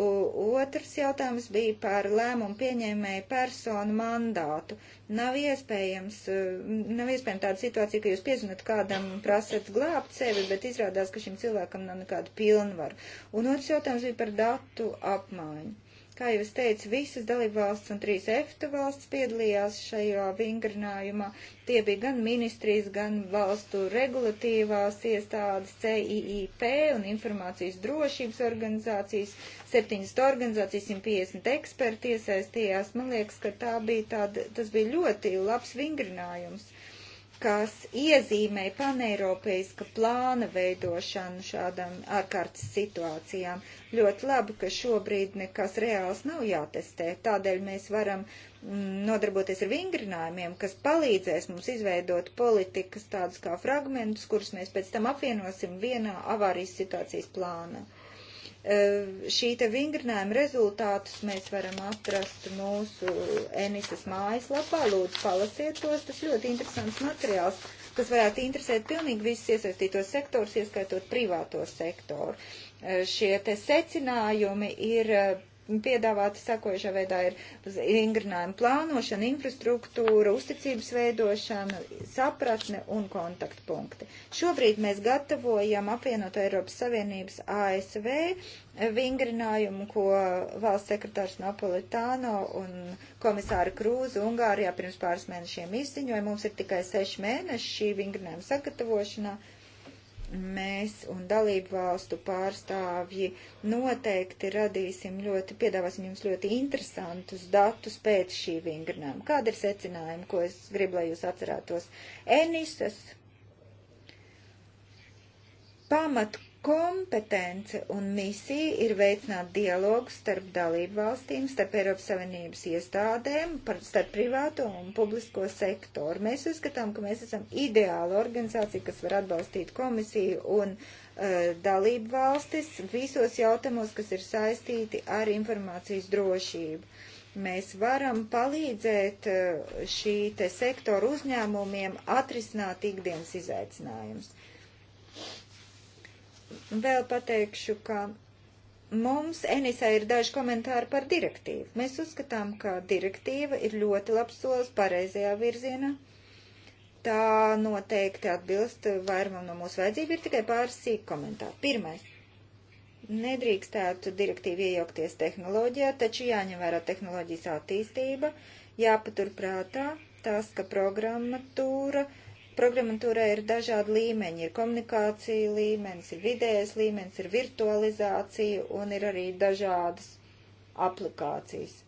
S1: Otrs jautājums bija par lēmumu pieņēmēju personu mandātu. Nav iespējams, eh, nav iespējams tāda situācija, ka jūs piezvanat kādam un prasat glābt sevi, bet izrādās, ka šim cilvēkam nav nekāda pilnvaru. Un otrs jautājums bija par datu apmaiņu. Kā jau es teicu, visas dalībvalsts un trīs EFTA valsts piedalījās šajā vingrinājumā. Tie bija gan ministrijas, gan valstu regulatīvās iestādes, CIIP un informācijas drošības organizācijas, septiņas organizācijas, 150 eksperti iesaistījās. Man liekas, ka tā bija tāda, tas bija ļoti labs vingrinājums kas iezīmē paneiropeiska plāna veidošanu šādām ārkārtas situācijām. Ļoti labi, ka šobrīd nekas reāls nav jātestē, tādēļ mēs varam mm, nodarboties ar vingrinājumiem, kas palīdzēs mums izveidot politikas tādus kā fragmentus, kurus mēs pēc tam apvienosim vienā avārijas situācijas plānā. Eh, šī te vingrinājuma rezultātus mēs varam atrast mūsu Enisas mājaslapā. Lūdzu, palasiet tos. Tas ļoti interesants materiāls, kas varētu interesēt pilnīgi visus iesaistītos sektors, ieskaitot privāto sektoru. Eh, šie te secinājumi ir eh, piedāvāti sakojušā veidā ir ingrinājuma plānošana, infrastruktūra, uzticības veidošana, sapratne un kontaktpunkti. Šobrīd mēs gatavojam apvienoto Eiropas Savienības ASV vingrinājumu, ko valsts sekretārs Napolitāno un komisāra Krūze Ungārijā pirms pāris mēnešiem izziņoja. Mums ir tikai seši mēneši šī vingrinājuma sagatavošanā mēs un dalību valstu pārstāvji noteikti radīsim ļoti, piedāvāsim jums ļoti interesantus datus pēc šī vingrinājuma. Kāda ir secinājuma, ko es gribu, lai jūs atcerētos? Enisas pamat kompetence un misija ir veicināt dialogu starp dalību valstīm, starp Eiropas Savienības iestādēm, par, starp privāto un publisko sektoru. Mēs uzskatām, ka mēs esam ideāla organizācija, kas var atbalstīt komisiju un uh, dalību valstis visos jautājumos, kas ir saistīti ar informācijas drošību. Mēs varam palīdzēt uh, šī te sektoru uzņēmumiem atrisināt ikdienas izaicinājumus Vēl pateikšu, ka mums Enisā ir daži komentāri par direktīvu. Mēs uzskatām, ka direktīva ir ļoti labs solis pareizajā virzienā. Tā noteikti atbilst vairumam no mūsu vajadzību. Ir tikai pāris sīk komentāri. Pirmais. Nedrīkstētu direktīvi iejaukties tehnoloģijā, taču jāņem vērā tehnoloģijas attīstība, jāpaturprātā tas, ka programmatūra uh, Programmatūrā ir dažādi līmeņi. Ir komunikācija līmenis, ir vidējais līmenis, ir virtualizācija un ir arī dažādas aplikācijas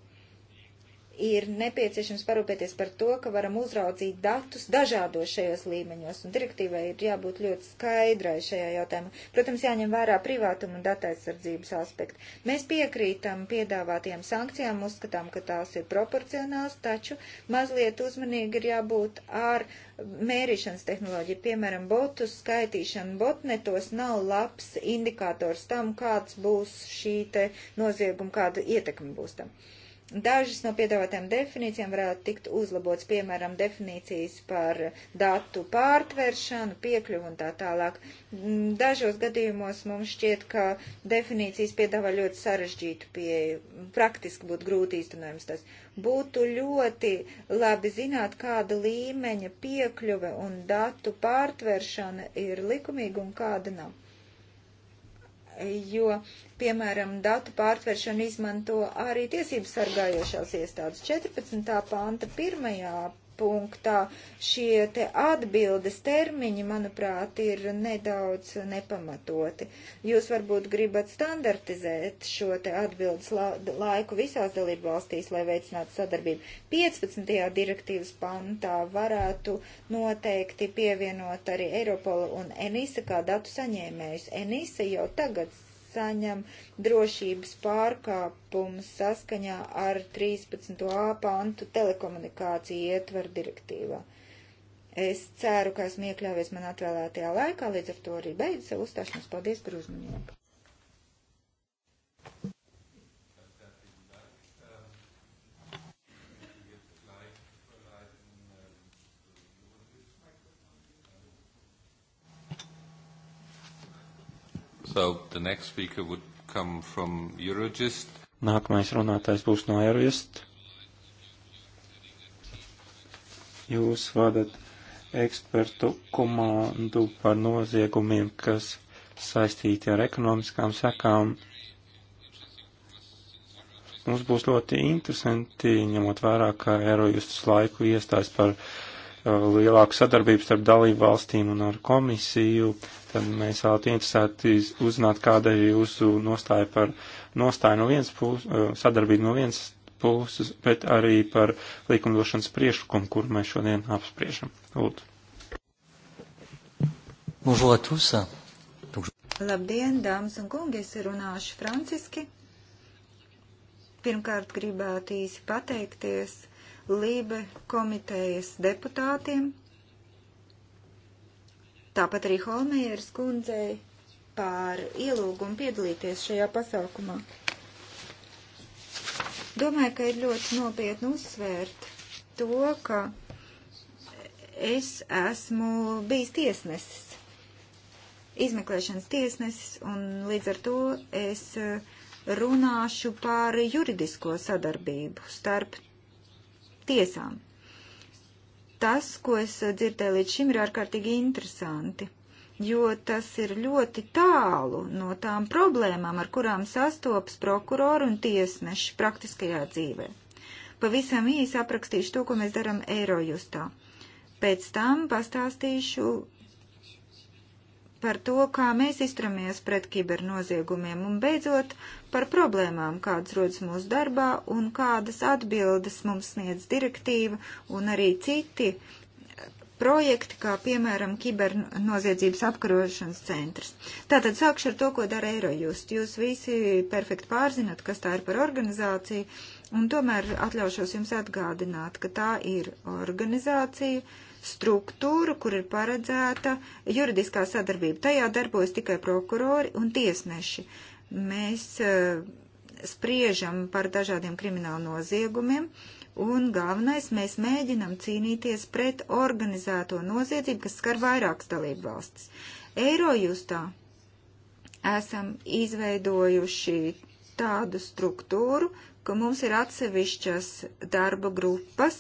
S1: ir nepieciešams parūpēties par to, ka varam uzraudzīt datus dažādos šajos līmeņos, un direktīvai ir jābūt ļoti skaidrai šajā jautājumā. Protams, jāņem vērā privātuma un dataizsardzības aspekti. Mēs piekrītam piedāvātiem sankcijām, uzskatām, ka tās ir proporcionāls, taču mazliet uzmanīgi ir jābūt ar mērīšanas tehnoloģiju. Piemēram, botu skaitīšana botnetos nav labs indikators tam, kāds būs šī te nozieguma, kāda ietekme būs tam. Uh, Dažas no piedāvātajām definīcijām varētu tikt uzlabots, piemēram, definīcijas par datu pārtveršanu, piekļuvu un tā tālāk. Mm, dažos gadījumos mums šķiet, ka definīcijas piedāvā ļoti sarežģītu pieeju, praktiski būtu grūti īstenojams tas. Būtu ļoti labi zināt, kāda līmeņa piekļuve un datu pārtveršana ir likumīga un kāda nav jo, piemēram, datu pārtveršanu izmanto arī tiesības sargājošās iestādes. 14. panta pirmajā punktā šie te atbildes termiņi, manuprāt, ir nedaudz nepamatoti. Jūs varbūt gribat standartizēt šo te atbildes la laiku visās dalību valstīs, lai veicinātu sadarbību. 15. direktīvas pantā varētu noteikti pievienot arī Eiropola un Enisa kā datu saņēmējus. Enisa jau tagad saņem drošības pārkāpumus saskaņā ar 13a pantu telekomunikāciju ietvaru direktīvā. Es ceru, ka esmu iekļāvies man atvēlētajā laikā, līdz ar to arī beidzu savu uzstāšanos. Paldies par uzmanību!
S3: So the next speaker would come from Eurogist. Nākamais runātājs būs no Eurojust. Jūs vadat ekspertu komandu par noziegumiem, kas saistīti ar ekonomiskām sekām. Mums būs ļoti interesanti, ņemot vērā, ka Eurojustas laiku iestājas par uh, lielāku sadarbību starp dalību valstīm un ar komisiju, tad mēs vēl interesēti uzzināt, kāda ir jūsu nostāja par nostāju no vienas puses, eh, sadarbību no vienas puses, bet arī par likumdošanas priešlikumu, kur mēs šodien apspriežam. Lūdzu. Bonjour à tous.
S1: Labdien, dāmas un kungi, es runāšu franciski. Pirmkārt gribētu īsi pateikties Lībe komitejas deputātiem, tāpat arī Holmējeras kundzei par ielūgumu piedalīties šajā pasākumā. Domāju, ka ir ļoti nopietni uzsvērt to, ka es esmu bijis tiesnesis, izmeklēšanas tiesnesis, un līdz ar to es eh, runāšu par juridisko sadarbību starp tiesām. Tas, ko es uh, dzirdēju līdz šim, ir ārkārtīgi interesanti, jo tas ir ļoti tālu no tām problēmām, ar kurām sastopas prokurori un tiesneši praktiskajā dzīvē. Pavisam īsi aprakstīšu to, ko mēs darām Eirojustā. Pēc tam pastāstīšu par to, kā mēs izturamies pret kibernoziegumiem un beidzot par problēmām, kādas rodas mūsu darbā un kādas atbildes mums sniedz direktīva un arī citi eh, projekti, kā piemēram kibernoziedzības apkarošanas centrs. Tātad sākšu ar to, ko dara Eirojust. Jūs visi perfekti pārzinat, kas tā ir par organizāciju, un tomēr atļaušos jums atgādināt, ka tā ir organizācija, uh, struktūru, kur ir paredzēta juridiskā sadarbība. Tajā darbojas tikai prokurori un tiesneši. Mēs uh, spriežam par dažādiem kriminālu noziegumiem. Un galvenais, mēs mēģinam cīnīties pret organizēto noziedzību, kas skar vairākas dalību valstis. Eirojustā esam izveidojuši tādu struktūru, ka mums ir atsevišķas darba grupas,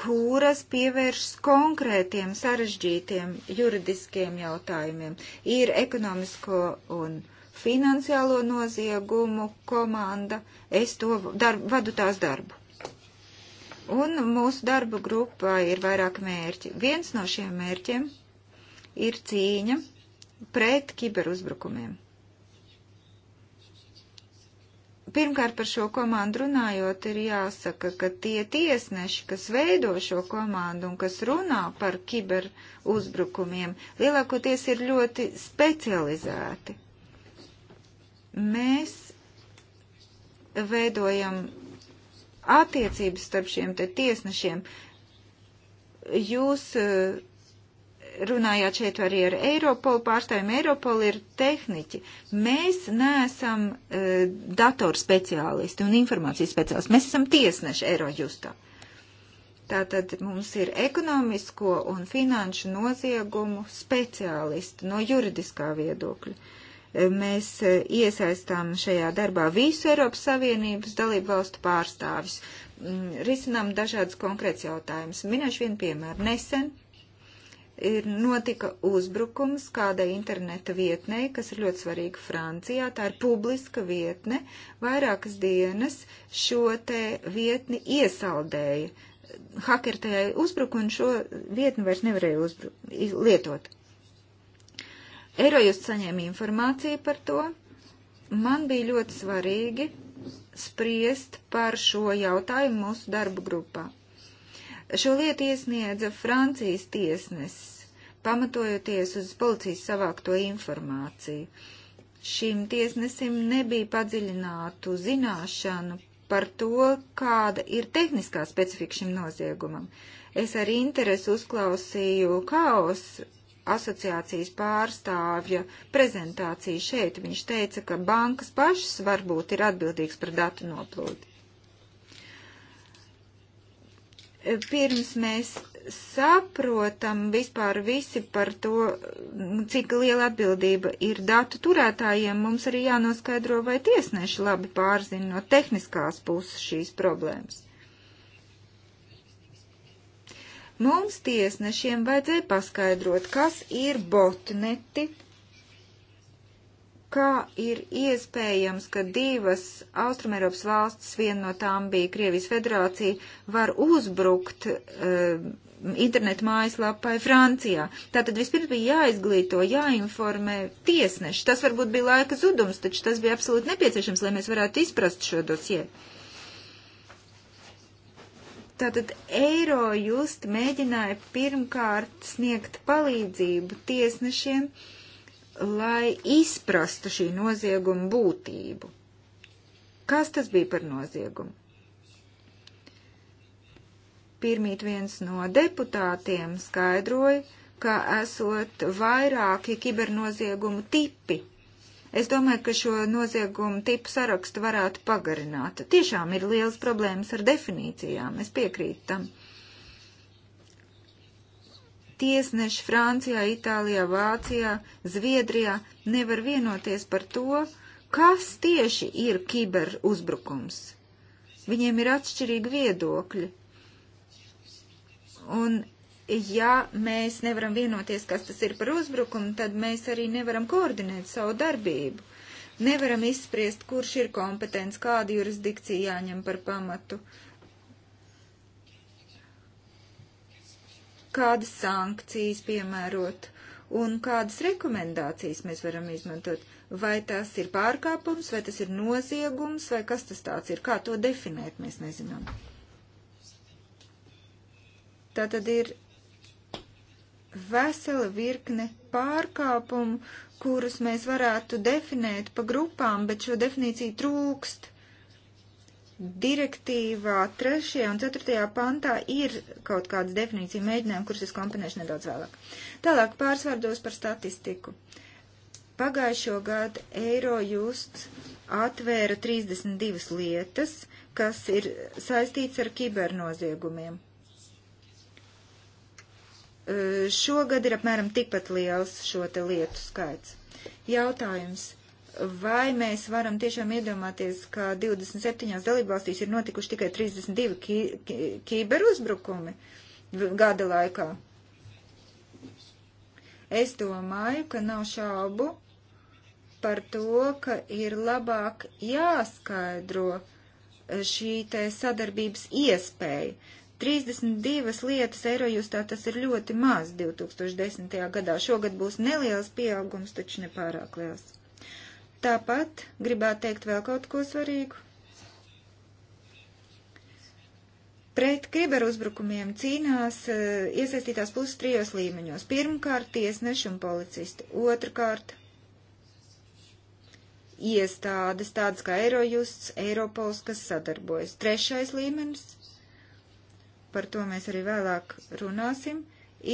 S1: kuras pievēršas konkrētiem sarežģītiem juridiskiem jautājumiem. Ir ekonomisko un finansiālo noziegumu komanda, es to darbu, vadu tās darbu. Un mūsu darba grupā ir vairāk mērķi. Viens no šiem mērķiem ir cīņa pret kiberuzbrukumiem. Pirmkārt par šo komandu runājot, ir jāsaka, ka tie tiesneši, kas veido šo komandu un kas runā par kiber uzbrukumiem, lielākoties ir ļoti specializēti. Mēs veidojam attiecības starp šiem te tiesnešiem. Jūs uh, runājāt šeit arī ar Eiropolu pārstāvjiem. Eiropola ir tehniķi. Mēs neesam uh, e, datorspeciālisti un informācijas speciālisti. Mēs esam tiesneši Eirojustā. Tātad mums ir ekonomisko un finanšu noziegumu speciālisti no juridiskā viedokļa. E, mēs e, iesaistām šajā darbā visu Eiropas Savienības dalību valstu pārstāvis, mm, risinām dažādas konkrētas jautājumas. Minēšu vienu piemēru. Nesen ir notika uzbrukums kādai interneta vietnei, kas ir ļoti svarīga Francijā. Tā ir publiska vietne. Vairākas dienas šo te vietni iesaldēja. Hakeri tajai uzbruka un šo vietni vairs nevarēja uzbru... lietot. Eirojust saņēma informāciju par to. Man bija ļoti svarīgi spriest par šo jautājumu mūsu darba grupā Šo lietu iesniedza Francijas tiesnesis, pamatojoties uz policijas savākto informāciju. Šim tiesnesim nebija padziļinātu zināšanu par to, kāda ir tehniskā specifika šim noziegumam. Es ar interesi uzklausīju kaos asociācijas pārstāvja prezentāciju šeit. Viņš teica, ka bankas pašas varbūt ir atbildīgs par datu noplūdi. pirms mēs saprotam vispār visi par to, cik liela atbildība ir datu turētājiem, mums arī jānoskaidro, vai tiesneši labi pārzina no tehniskās puses šīs problēmas. Mums tiesnešiem vajadzēja paskaidrot, kas ir botneti, kā ir iespējams, ka divas Austrumēropas valstis, viena no tām bija Krievijas federācija, var uzbrukt uh, internetu mājaslapai Francijā. Tātad vispirms bija jāizglīto, jāinformē tiesneši. Tas varbūt bija laika zudums, taču tas bija absolūti nepieciešams, lai mēs varētu izprast šo dosie. Tātad eiro just mēģināja pirmkārt sniegt palīdzību tiesnešiem. Uh, lai izprastu šī nozieguma būtību. Kas tas bija par noziegumu? Pirmīt viens no deputātiem skaidroja, ka esot vairāki kibernoziegumu tipi. Es domāju, ka šo noziegumu tipu sarakstu varētu pagarināt. Tiešām ir liels problēmas ar definīcijām, es piekrītu tam. Uh, tiesneši Francijā, Itālijā, Vācijā, Zviedrijā nevar vienoties par to, kas tieši ir kiberuzbrukums. Viņiem ir atšķirīgi viedokļi. Un ja mēs nevaram vienoties, kas tas ir par uzbrukumu, tad mēs arī nevaram koordinēt savu darbību. Nevaram izspriest, kurš ir kompetents, kāda jurisdikcija jāņem par pamatu. Uh, kādas sankcijas piemērot un kādas rekomendācijas mēs varam izmantot. Vai tas ir pārkāpums, vai tas ir noziegums, vai kas tas tāds ir, kā to definēt, mēs nezinām. Tā tad ir vesela virkne pārkāpumu, kurus mēs varētu definēt pa grupām, bet šo definīciju trūkst direktīvā 3. un 4. pantā ir kaut kādas definīcija mēģinājumi, kurus es komponēšu nedaudz vēlāk. Tālāk pārsvārdos par statistiku. Pagājušo gadu eiro just atvēra 32 lietas, kas ir saistīts ar kibernoziegumiem. Šogad ir apmēram tikpat liels šo te lietu skaits. Jautājums Vai mēs varam tiešām iedomāties, ka 27 dalībvalstīs ir notikuši tikai 32 ki ki kiberuzbrukumi gada laikā? Es domāju, ka nav šaubu par to, ka ir labāk jāskaidro šī te sadarbības iespēja. 32 lietas Eirojustā tas ir ļoti maz 2010. gadā. Šogad būs neliels pieaugums, taču nepārāk liels. Tāpat gribētu teikt vēl kaut ko svarīgu. Pret kiberuzbrukumiem cīnās uh, iesaistītās puses trijos līmeņos. Pirmkārt, tiesneši un policisti. Otrakārt, iestādes tādas kā Eirojusts, Eiropols, kas sadarbojas. Trešais līmenis, par to mēs arī vēlāk runāsim,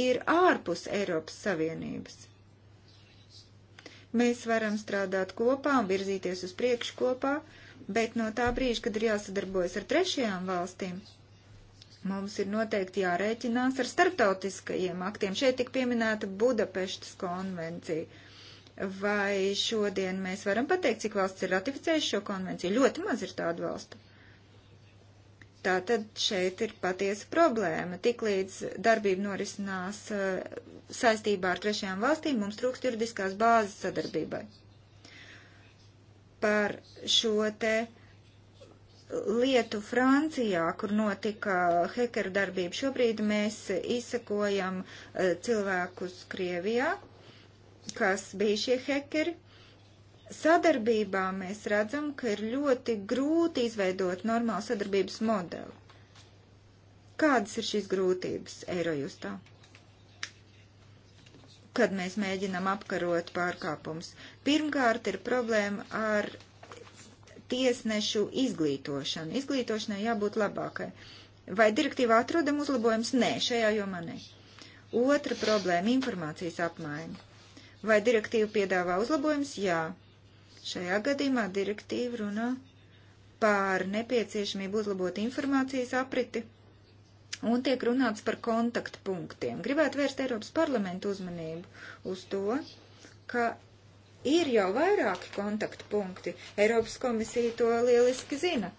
S1: ir ārpus Eiropas Savienības. Mēs varam strādāt kopā un virzīties uz priekšu kopā, bet no tā brīža, kad ir jāsadarbojas ar trešajām valstīm, mums ir noteikti jārēķinās ar starptautiskajiem aktiem. Šeit tik pieminēta Budapeštas konvencija. Vai šodien mēs varam pateikt, cik valsts ir ratificējuši šo konvenciju? Ļoti maz ir tādu valstu. Tā tad šeit ir patiesa problēma. Tiklīdz darbība norisinās eh, saistībā ar trešajām valstīm, mums trūkst juridiskās bāzes sadarbībai. Par šo te lietu Francijā, kur notika hekeru darbība, šobrīd mēs izsakojam eh, cilvēkus Krievijā, kas bija šie hekeri sadarbībā mēs redzam, ka ir ļoti grūti izveidot normālu sadarbības modeli. Kādas ir šīs grūtības Eirojustā? Kad mēs mēģinam apkarot pārkāpumus, pirmkārt ir problēma ar tiesnešu izglītošanu. Izglītošanai jābūt labākai. Vai direktīvā atrodam uzlabojums? Nē, šajā jomā nē. Otra problēma - informācijas apmaiņa. Vai direktīva piedāvā uzlabojums? Jā. Šajā gadījumā direktīva runā par nepieciešamību uzlabot informācijas apriti un tiek runāts par kontaktpunktiem. Gribētu vērst Eiropas parlamentu uzmanību uz to, ka ir jau vairāki kontaktpunkti. Eiropas komisija to lieliski zina.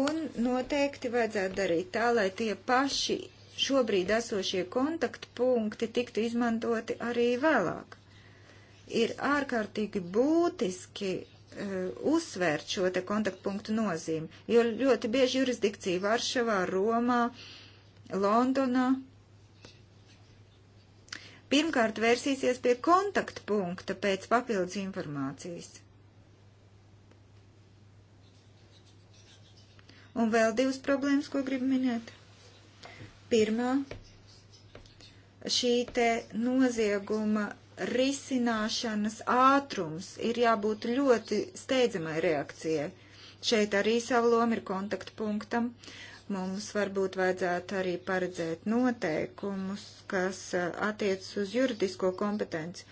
S1: Un noteikti vajadzētu darīt tā, lai tie paši šobrīd esošie kontaktpunkti tiktu izmantoti arī vēlāk ir ārkārtīgi būtiski e, uzsvērt šo te kontaktpunktu nozīmi, jo ļoti bieži jurisdikcija Varšavā, Romā, Londonā pirmkārt vērsīsies pie kontaktpunkta pēc papildus informācijas. Un vēl divas problēmas, ko gribu minēt. Pirmā, šī te nozieguma risināšanas ātrums ir jābūt ļoti steidzamai reakcijai. Šeit arī savu lomu ir kontaktpunktam. Mums varbūt vajadzētu arī paredzēt noteikumus, kas eh, attiecas uz juridisko kompetenci.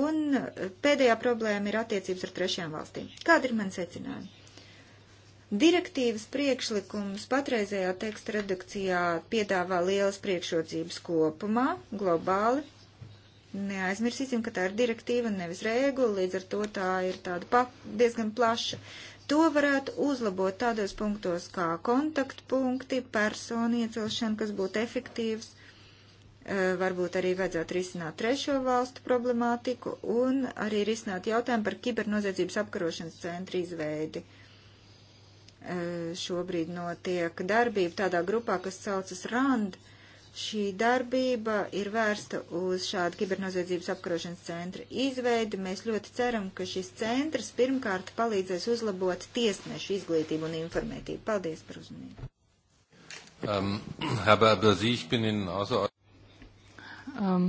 S1: Un eh, pēdējā problēma ir attiecības ar trešajām valstīm. Kāda ir man secinājuma? Direktīvas priekšlikums patreizējā teksta redakcijā piedāvā lielas priekšrocības kopumā, globāli, Neaizmirsīsim, ka tā ir direktīva, nevis regula, līdz ar to tā ir tāda pa, diezgan plaša. To varētu uzlabot tādos punktos kā kontaktpunkti, personu iecelšana, kas būtu efektīvs. E, varbūt arī vajadzētu risināt trešo valstu problemātiku un arī risināt jautājumu par kibernoziedzības apkarošanas centru izveidi. E, šobrīd notiek darbība tādā grupā, kas saucas RAND. Uh, Šī darbība ir vērsta uz šādu kibernoziedzības apkarošanas centra izveidi. Mēs ļoti ceram, ka šis centrs pirmkārt palīdzēs uzlabot tiesnešu izglītību un informētību. Paldies par uzmanību. Um,
S2: um,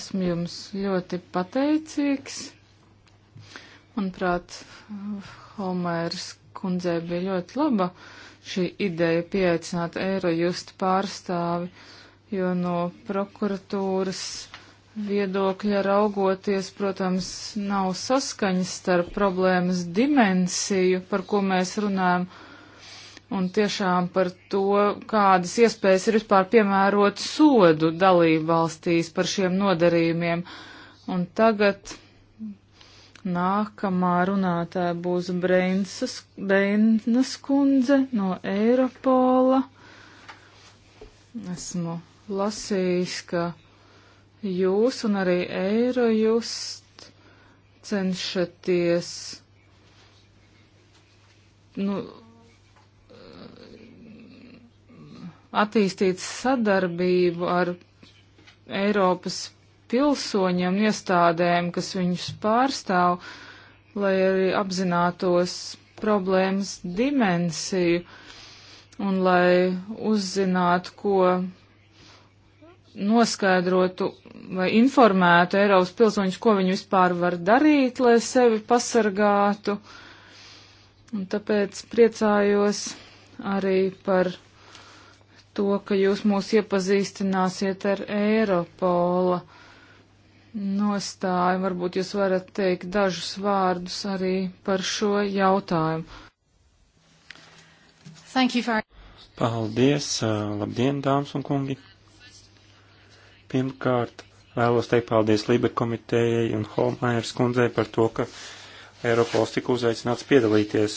S2: esmu jums ļoti pateicīgs. Manuprāt, Homērs kundzē bija ļoti laba šī ideja pieaicināt Eiro just pārstāvi jo no prokuratūras viedokļa raugoties, protams, nav saskaņas starp problēmas dimensiju, par ko mēs runājam, un tiešām par to, kādas iespējas ir vispār piemērot sodu dalību valstīs par šiem nodarījumiem. Un tagad nākamā runātāja būs Breinsas, Breinas kundze no Eiropola. Esmu lasījis, ka jūs un arī Eirojust cenšaties, nu, attīstīt sadarbību ar Eiropas pilsoņiem, iestādēm, kas viņus pārstāv, lai arī apzinātos problēmas dimensiju un lai uzzinātu, ko noskaidrotu vai informētu Eiropas pilsoņus, ko viņi vispār var darīt, lai sevi pasargātu. Un tāpēc priecājos arī par to, ka jūs mūs iepazīstināsiet ar Eiropola nostāju. Varbūt jūs varat teikt dažus vārdus arī par šo jautājumu. Thank you for...
S3: Paldies, labdien, dāmas un kungi! Pirmkārt, vēlos teikt paldies Libe komitējai un Holmaiers kundzei par to, ka Eiropols tika uzaicināts piedalīties.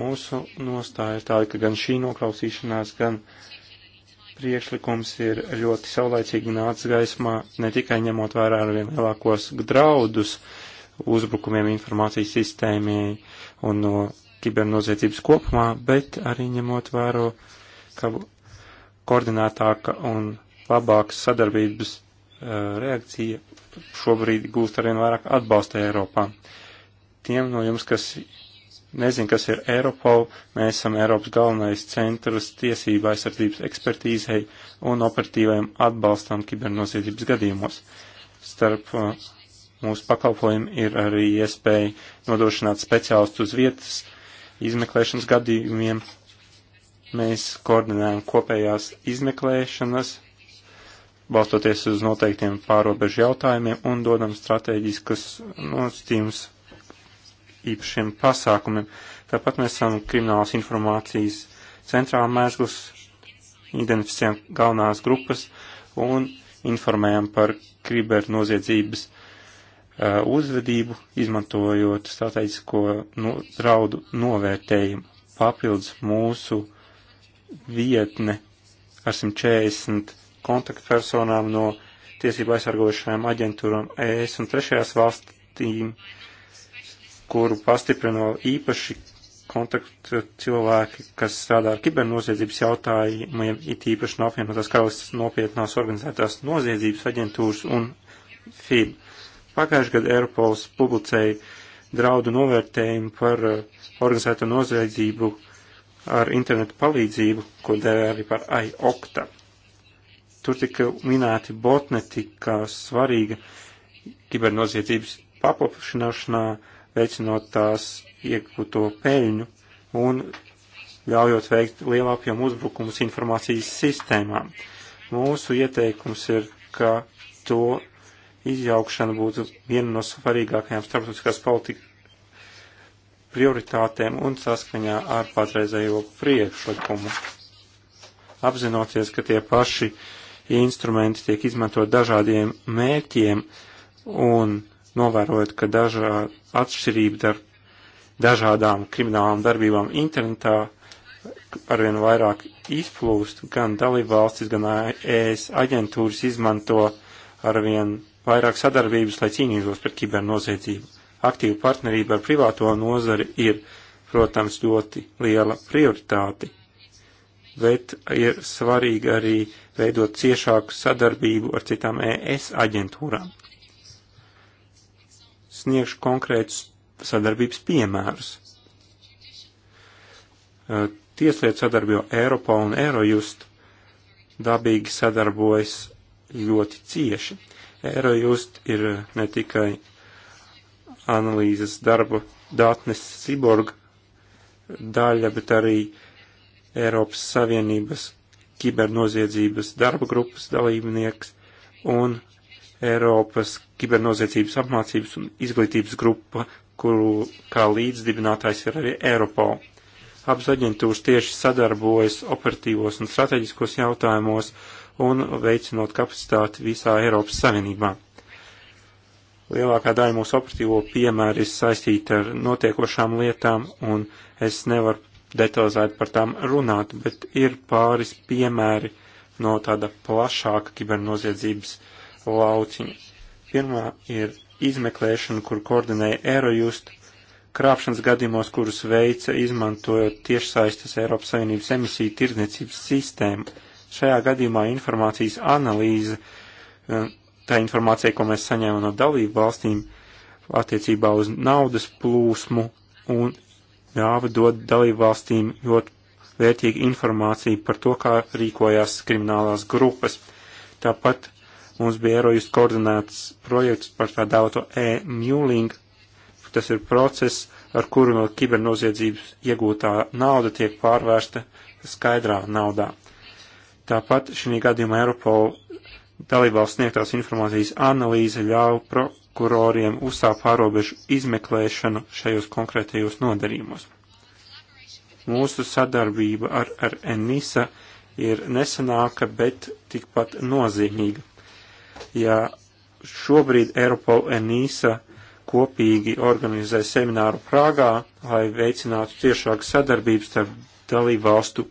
S3: Mūsu nostāja ir tāda, ka gan šī noklausīšanās, gan priekšlikums ir ļoti saulaicīgi nācis gaismā, ne tikai ņemot vērā ar vien lielākos draudus uzbrukumiem informācijas sistēmai un no kibernoziedzības kopumā, bet arī ņemot vēro, ka koordinētāka un labākas sadarbības eh, reakcija šobrīd gūst arvien vairāk atbalsta Eiropā. Tiem no jums, kas nezin, kas ir Eiropol, mēs esam Eiropas galvenais centrs tiesība aizsardzības ekspertīzei un operatīvajam atbalstam kibernoziedzības gadījumos. Starp eh, mūsu pakalpojumu ir arī iespēja nodrošināt speciālistu uz vietas izmeklēšanas gadījumiem. Mēs koordinējam kopējās izmeklēšanas balstoties uz noteiktiem pārobežu jautājumiem un dodam strateģiskas nostīmes īpašiem pasākumiem. Tāpat mēs esam kriminālas informācijas centrāla mēzgus, identificējam galvenās grupas un informējam par kibernoziedzības uh, uzvedību, izmantojot strateģisko no, draudu novērtējumu. Papildus mūsu vietne ar 140 kontaktpersonām no tiesību aizsargojušajām aģentūrām ES un trešajās valstīm, kuru pastiprino īpaši kontaktu cilvēki, kas strādā ar kibernoziedzības jautājumiem, it īpaši no apvienotās karalistas nopietnās organizētās noziedzības aģentūras un FIB. Pagājušajā gadā Eiropols publicēja draudu novērtējumu par uh, organizēto noziedzību ar internetu palīdzību, ko dēvē arī par IOKTA. Tur tika minēti botneti kā svarīga kibernoziedzības paplašināšanā, veicinot tās iegūto peļņu un ļaujot veikt lielu apjomu uzbrukumus informācijas sistēmām. Mūsu ieteikums ir, ka to izjaukšana būtu viena no svarīgākajām starptautiskās politikas prioritātēm un saskaņā ar patreizējo priekšlikumu. Apzinoties, ka tie paši uh, instrumenti tiek izmantot dažādiem mērķiem un novērojot, ka dažā atšķirība dar dažādām kriminālām darbībām internetā arvien vairāk izplūst, gan dalībvalstis, gan ES aģentūras izmanto arvien vairāk sadarbības, lai cīnītos pret kibernoziedzību. Aktīva partnerība ar privāto nozari ir, protams, ļoti liela prioritāte, bet ir svarīgi arī veidot ciešāku sadarbību ar citām ES aģentūrām. Sniegšu konkrētus sadarbības piemērus. Tieslietu sadarbība Eiropā un Eirojust dabīgi sadarbojas ļoti cieši. Eirojust ir ne tikai analīzes darba datnes Siborg daļa, bet arī Eiropas Savienības kibernoziedzības darba grupas dalībnieks un Eiropas kibernoziedzības apmācības un izglītības grupa, kuru kā līdzdibinātājs ir arī Eiropol. Abas aģentūras tieši sadarbojas operatīvos un strateģiskos jautājumos un veicinot kapacitāti visā Eiropas Savienībā. Lielākā daļa mūsu operatīvo piemēra ir saistīta ar notiekošām lietām, un es nevaru detalizēti par tām runāt, bet ir pāris piemēri no tāda plašāka kibernoziedzības lauciņa. Pirmā ir izmeklēšana, kur koordinēja Eurojust, krāpšanas gadījumos, kurus veica izmantojot tiešsaistes Eiropas Savienības emisiju tirdzniecības sistēmu. Šajā gadījumā informācijas analīze, eh, tā informācija, ko mēs saņēmām no dalību valstīm attiecībā uz naudas plūsmu un ļāva dot dalībvalstīm ļoti vērtīgu informāciju par to, kā rīkojās kriminālās grupas. Tāpat mums bija Eirojus koordinēts projekts par tā dēvoto e-muling. Tas ir process, ar kuru no kibernoziedzības iegūtā nauda tiek pārvērsta skaidrā naudā. Tāpat šī gadījumā Eiropola dalībvalsts sniegtās informācijas analīze ļauj pro prokuroriem uzsākt pārobežu izmeklēšanu šajos konkrētajos nodarījumos. Mūsu sadarbība ar, ar Enisa ir nesenāka, bet tikpat nozīmīga. Ja šobrīd Eiropola Enisa kopīgi organizē semināru Prāgā, lai veicinātu tiešāku sadarbību starp dalību valstu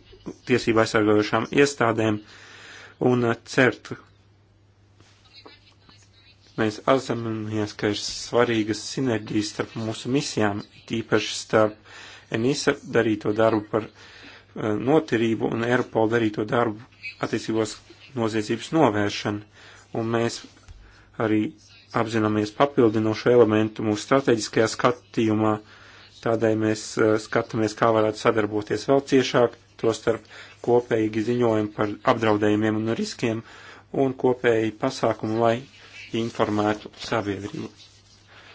S3: tiesību aizsargājošām iestādēm un cert, Mēs apzināmies, ka ir svarīgas sinerģijas starp mūsu misijām, tīpaši starp ENISA darīto darbu par eh, notirību un Eiropol darīto darbu attiecībos noziedzības novēršanu. Un mēs arī apzināmies papildinošu elementu mūsu strateģiskajā skatījumā, tādēļ mēs eh, skatāmies, kā varētu sadarboties vēl ciešāk, to starp kopīgi ziņojumi par apdraudējumiem un riskiem un kopēji pasākumu, lai informētu sabiedrību.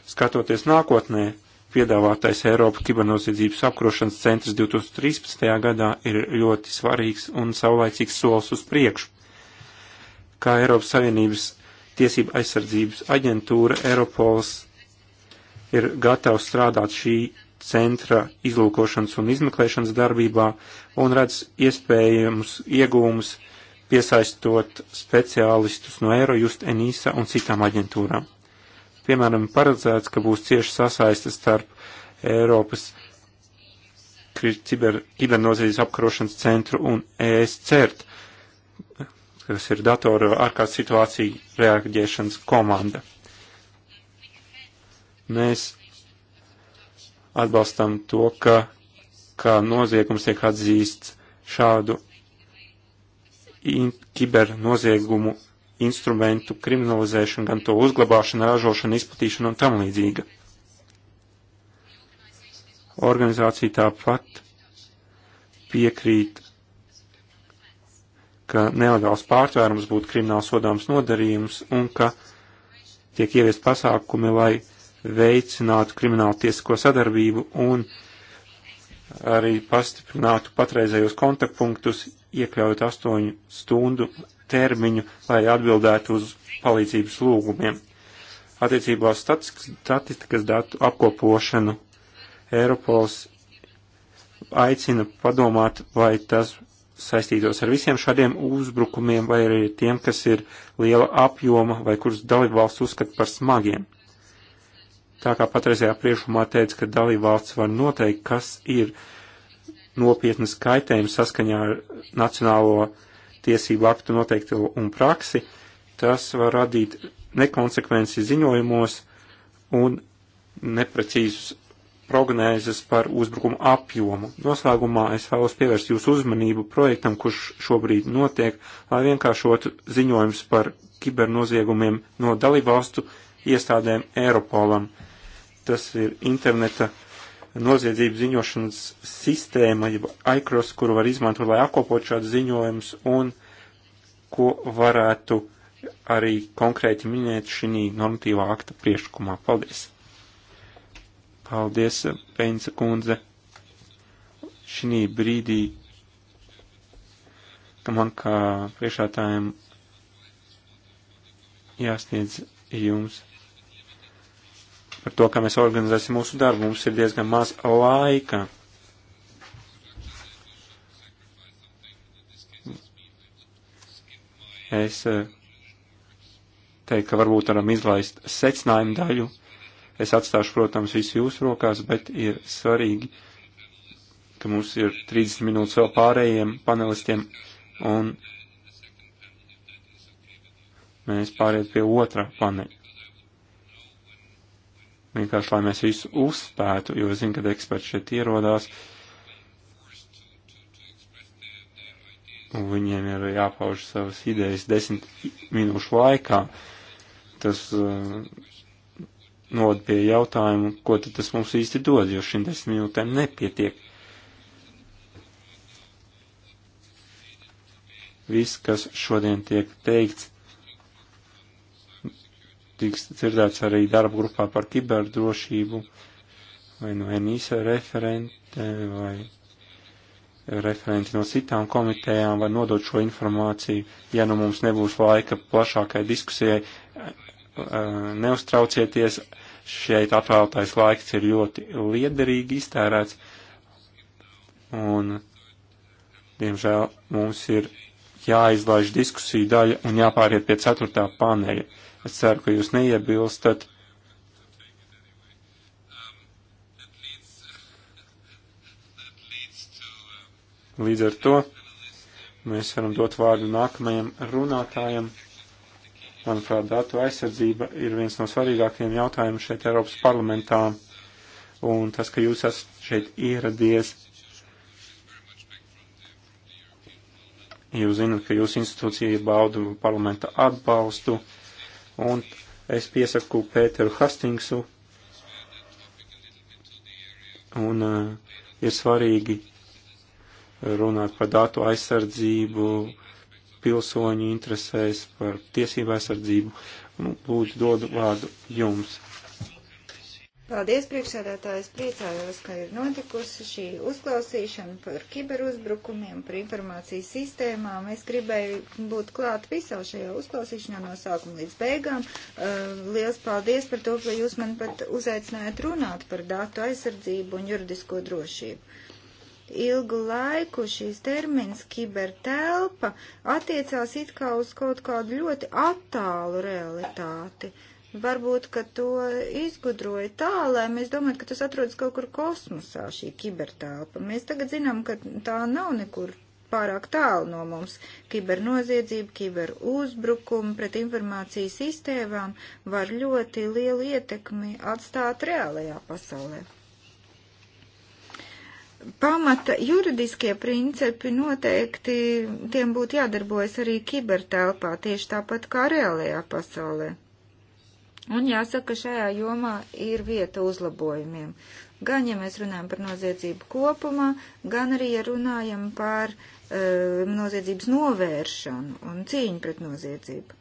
S3: Skatoties nākotnē, piedāvātais Eiropas kibernoziedzības apkrošanas centrs 2013. gadā ir ļoti svarīgs un saulaicīgs solis uz priekšu. Kā Eiropas Savienības tiesība aizsardzības aģentūra Eiropols ir gatavs strādāt šī centra izlūkošanas un izmeklēšanas darbībā un redz iespējamus iegūmus piesaistot speciālistus no Eurojust, Enīsa un citām aģentūrām. Piemēram, paredzēts, ka būs cieši sasaiste starp Eiropas ciber, kibernozīdes apkarošanas centru un ESCERT, kas ir datoru ārkārtas situāciju reaģēšanas komanda. Mēs atbalstam to, ka, ka noziegums tiek atzīsts šādu in kibernoziegumu instrumentu kriminalizēšanu, gan to uzglabāšanu, ražošanu, izplatīšanu un tam līdzīga. Organizācija tāpat piekrīt, ka nelegāls pārtvērums būtu krimināls sodāms nodarījums un ka tiek ieviest pasākumi, lai veicinātu kriminālu tiesisko sadarbību un arī pastiprinātu patreizējos kontaktpunktus, iekļaut astoņu stundu termiņu, lai atbildētu uz palīdzības lūgumiem. Attiecībā uz statistikas datu apkopošanu Eiropols aicina padomāt, vai tas saistītos ar visiem šādiem uzbrukumiem, vai arī tiem, kas ir liela apjoma, vai kurus dalībvalsts uzskata par smagiem. Tā kā patreizajā priešumā teica, ka dalībvalsts var noteikt, kas ir uh, nopietnas kaitējumas saskaņā ar nacionālo tiesību aktu noteikti un praksi, tas var radīt nekonsekvenci ziņojumos un neprecīzus prognēzes par uzbrukumu apjomu. Noslēgumā es vēlos pievērst jūsu uzmanību projektam, kurš šobrīd notiek, lai vienkāršotu ziņojums par kibernoziegumiem no dalībvalstu iestādēm Eiropolam. Tas ir interneta noziedzību ziņošanas sistēma, jeb ICROS, kuru var izmantot, lai apkopot šādus ziņojumus un ko varētu arī konkrēti minēt šī normatīvā akta priekšlikumā. Paldies! Paldies, Pēnce kundze! Šī brīdī ka man kā priekšētājiem jāsniedz jums par to, kā mēs organizēsim mūsu darbu. Mums ir diezgan maz laika. Es eh, teiktu, ka varbūt varam izlaist secinājumu daļu. Es atstāšu, protams, visu jūsu rokās, bet ir svarīgi, ka mums ir 30 minūtes vēl pārējiem panelistiem, un mēs pāriet pie otrā paneļa vienkārši, lai mēs visu uzspētu, jo es zinu, kad eksperti šeit ierodās, un viņiem ir jāpauž savas idejas desmit minūšu laikā. Tas uh, nod pie jautājumu, ko tad tas mums īsti dod, jo šim desmit minūtēm nepietiek. Viss, kas šodien tiek teikts, tiks dzirdēts arī darba grupā par kiberdrošību, vai no nu NISA referente, vai referenti no citām komitejām, vai nodot šo informāciju. Ja nu mums nebūs laika plašākai diskusijai, neuztraucieties, šeit atvēltais laiks ir ļoti liederīgi iztērēts, un, diemžēl, mums ir jāizlaiž diskusiju daļa un jāpāriet pie ceturtā paneļa Es ceru, ka jūs neiebilstat. Līdz ar to mēs varam dot vārdu nākamajam runātājam. Manuprāt, datu aizsardzība ir viens no svarīgākajiem jautājumiem šeit Eiropas parlamentā. Un tas, ka jūs esat šeit ieradies, jūs zinat, ka jūsu institūcija bauda parlamenta atbalstu. Uh, un es piesaku Pēteru Hastingsu, un uh, ir svarīgi runāt par datu aizsardzību, pilsoņu interesēs, par tiesību aizsardzību. Nu, lūdzu, dodu vārdu jums.
S1: Paldies, priekšsēdētājs, priecājos, ka ir notikusi šī uzklausīšana par kiberuzbrukumiem, par informācijas sistēmām. Es gribēju būt klāt visā šajā uzklausīšanā no sākuma līdz beigām. Uh, liels paldies par to, ka jūs man pat uzaicinājāt runāt par datu aizsardzību un juridisko drošību ilgu laiku šīs termins kibertelpa attiecās it kā uz kaut kādu ļoti attālu realitāti. Varbūt, ka to izgudroja tālēm. Es domāju, ka tas atrodas kaut kur kosmosā, šī kibertālpa. Mēs tagad zinām, ka tā nav nekur pārāk tālu no mums. Kibernoziedzība, kiberuzbrukumi pret informācijas sistēmām var ļoti lielu ietekmi atstāt reālajā pasaulē. Pamata juridiskie principi noteikti tiem būtu jādarbojas arī kibertelpā, tieši tāpat kā reālajā pasaulē. Un jāsaka, ka šajā jomā ir vieta uzlabojumiem. Gan, ja mēs runājam par noziedzību kopumā, gan arī, ja runājam par uh, noziedzības novēršanu un cīņu pret noziedzību.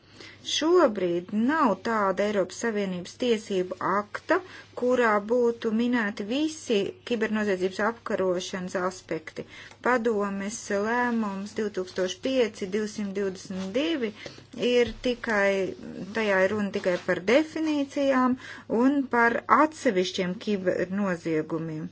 S1: Šobrīd nav tāda Eiropas Savienības tiesību akta, kurā būtu minēti visi kibernoziedzības apkarošanas aspekti. Padomes lēmums 2005-222 ir tikai, tajā ir runa tikai par definīcijām un par atsevišķiem kibernoziegumiem.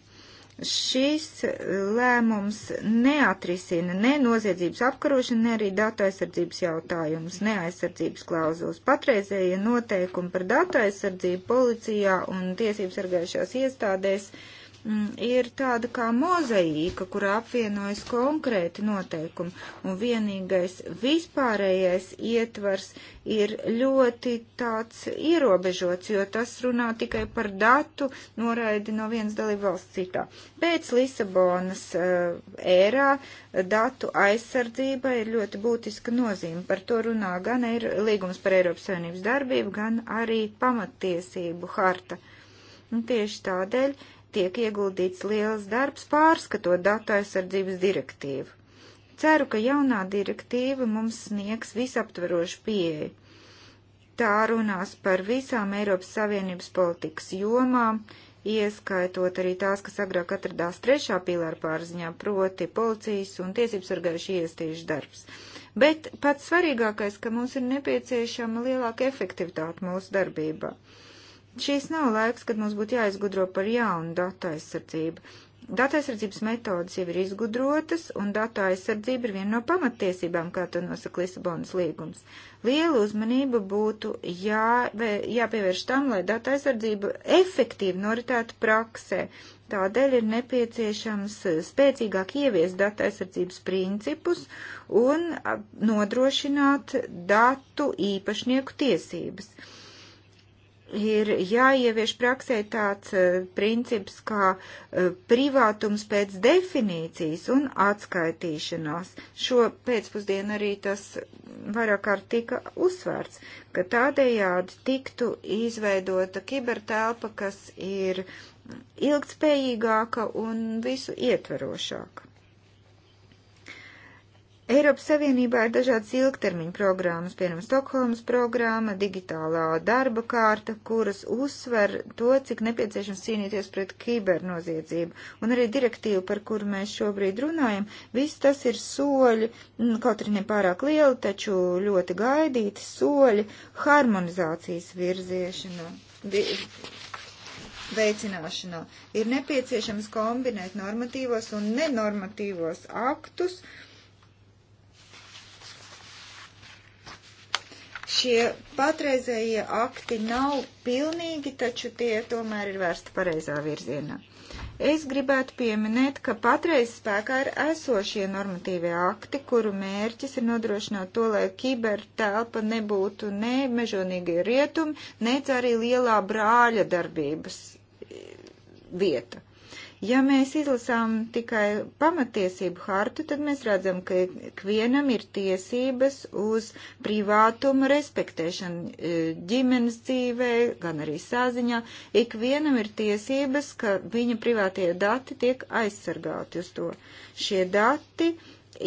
S1: Šis eh, lēmums neatrisina ne noziedzības apkarošanu, ne arī datu aizsardzības jautājumus, ne aizsardzības klauzulas. Patreizējie noteikumi par datu aizsardzību policijā un tiesības sargājušās iestādēs uh, Mm, ir tāda kā mozaīka, kur apvienojas konkrēti noteikumi, un vienīgais vispārējais ietvars ir ļoti tāds ierobežots, jo tas runā tikai par datu noraidi no vienas dalību valsts citā. Pēc Lisabonas uh, ērā datu aizsardzība ir ļoti būtiska nozīme. Par to runā gan ir līgums par Eiropas Savienības darbību, gan arī pamattiesību harta. Un tieši tādēļ uh, tiek ieguldīts liels darbs pārskatot datu aizsardzības direktīvu. Ceru, ka jaunā direktīva mums sniegs visaptverošu pieeju. Tā runās par visām Eiropas Savienības politikas jomām, ieskaitot arī tās, kas agrāk atradās trešā pīlāra pārziņā, proti policijas un tiesības sargājuši iestīšu darbs. Bet pats svarīgākais, ka mums ir nepieciešama lielāka efektivitāte mūsu darbībā. Šīs nav laiks, kad mums būtu jāizgudro par jaunu datu aizsardzību. Data aizsardzības metodas jau ir izgudrotas, un data aizsardzība ir viena no pamatiesībām, kā to nosaka Lisabonas līgums. Liela uzmanība būtu jā, jāpievērš tam, lai data aizsardzība efektīvi noritētu praksē. Tādēļ ir nepieciešams spēcīgāk ieviest data aizsardzības principus un nodrošināt datu īpašnieku tiesības ir jāievieš praksē tāds uh, princips kā uh, privātums pēc definīcijas un atskaitīšanās. Šo pēcpusdienu arī tas vairāk kārt tika uzsvērts, ka tādējādi tiktu izveidota kibertelpa, kas ir ilgtspējīgāka un visu ietverošāka. Eiropas Savienībā ir dažādas ilgtermiņa programmas, piemēram, Stokholmas programma, digitālā darba kārta, kuras uzsver to, cik nepieciešams cīnīties pret kibernoziedzību. Un arī direktīva, par kuru mēs šobrīd runājam, viss tas ir soļi, mm, kaut arī nepārāk lieli, taču ļoti gaidīti soļi harmonizācijas virziešanā. Vi veicināšanā. Ir nepieciešams kombinēt normatīvos un nenormatīvos aktus, uh, Šie patreizējie akti nav pilnīgi, taču tie tomēr ir vērsti pareizā virzienā. Es gribētu pieminēt, ka patreiz spēkā ir esošie normatīvie akti, kuru mērķis ir nodrošināt to, lai kibertelpa nebūtu ne mežonīgie rietumi, nec arī lielā brāļa darbības vieta. Ja mēs izlasām tikai pamatiesību hartu, tad mēs redzam, ka ikvienam ir tiesības uz privātumu respektēšanu e, ģimenes dzīvē, gan arī sāziņā. Ikvienam ir tiesības, ka viņa privātie dati tiek aizsargāti uz to. Šie dati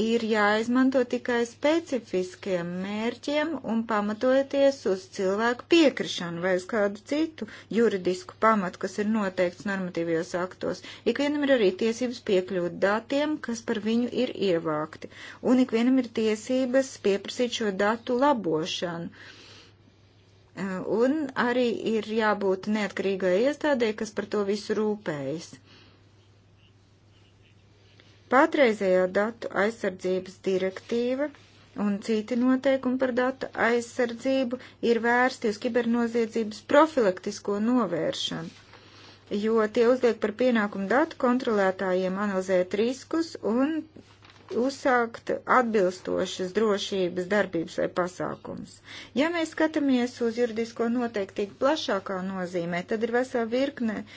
S1: ir jāizmanto tikai specifiskiem mērķiem un pamatojoties uz cilvēku piekrišanu vai uz kādu citu juridisku pamatu, kas ir noteikts normatīvajos aktos. Ikvienam ir arī tiesības piekļūt datiem, kas par viņu ir ievākti, un ikvienam ir tiesības pieprasīt šo datu labošanu. Un arī ir jābūt neatkarīgai iestādē, kas par to visu rūpējas. Patreizējā datu aizsardzības direktīva un citi noteikumi par datu aizsardzību ir vērsti uz kibernoziedzības profilaktisko novēršanu, jo tie uzliek par pienākumu datu kontrolētājiem analizēt riskus un uzsākt atbilstošas drošības darbības vai pasākums. Ja mēs skatāmies uz juridisko noteiktību plašākā nozīmē, tad ir vesela virkne uh,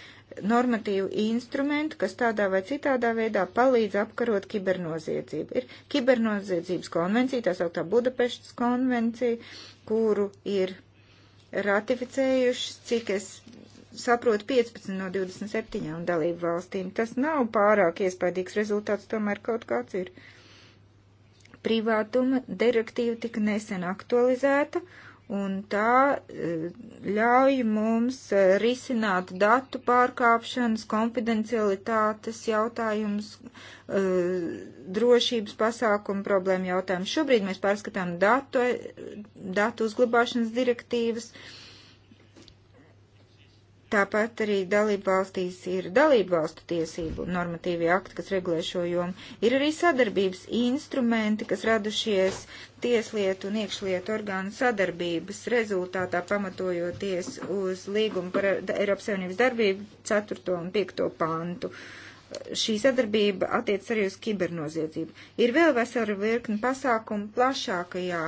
S1: normatīvu instrumentu, kas tādā vai citādā veidā palīdz apkarot kibernoziedzību. Ir kibernoziedzības konvencija, tā sauktā Budapeštas konvencija, kuru ir ratificējušas, cik es saprotu, 15 no 27 dalību valstīm. Tas nav pārāk iespaidīgs rezultāts, tomēr kaut kāds ir. Privātuma direktīva tika nesen aktualizēta, un tā eh, ļauj mums eh, risināt datu pārkāpšanas, konfidencialitātes jautājumus, eh, drošības pasākumu problēmu jautājumus. Šobrīd mēs pārskatām datu, datu uzglabāšanas direktīvas. Uh, Tāpat arī dalību valstīs ir dalību valstu tiesību normatīvi akti, kas regulē šo jomu. Ir arī sadarbības instrumenti, kas radušies tieslietu un iekšlietu orgānu sadarbības rezultātā pamatojoties uz līgumu par Eiropas Savienības darbību 4. un 5. pantu. Uh, šī sadarbība attiec arī uz kibernoziedzību. Ir vēl vesela virkni pasākumu plašākajā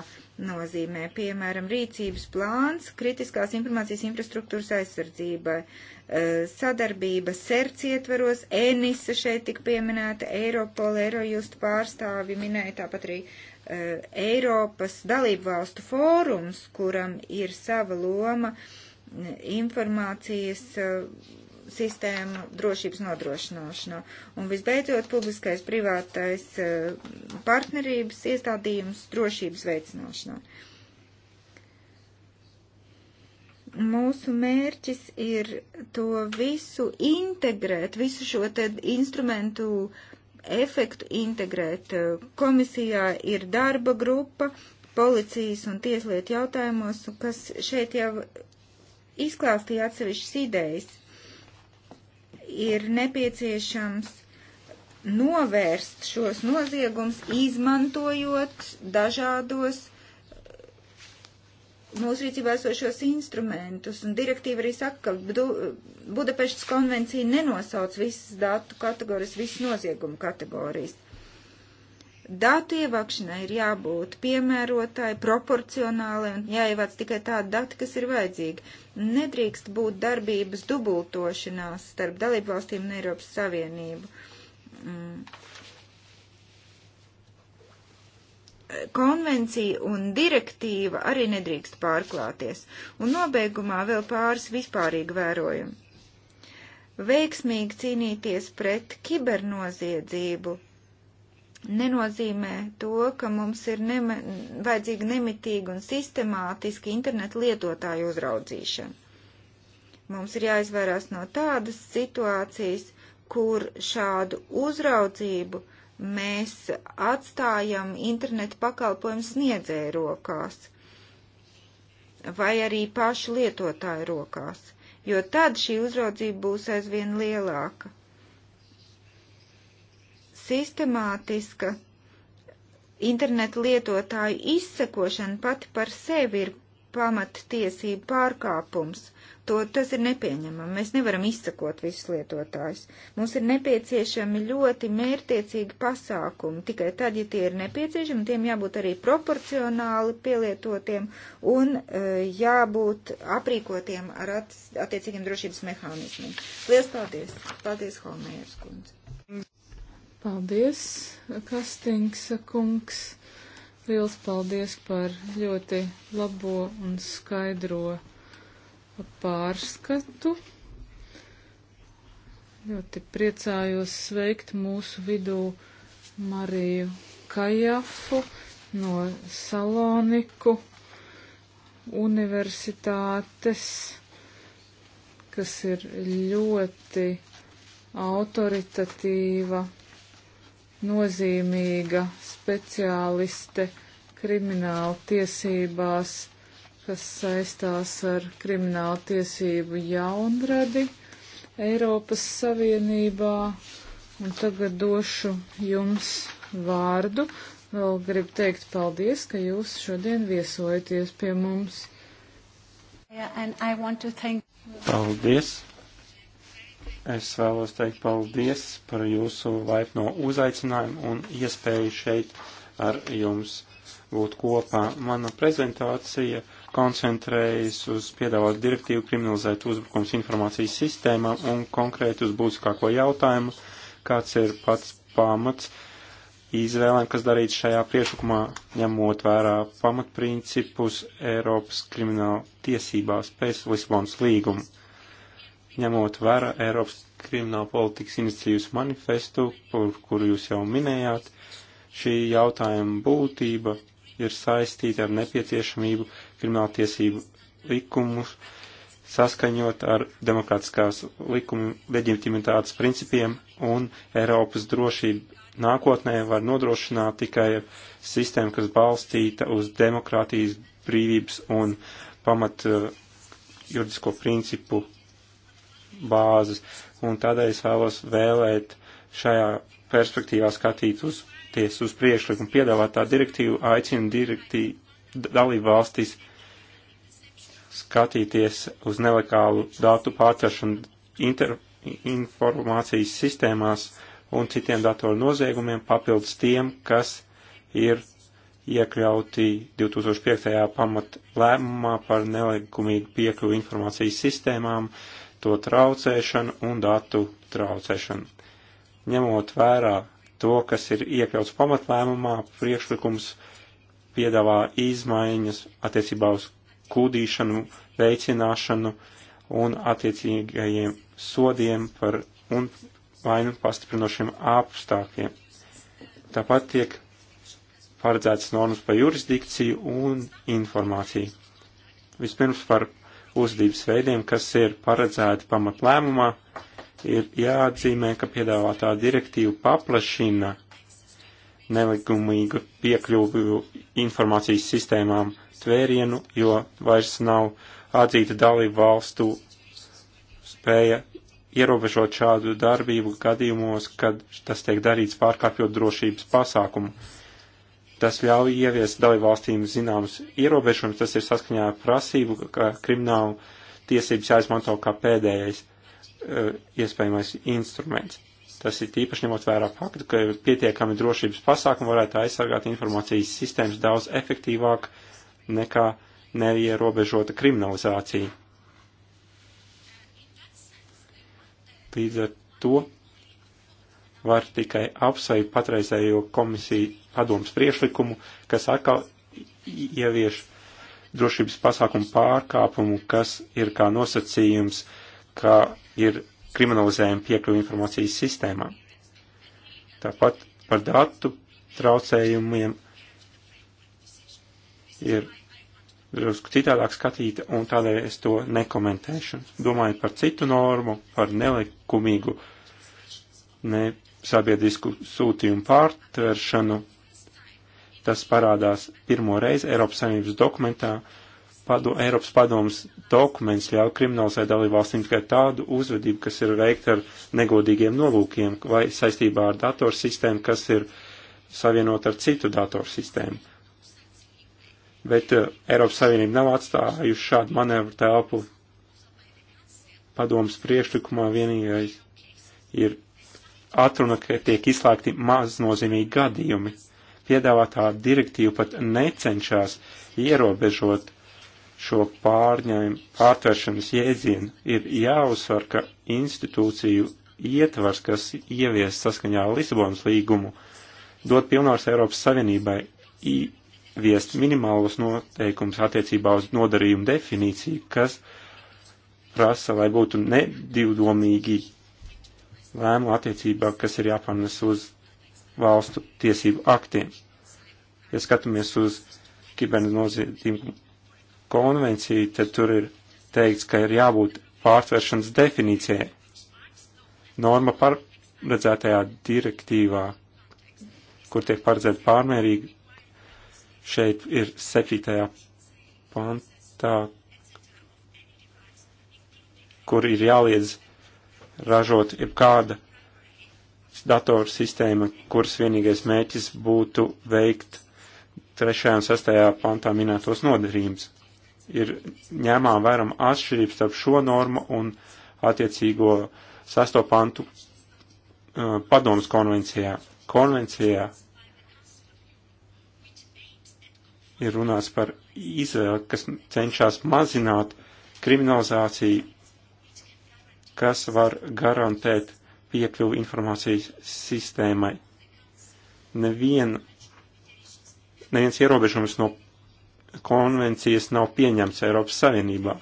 S1: nozīmē, piemēram, rīcības plāns kritiskās informācijas infrastruktūras aizsardzībai, eh, sadarbība serts ietveros, ENISA šeit tik pieminēta, Eiropol, Eirojust pārstāvi minēja, tāpat arī eh, Eiropas dalību valstu fórums, kuram ir sava loma informācijas eh, sistēmu drošības nodrošināšanā. Un visbeidzot, publiskais privātais eh, partnerības iestādījums drošības veicināšanā. Mūsu mērķis ir to visu integrēt, visu šo te instrumentu efektu integrēt. Komisijā ir darba grupa policijas un tieslietu jautājumos, kas šeit jau izklāstīja atsevišķas idejas ir nepieciešams novērst šos noziegums, izmantojot dažādos eh, mūsu rīcībā esošos instrumentus. Un direktīva arī saka, ka du, Budapeštas konvencija nenosauc visas datu kategorijas, visas noziegumu kategorijas. Uh, Datu ievākšanai ir jābūt piemērotai, proporcionālai un jāievāc tikai tādi dati, kas ir vajadzīgi. Nedrīkst būt darbības dubultošanās starp dalību valstīm un Eiropas Savienību. Mm. Konvencija un direktīva arī nedrīkst pārklāties. Un nobeigumā vēl pāris vispārīgi vērojumi. Veiksmīgi cīnīties pret kibernoziedzību nenozīmē to, ka mums ir nema, vajadzīga nemitīga un sistemātiska internetu lietotāju uzraudzīšana. Mums ir jāizvairās no tādas situācijas, kur šādu uzraudzību mēs atstājam internetu pakalpojumu sniedzēju rokās vai arī pašu lietotāju rokās, jo tad šī uzraudzība būs aizvien lielāka sistemātiska interneta lietotāju izsekošana pati par sevi ir pamattiesību pārkāpums. To, tas ir nepieņemami. Mēs nevaram izsakot visus lietotājus. Mums ir nepieciešami ļoti mērtiecīgi pasākumi. Tikai tad, ja tie ir nepieciešami, tiem jābūt arī proporcionāli pielietotiem un e, jābūt aprīkotiem ar at, attiecīgiem drošības mehānismiem. Lielas paldies! Paldies, Holmējers kundze! Paldies,
S2: Kastings kungs. Liels paldies par ļoti labo un skaidro pārskatu. Ļoti priecājos sveikt mūsu vidū Mariju Kajafu no Saloniku universitātes, kas ir ļoti autoritatīva nozīmīga speciāliste krimināla tiesībās, kas saistās ar krimināla tiesību jaunradi Eiropas Savienībā. Un tagad došu jums vārdu. Vēl gribu teikt paldies, ka jūs šodien viesojaties pie mums.
S1: Yeah, thank...
S3: Paldies! Es vēlos teikt paldies par jūsu laipno uzaicinājumu un iespēju šeit ar jums būt kopā. Mana prezentācija koncentrējas uz piedāvāt direktīvu kriminalizēt uzbrukums informācijas sistēmām un konkrēti uz būtiskāko jautājumu, kāds ir pats pamats izvēlēm, kas darīts šajā priekšlikumā, ņemot vērā pamatprincipus Eiropas krimināla tiesībās pēc Lisbonas līguma ņemot vērā Eiropas krimināla politikas iniciatīvas manifestu, kur, kuru jūs jau minējāt, šī jautājuma būtība ir saistīta ar nepieciešamību krimināla tiesību likumus saskaņot ar demokrātiskās likuma leģitimitātes principiem un Eiropas drošību nākotnē var nodrošināt tikai sistēma, kas balstīta uz demokrātijas brīvības un pamat eh, juridisko principu bāzes, un tādēļ es vēlos vēlēt šajā perspektīvā skatīt uz tiesu uz priekšlikumu. Piedāvātā direktīva aicina direktī, dalību valstis skatīties uz nelegālu datu pārtvēršanu inter, informācijas sistēmās un citiem datoru noziegumiem papildus tiem, kas ir iekļauti 2005. pamat lēmumā par nelikumīgu piekļuvu informācijas sistēmām, to traucēšanu un datu traucēšanu. Ņemot vērā to, kas ir iekļauts pamatlēmumā, priekšlikums piedāvā izmaiņas attiecībā uz kūdīšanu, veicināšanu un attiecīgajiem sodiem par un vainu pastiprinošiem apstākļiem. Tāpat tiek paredzētas normas par jurisdikciju un informāciju. Vispirms par uzvedības veidiem, kas ir paredzēti pamatlēmumā, ir jāatzīmē, ka piedāvātā direktīva paplašina nelegumīgu piekļuvu informācijas sistēmām tvērienu, jo vairs nav atzīta dalību valstu spēja ierobežot šādu darbību gadījumos, kad tas tiek darīts pārkāpjot drošības pasākumu. Tas ļauj ieviest dalībvalstīm zināmas ierobežojumus, tas ir saskaņā ar prasību, ka kriminālu tiesības jāizmanto kā pēdējais uh, iespējamais instruments. Tas ir tīpaši ņemot vērā faktu, ka pietiekami drošības pasākumi varētu aizsargāt informācijas sistēmas daudz efektīvāk nekā neierobežota kriminalizācija. Līdz ar to var tikai apsveikt patreizējo komisiju padomas priešlikumu, kas atkal ievieš drošības pasākumu pārkāpumu, kas ir kā nosacījums, ka ir kriminalizējama piekļuva informācijas sistēmā. Tāpat par datu traucējumiem ir drusku citādāk skatīta, un tādēļ es to nekomentēšu. Domāju par citu normu, par nelikumīgu ne sabiedrisku sūtījumu pārtveršanu, Tas parādās pirmo reizi Eiropas Savienības dokumentā. Pado, Eiropas padomas dokuments ļauj kriminalizēt dalību valstīm tikai tādu uzvedību, kas ir veikta ar negodīgiem nolūkiem vai saistībā ar datorsistēmu, kas ir savienot ar citu datorsistēmu. Bet uh, Eiropas Savienība nav atstājusi šādu manevru telpu. Padomas priekšlikumā vienīgais ir atruna, ka tiek izslēgti maznozīmīgi gadījumi piedāvātā direktīva pat necenšas ierobežot šo pārņēmu pārtveršanas jēdzienu. Ir jāuzsver, ka institūciju ietvars, kas ievies saskaņā Lisabonas līgumu, dot pilnvars Eiropas Savienībai ieviest minimālos noteikumus attiecībā uz nodarījumu definīciju, kas prasa, lai būtu nedivdomīgi lēmu attiecībā, kas ir jāpanes uz valstu tiesību aktiem. Ja skatāmies uz kibernozīmīgu konvenciju, tad tur ir teikts, ka ir jābūt pārtveršanas definīcijai. Norma paredzētajā direktīvā, kur tiek paredzēta pārmērīgi, šeit ir 7. pantā, kur ir jāliedz ražot jebkāda datorsistēma, kuras vienīgais mēķis būtu veikt 3. un 6. pantā minētos nodarījumus. Ir ņēmā vēram atšķirības starp šo normu un attiecīgo 6. pantu uh, padomus konvencijā. Konvencijā ir runās par Izraeli, kas cenšas mazināt kriminalizāciju, kas var garantēt piekļuvu informācijas sistēmai. Nevien, neviens ierobežums no konvencijas nav pieņemts Eiropas Savienībā.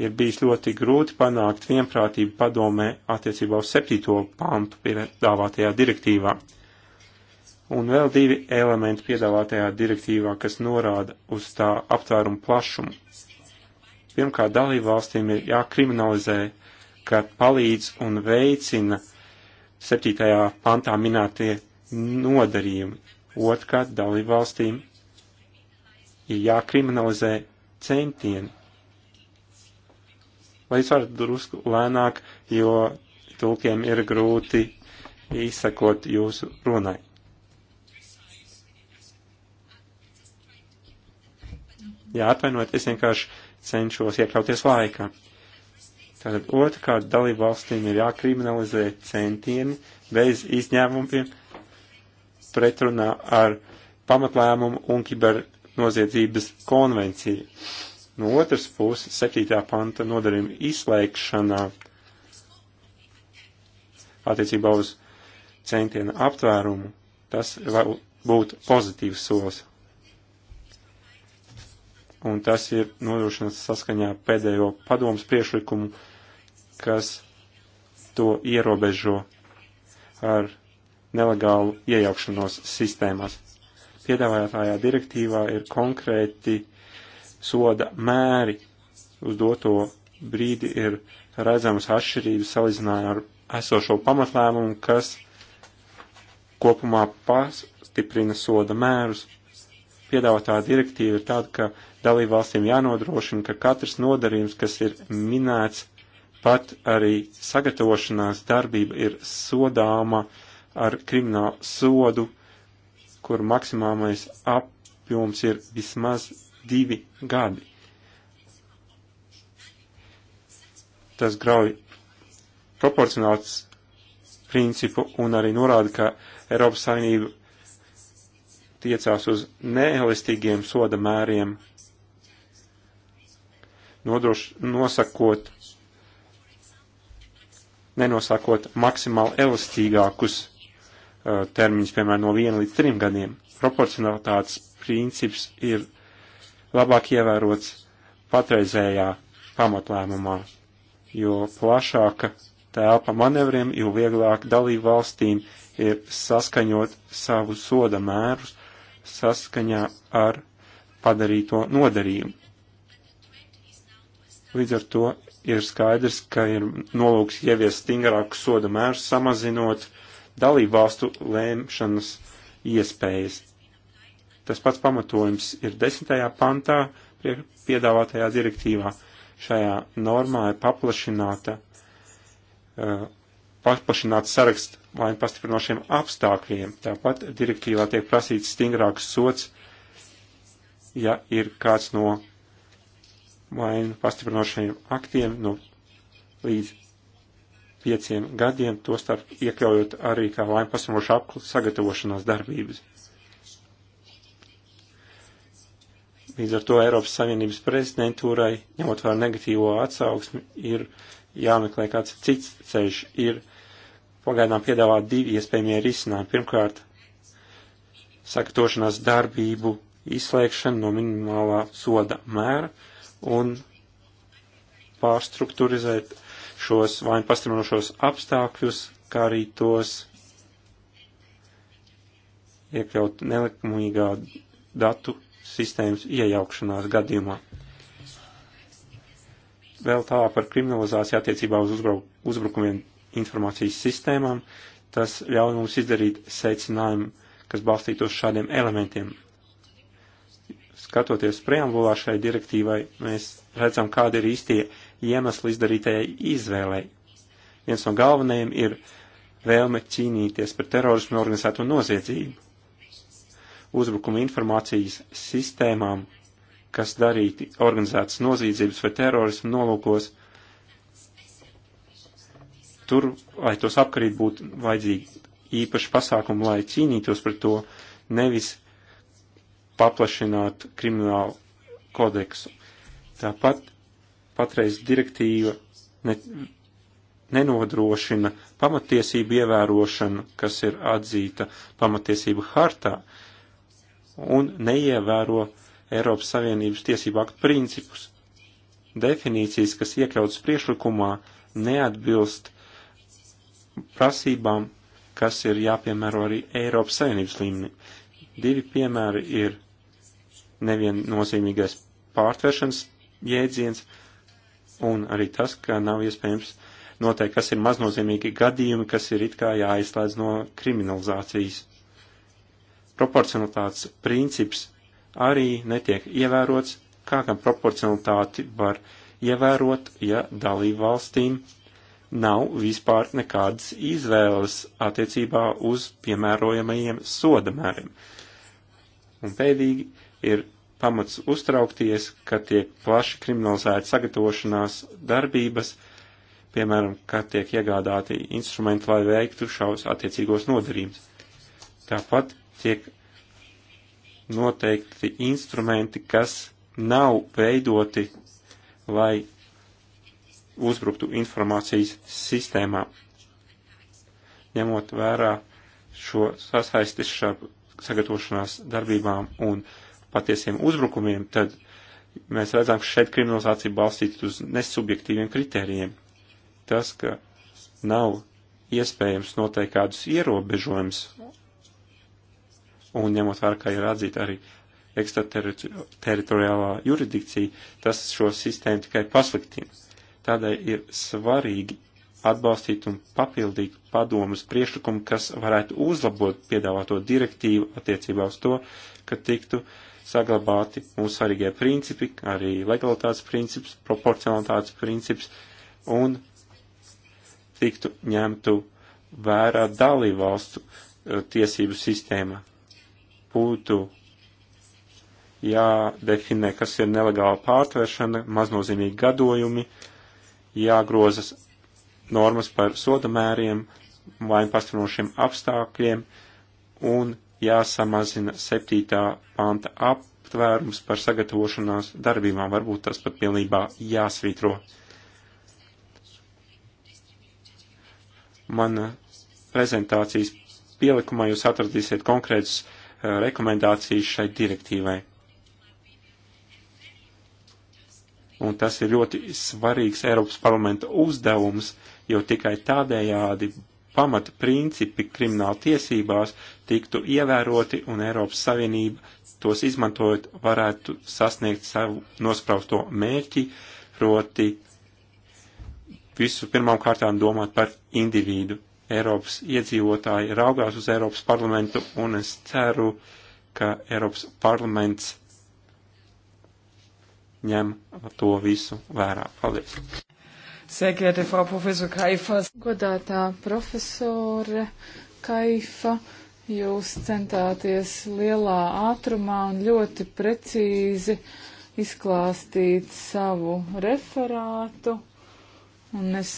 S3: Ir bijis ļoti grūti panākt vienprātību padomē attiecībā uz septīto pantu piedāvātajā direktīvā. Un vēl divi elementi piedāvātajā direktīvā, kas norāda uz tā aptvērumu plašumu. Pirmkārt, dalībvalstīm ir jākriminalizē uh, ka palīdz un veicina 7. pantā minētie nodarījumi. Otkārt, dalībvalstīm ir jākriminalizē centieni. Lai es varu drusku lēnāk, jo tulkiem ir grūti izsakot jūsu runai. Jā, atvainojiet, es vienkārši cenšos iekļauties laikā. Tātad otrkārt dalību valstīm ir jākriminalizē centieni bez izņēmumiem pretrunā ar pamatlēmumu un kibernoziedzības konvenciju. No otras puses, 7. panta nodarījuma izslēgšanā attiecībā uz centienu aptvērumu, tas var būt pozitīvs solis. Un tas ir nodrošināts saskaņā pēdējo padomas priešlikumu kas to ierobežo ar nelegālu iejaukšanos sistēmās. Piedāvājotājā direktīvā ir konkrēti soda mēri uz doto brīdi ir redzamas atšķirības salīdzinājumā ar esošo pamatlēmumu, kas kopumā pastiprina soda mērus. Piedāvātā direktīva ir tāda, ka dalībvalstīm jānodrošina, ka katrs nodarījums, kas ir minēts Pat arī sagatavošanās darbība ir sodāma ar kriminālu sodu, kur maksimālais apjoms ir vismaz divi gadi. Tas grauj proporcionāls principu un arī norāda, ka Eiropas Savienība tiecās uz neelastīgiem soda mēriem, nodroš, nosakot nenosakot maksimāli elastīgākus uh, termiņus, piemēram, no viena līdz trim gadiem. Proporcionalitātes princips ir labāk ievērots patreizējā pamatlēmumā, jo plašāka telpa manevriem, jo vieglāk dalību valstīm ir saskaņot savu soda mērus saskaņā ar padarīto nodarījumu. Līdz ar to ir skaidrs, ka ir nolūks ievies stingrāku soda mēru, samazinot dalību valstu lēmšanas iespējas. Tas pats pamatojums ir desmitajā pantā piedāvātajā direktīvā. Šajā normā ir paplašināta, uh, paplašināta saraksts laim pastiprinošiem apstākļiem. Tāpat direktīvā tiek prasīts stingrāks sots, ja ir kāds no vai nu pastiprinošajiem aktiem no nu, līdz pieciem gadiem, tostarp iekļaujot arī kā laimpasimošu apklu sagatavošanās darbības. Līdz ar to Eiropas Savienības prezidentūrai, ņemot vērā negatīvo atsauksmi, ir jāmeklē kāds cits ceļš, ir pagaidām piedāvāt divi iespējamie risinājumi. Pirmkārt, sagatavošanās darbību izslēgšana no minimālā soda mēra, un pārstrukturizēt šos vainu pastrinošos apstākļus, kā arī tos iekļaut nelikumīgā datu sistēmas iejaukšanās gadījumā. Vēl tā par kriminalizāciju attiecībā uz uzbrukumiem informācijas sistēmām, tas ļauj mums izdarīt secinājumu, kas balstītos šādiem elementiem. Skatoties preambulā šai direktīvai, mēs redzam, kāda ir īstie iemesli izdarītajai izvēlei. Viens no galvenajiem ir vēlme cīnīties par terorismu un organizēto noziedzību. Uzbrukuma informācijas sistēmām, kas darīti organizētas noziedzības vai terorismu nolūkos, tur, lai tos apkarīt, būtu vajadzīgi īpaši pasākumi, lai cīnītos par to, nevis paplašināt kriminālu kodeksu. Tāpat patreiz direktīva ne, nenodrošina pamatiesību ievērošanu, kas ir atzīta pamatiesību hartā, un neievēro Eiropas Savienības tiesību aktu principus. Definīcijas, kas iekļautas priešlikumā, neatbilst prasībām, kas ir jāpiemēro arī Eiropas Savienības līmenī. Divi piemēri ir neviennozīmīgais pārtveršanas jēdziens, un arī tas, ka nav iespējams noteikt, kas ir maznozīmīgi gadījumi, kas ir it kā jāizslēdz no kriminalizācijas. Proporcionalitātes princips arī netiek ievērots, kā gan proporcionalitāti var ievērot, ja dalību valstīm nav vispār nekādas izvēles attiecībā uz piemērojamajiem sodamēriem. Un pēdīgi ir pamats uztraukties, ka tiek plaši kriminalizēta sagatavošanās darbības, piemēram, kad tiek iegādāti instrumenti, lai veiktu šaus attiecīgos nodarījumus. Tāpat tiek noteikti instrumenti, kas nav veidoti, lai uzbruktu informācijas sistēmā. Ņemot vērā šo sasaistis šā sagatavošanās darbībām un uh, patiesiem uzbrukumiem, tad mēs redzam, ka šeit kriminalizācija balstīta uz nesubjektīviem kritērijiem. Tas, ka nav iespējams noteikt kādus ierobežojumus, un ņemot vērā, ka ir atzīta arī ekstrateritoriālā juridikcija, tas šo sistēmu tikai pasliktina. Tādēļ ir svarīgi atbalstīt un papildīt padomus priešlikumu, kas varētu uzlabot piedāvāto direktīvu attiecībā uz to, ka tiktu uh, saglabāti mūsu svarīgie principi, arī legalitātes princips, proporcionalitātes princips un tiktu ņemtu vērā dalībvalstu e, tiesību sistēma. Būtu jādefinē, kas ir nelegāla pārtvēršana, maznozīmīgi gadojumi, jāgrozas normas par sodamēriem, vainu pastrinošiem apstākļiem un jāsamazina 7. panta aptvērums par sagatavošanās darbībām. Varbūt tas pat pilnībā jāsvītro. Mana prezentācijas pielikumā jūs atradīsiet konkrētas eh, rekomendācijas šai direktīvai. Un tas ir ļoti svarīgs Eiropas parlamenta uzdevums, jo tikai tādējādi pamata principi krimināla tiesībās tiktu ievēroti un Eiropas Savienība tos izmantojot varētu sasniegt savu nosprausto mērķi, proti visu pirmām kārtām domāt par individu. Eiropas iedzīvotāji raugās uz Eiropas parlamentu un es ceru, ka Eiropas parlaments ņem to visu vērā. Paldies!
S2: Sveicieti, Frau Profesor Kaifas. Godātā profesore Kaifa, jūs centāties lielā ātrumā un ļoti precīzi izklāstīt savu referātu. Un es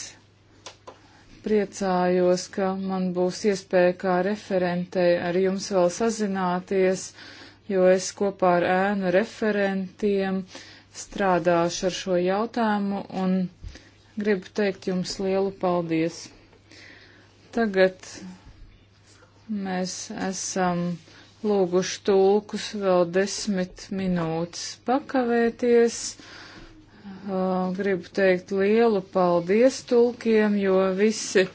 S2: priecājos, ka man būs iespēja kā referentei ar jums vēl sazināties, jo es kopā ar ēnu referentiem strādāšu ar šo jautājumu un Gribu teikt jums lielu paldies. Tagad mēs esam lūguši tulkus vēl desmit minūtes pakavēties. Gribu teikt lielu paldies tulkiem, jo visi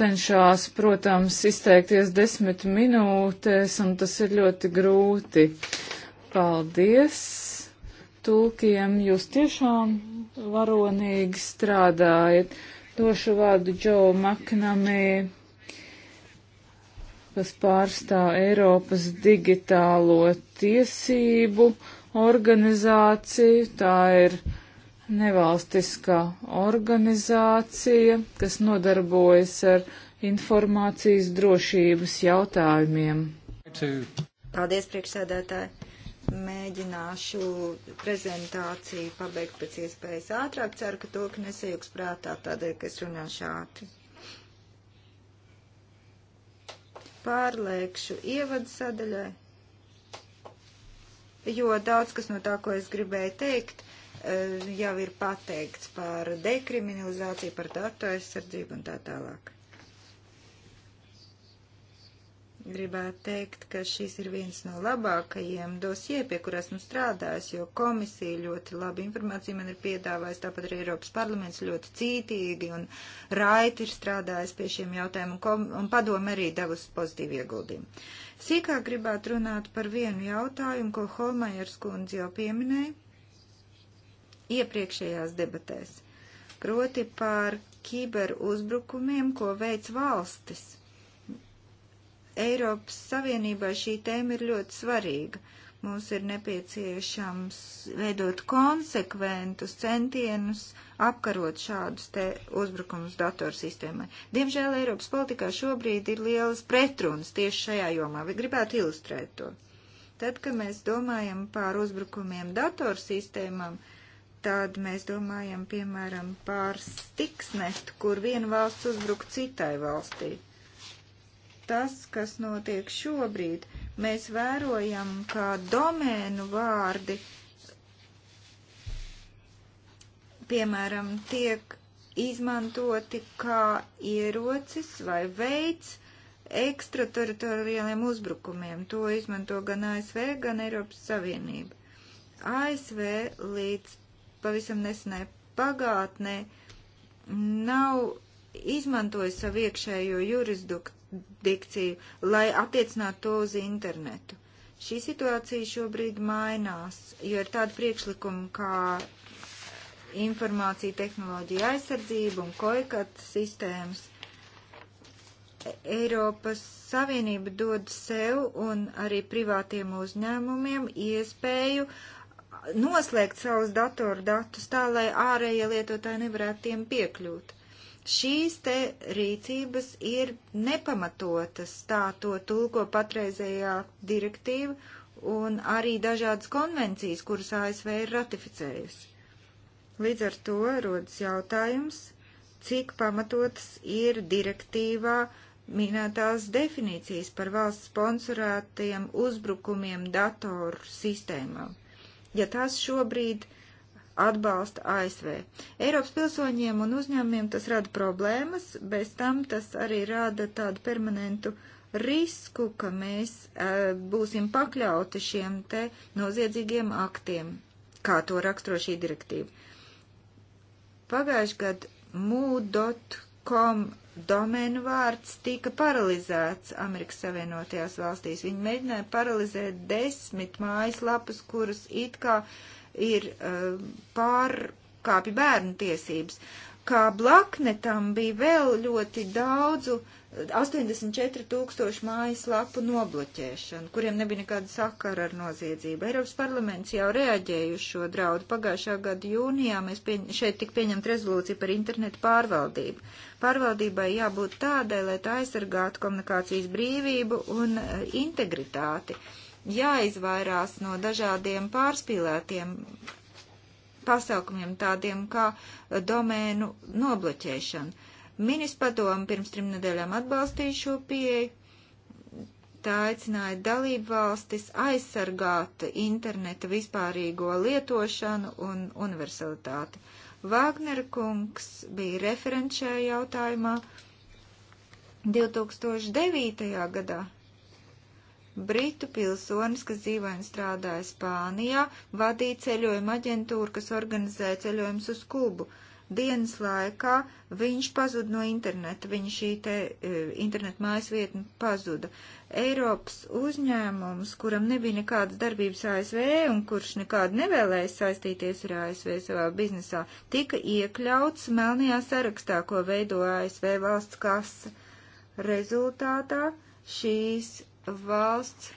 S2: cenšas, protams, izteikties desmit minūtēs, un tas ir ļoti grūti. Paldies tulkiem, jūs tiešām varonīgi strādājat. Došu vārdu Džo Maknamē, kas pārstāv Eiropas digitālo tiesību organizāciju. Tā ir nevalstiskā organizācija, kas nodarbojas ar informācijas drošības jautājumiem.
S1: Paldies, priekšsēdētāji! Mēģināšu prezentāciju pabeigt pēc iespējas ātrāk. Ceru, ka to, ka nesajūgs prātā tādēļ, ka es runāšu ātri. Pārliekšu ievadu sadaļai, jo daudz kas no tā, ko es gribēju teikt, eh, jau ir pateikts par dekriminalizāciju, par datu aizsardzību un tā tālāk. Gribētu teikt, ka šis ir viens no labākajiem dosie, pie kur esmu strādājis, jo komisija ļoti labi informāciju man ir piedāvājis, tāpat arī Eiropas parlaments ļoti cītīgi un raiti ir strādājis pie šiem jautājumiem, un, un padomu arī devusi pozitīvu ieguldījumu. Sīkāk gribētu runāt par vienu jautājumu, ko Holmajers kundze jau pieminēja iepriekšējās debatēs, proti par kiberuzbrukumiem, ko veids valstis Eiropas Savienībai šī tēma ir ļoti svarīga. Mums ir nepieciešams veidot konsekventus centienus apkarot šādus te uzbrukumus datorsistēmai. Diemžēl Eiropas politikā šobrīd ir lielas pretrunas tieši šajā jomā, bet gribētu ilustrēt to. Tad, kad mēs domājam par uzbrukumiem datorsistēmām, tad mēs domājam, piemēram, par stiksnestu, kur viena valsts uzbruk citai valstī tas, kas notiek šobrīd. Mēs vērojam, ka domēnu vārdi, piemēram, tiek izmantoti kā ierocis vai veids ekstrateritoriāliem uzbrukumiem. To izmanto gan ASV, gan Eiropas Savienība. ASV līdz pavisam nesenai pagātnē nav izmantojis savu iekšējo jurisdiktu jurisdikciju, lai attiecinātu to uz internetu. Šī situācija šobrīd mainās, jo ir tāda priekšlikuma kā informācija tehnoloģija aizsardzība un koikat sistēmas. Eiropas Savienība dod sev un arī privātiem uzņēmumiem iespēju noslēgt savus datoru datus tā, lai ārējie lietotāji nevarētu tiem piekļūt. Šīs te rīcības ir nepamatotas, tā to tulko patreizējā direktīva un arī dažādas konvencijas, kuras ASV ir ratificējusi. Līdz ar to rodas jautājums, cik pamatotas ir direktīvā minētās definīcijas par valsts sponsorētajiem uzbrukumiem datoru sistēmām. Ja tās šobrīd atbalsta ASV. Eiropas pilsoņiem un uzņēmumiem tas rada problēmas, bez tam tas arī rada tādu permanentu risku, ka mēs e, būsim pakļauti šiem te noziedzīgiem aktiem, kā to raksturo šī direktīva. Pagājuši gadu mū.com domēnu vārds tika paralizēts Amerikas Savienotajās valstīs. Viņi mēģināja paralizēt desmit mājaslapus, kuras it kā uh, ir eh, pārkāpja bērnu tiesības. Kā blakne tam bija vēl ļoti daudzu 84 eh, tūkstošu mājas lapu nobloķēšanu, kuriem nebija nekāda sakara ar noziedzību. Eiropas parlaments jau reaģēja uz šo draudu. Pagājušā gada jūnijā mēs pieņ šeit tik pieņemt rezolūciju par internetu pārvaldību. Pārvaldībai jābūt tādai, lai tā aizsargātu komunikācijas brīvību un eh, integritāti. Uh, jāizvairās no dažādiem pārspīlētiem pasaukumiem, tādiem kā domēnu nobloķēšana. Ministra padoma pirms trim nedēļām atbalstīja šo pieeju. Tā aicināja dalību valstis aizsargāt interneta vispārīgo lietošanu un universalitāti. Vāgnera kungs bija referents šajā jautājumā 2009. gadā Britu pilsonis, kas dzīvoja un strādāja Spānijā, vadīja ceļojuma aģentūru, kas organizēja ceļojumus uz Kubu. Dienas laikā viņš pazuda no interneta, viņa šī te e, interneta mājas vietne pazuda. Eiropas uzņēmums, kuram nebija nekādas darbības ASV un kurš nekādu nevēlējas saistīties ar ASV savā biznesā, tika iekļauts melnajā sarakstā, ko veido ASV valsts kasa. Rezultātā šīs valsts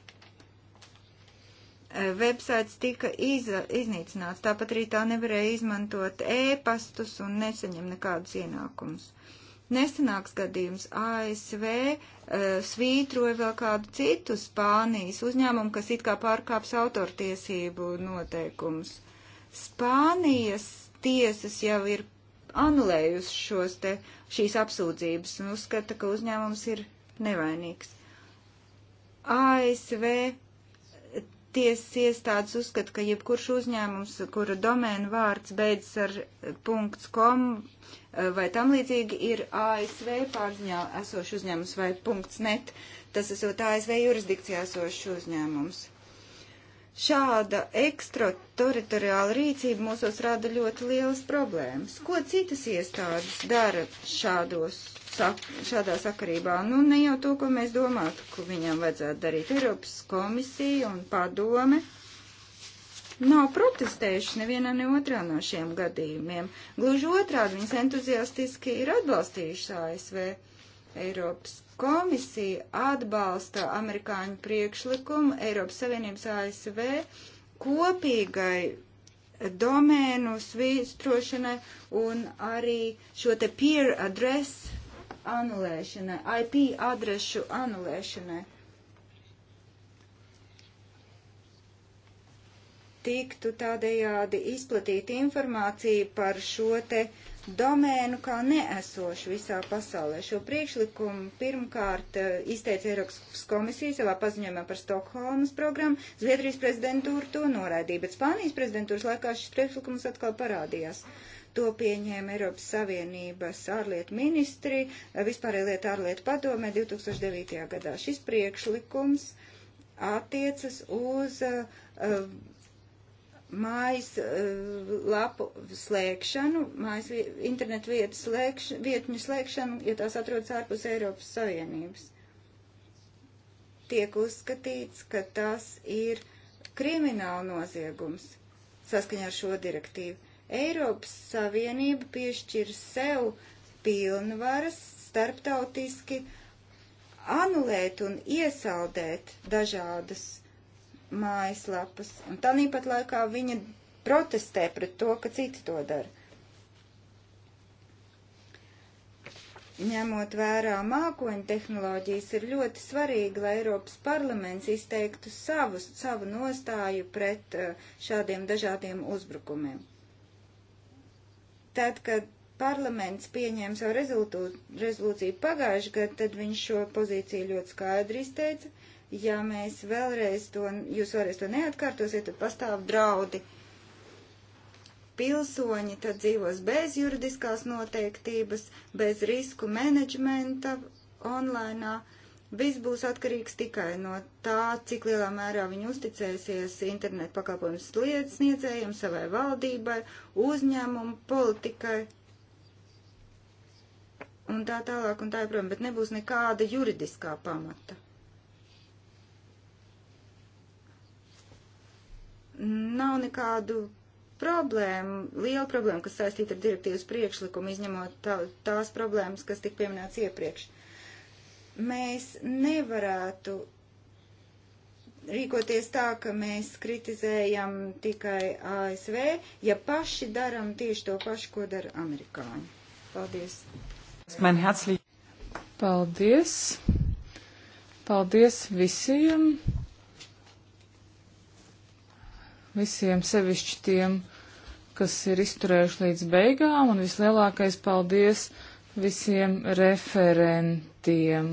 S1: eh, websaits tika iz, iznīcināts, tāpat arī tā nevarēja izmantot ēpastus e un nesaņem nekādus ienākumus. Nesenāks gadījums ASV uh, eh, svītroja vēl kādu citu Spānijas uzņēmumu, kas it kā pārkāps autortiesību noteikumus. Spānijas tiesas jau ir anulējusi šos te, šīs apsūdzības un uzskata, ka uzņēmums ir nevainīgs. ASV tiesas iestādes uzskata, ka jebkurš uzņēmums, kura domēna vārds beidzas ar .com vai tam līdzīgi, ir ASV pārziņā esošs uzņēmums vai .net, tas esot ASV jurisdikcijā esošs uzņēmums. Šāda ekstrateritoriāla rīcība mūsos rada ļoti lielas problēmas. Ko citas iestādes dara šādos sak šādā sakarībā. Nu, ne jau to, ko mēs domātu, ko viņam vajadzētu darīt. Eiropas komisija un padome nav protestējuši nevienā ne otrā no šiem gadījumiem. Gluži otrādi viņas entuziastiski ir atbalstījušas ASV. Eiropas komisija atbalsta amerikāņu priekšlikumu Eiropas Savienības ASV kopīgai domēnu svīstrošanai un arī šo te peer address anulēšanai, IP adrešu anulēšanai. Tiktu tādējādi izplatīta informācija par šo te domēnu kā neesošu visā pasaulē. Šo priekšlikumu pirmkārt eh, izteica Eiropas komisija savā paziņojumā par Stokholmas programmu. Zviedrijas prezidentūra to noraidīja, bet Spānijas prezidentūras laikā šis priekšlikums atkal parādījās. Uh, To pieņēma Eiropas Savienības ārlietu ministri, vispārēja lieta ārlietu padomē 2009. gadā. Šis priekšlikums attiecas uz uh, mājas uh, lapu slēgšanu, mājas internetu vietu slēgšanu, vietņu slēgšanu, ja tās atrodas ārpus Eiropas Savienības. Tiek uzskatīts, ka tas ir krimināla noziegums saskaņā ar šo direktīvu. Eiropas Savienība piešķir sev pilnvaras starptautiski anulēt un iesaldēt dažādas mājaslapas, un tāpat laikā viņa protestē pret to, ka citi to dara. Ņemot vērā mākoņu tehnoloģijas, ir ļoti svarīgi, lai Eiropas parlaments izteiktu savu, savu nostāju pret eh, šādiem dažādiem uzbrukumiem. Tad, kad parlaments pieņēma savu rezolū, rezolūciju pagājuši gadu, tad viņš šo pozīciju ļoti skaidri izteica. Ja mēs vēlreiz to, jūs vēlreiz to neatkārtosiet, tad pastāv draudi. Pilsoņi tad dzīvos bez juridiskās noteiktības, bez risku menedžmenta online. -ā Viss būs atkarīgs tikai no tā, cik lielā mērā viņi uzticēsies internetu pakalpojumu sniedzējiem, savai valdībai, uzņēmumu, politikai un tā tālāk un tā joprojām, bet nebūs nekāda juridiskā pamata. Nav nekādu problēmu, liela problēma, kas saistīta ar direktīvas priekšlikumu, izņemot tā, tās problēmas, kas tik pieminēts iepriekš mēs nevarētu rīkoties tā, ka mēs kritizējam tikai ASV, ja paši daram tieši to pašu, ko dara amerikāņi. Paldies!
S2: Man herzlich! Paldies! Paldies visiem! Visiem sevišķi tiem, kas ir izturējuši līdz beigām, un vislielākais paldies visiem referentiem! aktiem.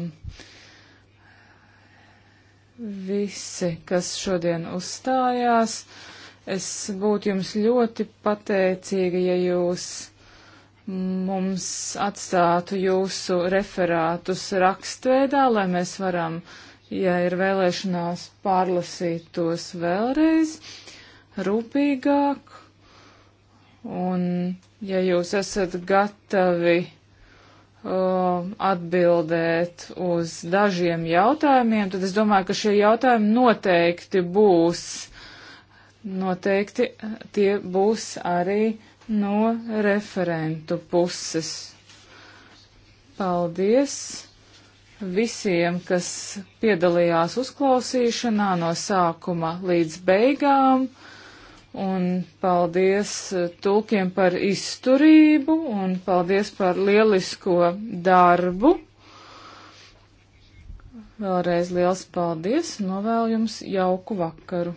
S2: Visi, kas šodien uzstājās, es būtu jums ļoti pateicīga, ja jūs mums atstātu jūsu referātus rakstveidā, lai mēs varam, ja ir vēlēšanās, pārlasīt tos vēlreiz rūpīgāk. Un, ja jūs esat gatavi Um, atbildēt uz dažiem jautājumiem, tad es domāju, ka šie jautājumi noteikti būs. Noteikti tie būs arī no referentu puses. Paldies visiem, kas piedalījās uzklausīšanā no sākuma līdz beigām. Un paldies eh, tulkiem par izturību un paldies par lielisko darbu. Vēlreiz liels paldies, novēlu jums jauku vakaru.